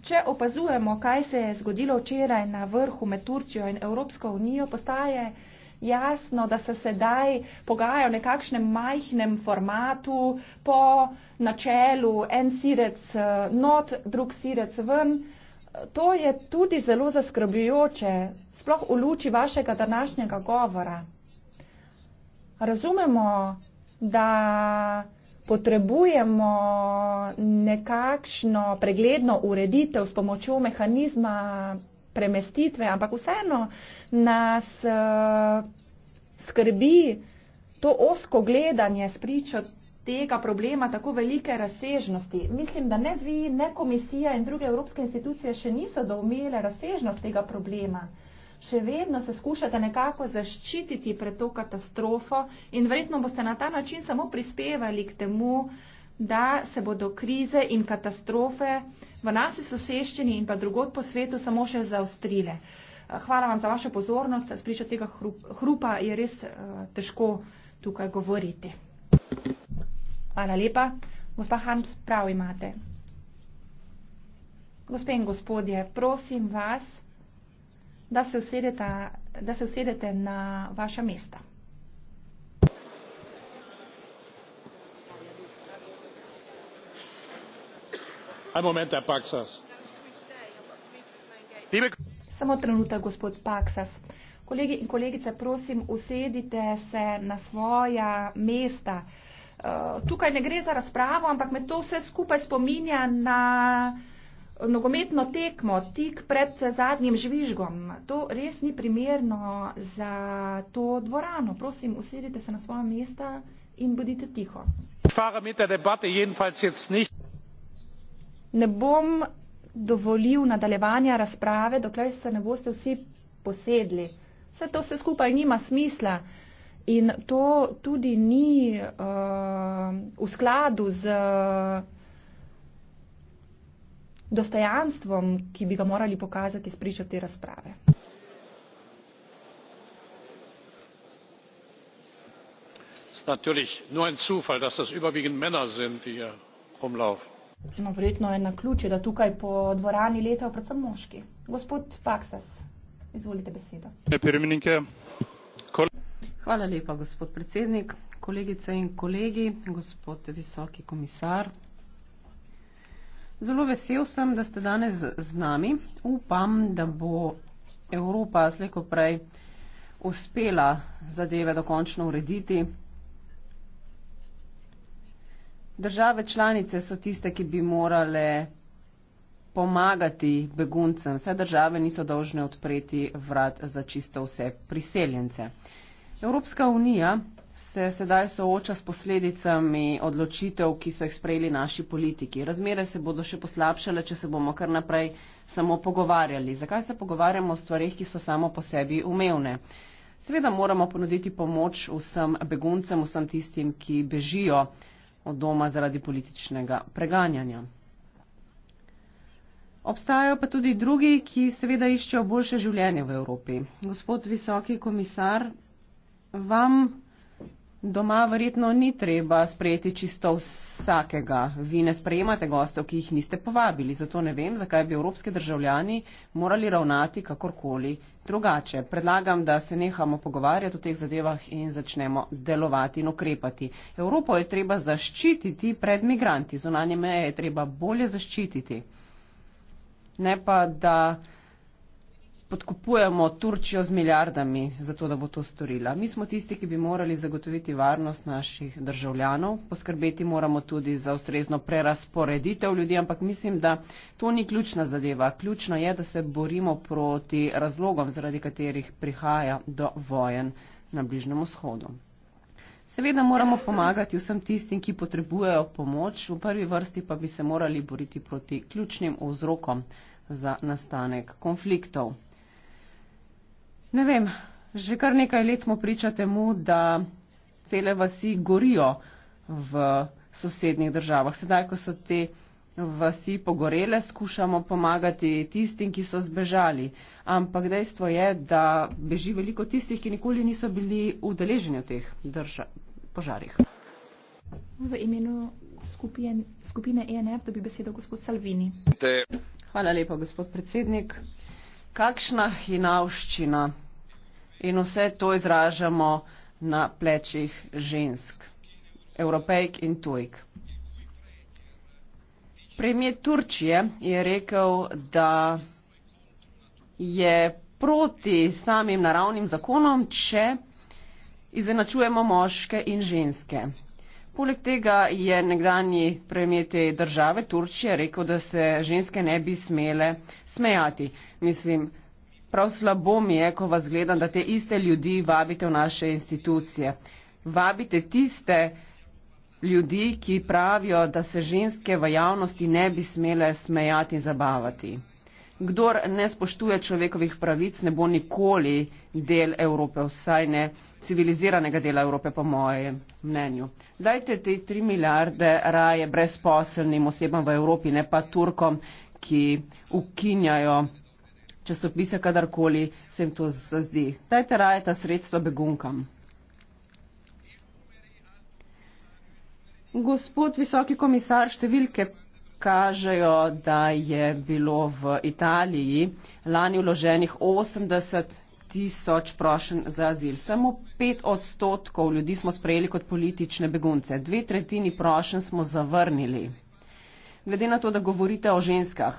Če opazujemo, kaj se je zgodilo včeraj na vrhu med Turčjo in Evropsko unijo, postaje jasno, da se sedaj pogajajo v nekakšnem majhnem formatu po načelu en sirec eh, not, drug sirec ven. To je tudi zelo zaskrbljujoče, sploh v luči vašega današnjega govora. Razumemo, da potrebujemo nekakšno pregledno ureditev s pomočjo mehanizma premestitve, ampak vseeno nas uh, skrbi to osko gledanje spričo tega problema tako velike razsežnosti. Mislim, da ne vi, ne komisija in druge evropske institucije še niso doumele razsežnost tega problema. Še vedno se skušate nekako zaščititi pred to katastrofo in verjetno boste na ta način samo prispevali k temu, da se bodo krize in katastrofe v nasi soseščini in pa drugod po svetu samo še zaostrile. Uh, Hvala vam za vašo pozornost. Spričo tega hrupa je res eh, težko tukaj govoriti. Hvala lepa. Gospa Harms, prav imate. Gospe in gospodje, prosim vas, da se usedete, da se usedete na vaša mesta. Moment, Liebe Samo trenutek, gospod Paksas. Kolegi in kolegice, prosim, usedite se na svoja mesta. Eh, tukaj ne gre za razpravo, ampak me to vse skupaj spominja na nogometno tekmo tik pred zadnjim žvižgom. To res ni primerno za to dvorano. Prosim, usedite se na svoja mesta in bodite tiho. Ne bom dovolil nadaljevanja razprave, dokler se ne boste vsi posedli. Vse to vse skupaj nima smisla in to tudi ni uh, v skladu z dostojanstvom, ki bi ga morali pokazati s pričo te razprave. Natürlich nur ein Zufall, dass das überwiegend Männer sind, die hier rumlaufen. No, verjetno je na ključe, da tukaj po dvorani letajo predvsem moški. Gospod Paksas, izvolite besedo. Hvala lepa, gospod predsednik, kolegice in kolegi, gospod visoki komisar. Zelo vesel sem, da ste danes z nami. Upam, da bo Evropa slejko prej uspela zadeve dokončno urediti države članice so tiste, ki bi morale pomagati beguncem. Vse države niso dožne odpreti vrat za čisto vse priseljence. Evropska unija se sedaj sooča s posledicami odločitev, ki so jih sprejeli naši politiki. Razmere se bodo še poslabšale, če se bomo kar naprej samo pogovarjali. Zakaj se pogovarjamo o stvarih, ki so samo po sebi umevne? Seveda moramo ponuditi pomoč vsem beguncem, vsem tistim, ki bežijo od doma zaradi političnega preganjanja. Obstajajo pa tudi drugi, ki seveda iščejo boljše življenje v Evropi. Gospod visoki komisar, vam. Doma verjetno ni treba sprejeti čisto vsakega. Vi ne sprejemate gostov, ki jih niste povabili. Zato ne vem, zakaj bi evropski državljani morali ravnati kakorkoli drugače. Predlagam, da se nehamo pogovarjati o teh zadevah in začnemo delovati in ukrepati. Evropo je treba zaščititi pred migranti. Zunanje meje je treba bolje zaščititi. Ne pa, da podkupujemo Turčijo z milijardami, zato da bo to storila. Mi smo tisti, ki bi morali zagotoviti varnost naših državljanov, poskrbeti moramo tudi za ustrezno prerasporeditev ljudi, ampak mislim, da to ni ključna zadeva. Ključno je, da se borimo proti razlogom, zaradi katerih prihaja do vojen na Bližnem vzhodu. Seveda moramo pomagati vsem tistim, ki potrebujejo pomoč, v prvi vrsti pa bi se morali boriti proti ključnim vzrokom za nastanek konfliktov. Ne vem, že kar nekaj let smo priča temu, da cele vasi gorijo v sosednjih državah. Sedaj, ko so te vasi pogorele, skušamo pomagati tistim, ki so zbežali. Ampak dejstvo je, da beži veliko tistih, ki nikoli niso bili udeleženi v teh požarih. V imenu skupin, skupine ENF e dobi besedo gospod Salvini. Hvala lepa, gospod predsednik. Kakšna hinavščina in vse to izražamo na plečih žensk, evropejk in tujk. Premijer Turčije je rekel, da je proti samim naravnim zakonom, če izenačujemo moške in ženske. Poleg tega je nekdani premijer te države Turčije rekel, da se ženske ne bi smele smejati. Mislim, Prav slabo mi je, ko vas gledam, da te iste ljudi vabite v naše institucije. Vabite tiste ljudi, ki pravijo, da se ženske v javnosti ne bi smele smejati in zabavati. Kdor ne spoštuje človekovih pravic, ne bo nikoli del Evrope, vsaj ne civiliziranega dela Evrope, po mojem mnenju. Dajte te tri milijarde raje brezposelnim osebam v Evropi, ne pa Turkom, ki ukinjajo časopise, kadarkoli se jim to zazdi. Dajte raje ta sredstva begunkam. Gospod visoki komisar, številke kažejo, da je bilo v Italiji lani vloženih 80 tisoč prošen za azil. Samo pet odstotkov ljudi smo sprejeli kot politične begunce. Dve tretjini prošen smo zavrnili. Glede na to, da govorite o ženskah,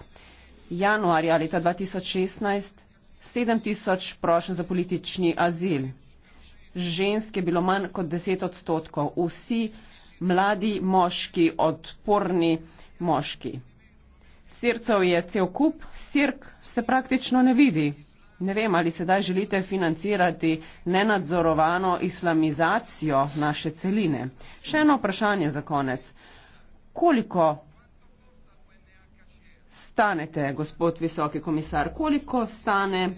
januarja leta 2016 7000 prošenj za politični azil. Žensk je bilo manj kot 10 odstotkov. Vsi mladi moški, odporni moški. Sircev je cel kup, sirk se praktično ne vidi. Ne vem, ali sedaj želite financirati nenadzorovano islamizacijo naše celine. Še eno vprašanje za konec. Koliko stanete, gospod visoki komisar? Koliko stane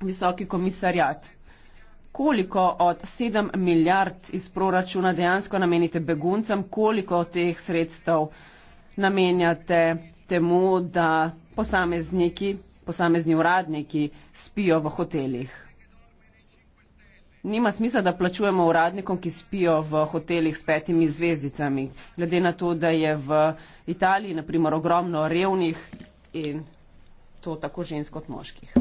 visoki komisarjat? Koliko od 7 milijard iz proračuna dejansko namenite beguncem? Koliko od teh sredstev namenjate temu, da posamezniki, posamezni uradniki spijo v hotelih? nima smisla, da plačujemo uradnikom, ki spijo v hotelih s petimi zvezdicami, glede na to, da je v Italiji naprimer ogromno revnih in to tako žensk kot moških.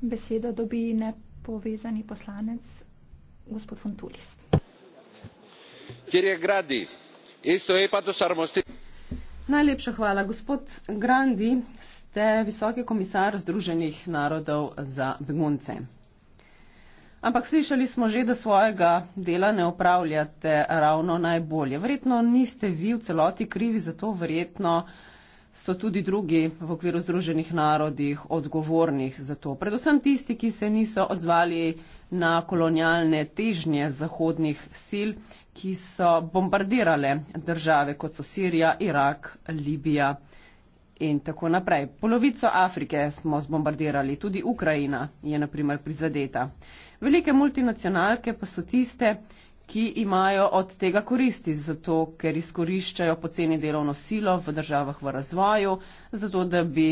Besedo dobi nepovezani poslanec gospod Fontulis. Najlepša hvala. Gospod Grandi, ste visoki komisar Združenih narodov za begunce. Ampak slišali smo že, da svojega dela ne upravljate ravno najbolje. Verjetno niste vi v celoti krivi za to, verjetno so tudi drugi v okviru Združenih narodih odgovornih za to. Predvsem tisti, ki se niso odzvali na kolonialne težnje zahodnih sil, ki so bombardirale države, kot so Sirija, Irak, Libija in tako naprej. Polovico Afrike smo zbombardirali, tudi Ukrajina je naprimer prizadeta. Velike multinacionalke pa so tiste, ki imajo od tega koristi, zato ker izkoriščajo poceni delovno silo v državah v razvoju, zato da bi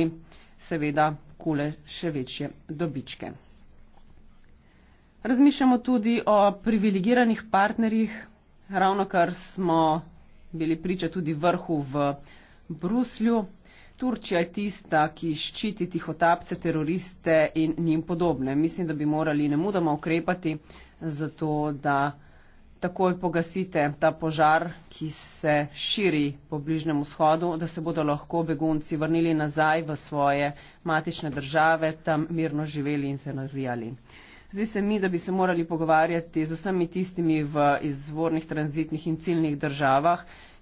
seveda kule še večje dobičke. Razmišljamo tudi o privilegiranih partnerjih Ravno kar smo bili priča tudi vrhu v Bruslju. Turčija je tista, ki ščiti tihotapce, teroriste in njim podobne. Mislim, da bi morali nemudoma ukrepati za to, da takoj pogasite ta požar, ki se širi po Bližnem vzhodu, da se bodo lahko begunci vrnili nazaj v svoje matične države, tam mirno živeli in se razvijali. Zdi se mi, da bi se morali pogovarjati z vsemi tistimi v izvornih, tranzitnih in ciljnih državah,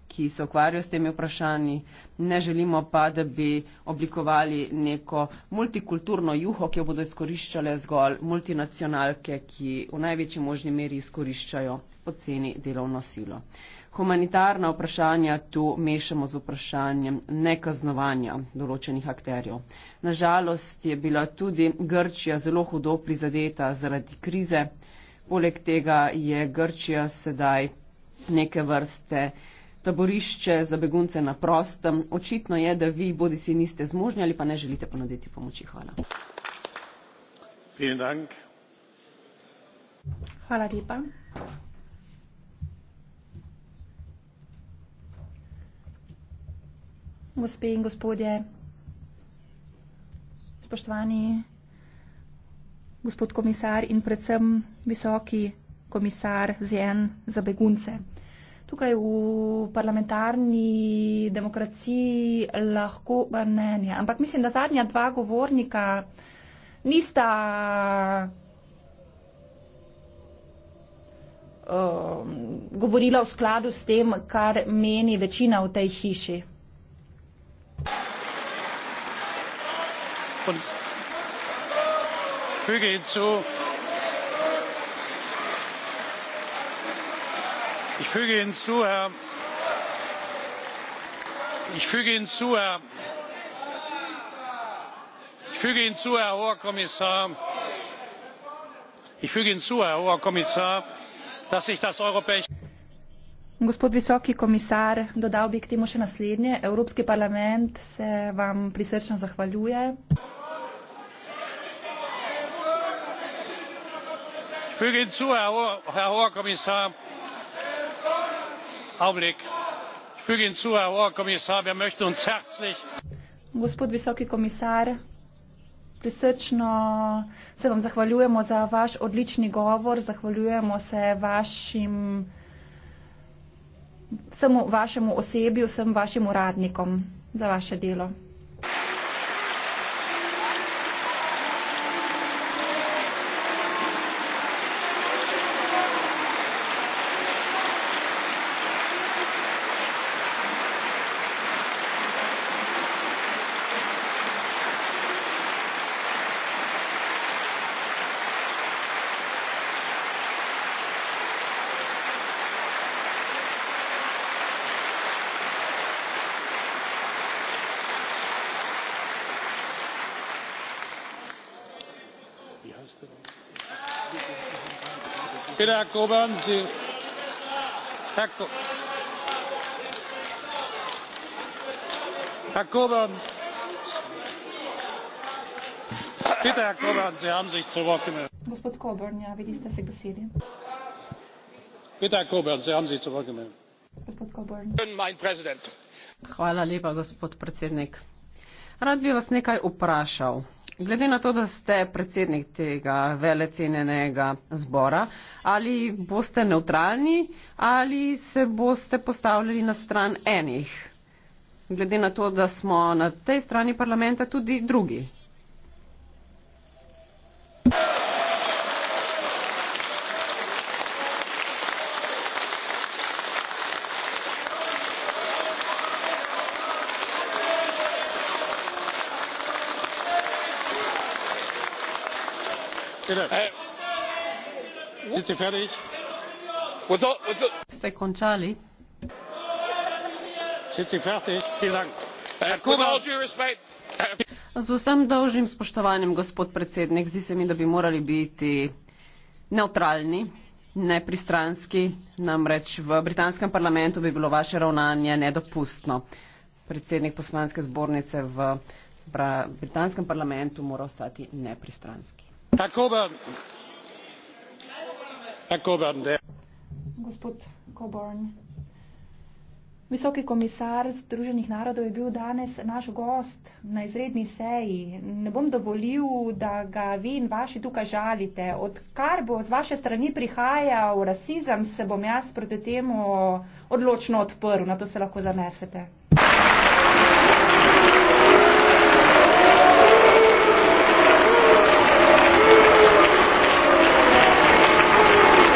ki se ukvarjajo s temi vprašanji. Ne želimo pa, da bi oblikovali neko multikulturno juho, ki jo bodo izkoriščale zgolj multinacionalke, ki v največji možni meri izkoriščajo poceni delovno silo humanitarna vprašanja tu mešamo z vprašanjem nekaznovanja določenih akterjev. Nažalost je bila tudi Grčija zelo hudo prizadeta zaradi krize. Poleg tega je Grčija sedaj neke vrste taborišče za begunce na prostem. Očitno je, da vi bodi si niste zmožni ali pa ne želite ponuditi pomoči. Hvala. Hvala lepa. gospe in gospodje, spoštovani gospod komisar in predvsem visoki komisar ZN za begunce. Tukaj v parlamentarni demokraciji lahko mnenje, ampak mislim, da zadnja dva govornika nista um, govorila v skladu s tem, kar meni večina v tej hiši. und füge hinzu ich füge hinzu herr ich füge hinzu herr ich füge hinzu herr hoher kommissar ich füge hinzu herr hoher kommissar dass sich das europäische Gospod visoki komisar, dodal bi k temu še naslednje. Evropski parlament se vam prisrčno zahvaljuje. Fügen zu, Herr Hoher, Herr Hoher Kommissar. Augenblick. Fügen zu, Herr Hoher Kommissar. Wir möchten uns herzlich. Gospod visoki komisar, prisrčno se vam zahvaljujemo za vaš odlični govor, zahvaljujemo se vašim vsemu vašemu osebju, vsem vašim uradnikom za vaše delo. herr coburn bitte herr coburn sie haben sich zu wort gemeldet. Ja, hvala lepa gospod predsednik. rad bi vas nekaj vprašal. Glede na to, da ste predsednik tega velecenjenega zbora, ali boste neutralni ali se boste postavljali na stran enih? Glede na to, da smo na tej strani parlamenta tudi drugi. ste končali? Z vsem dolžnim spoštovanjem, gospod predsednik, zdi se mi, da bi morali biti neutralni, nepristranski, namreč v britanskem parlamentu bi bilo vaše ravnanje nedopustno. Predsednik poslanske zbornice v britanskem parlamentu mora ostati nepristranski. Tako bo gospod Coburn. Visoki komisar Združenih narodov je bil danes naš gost na izredni seji. Ne bom dovolil, da ga vi in vaši tukaj žalite. Odkar bo z vaše strani prihajal rasizem, se bom jaz proti temu odločno odprl. Na to se lahko zanesete.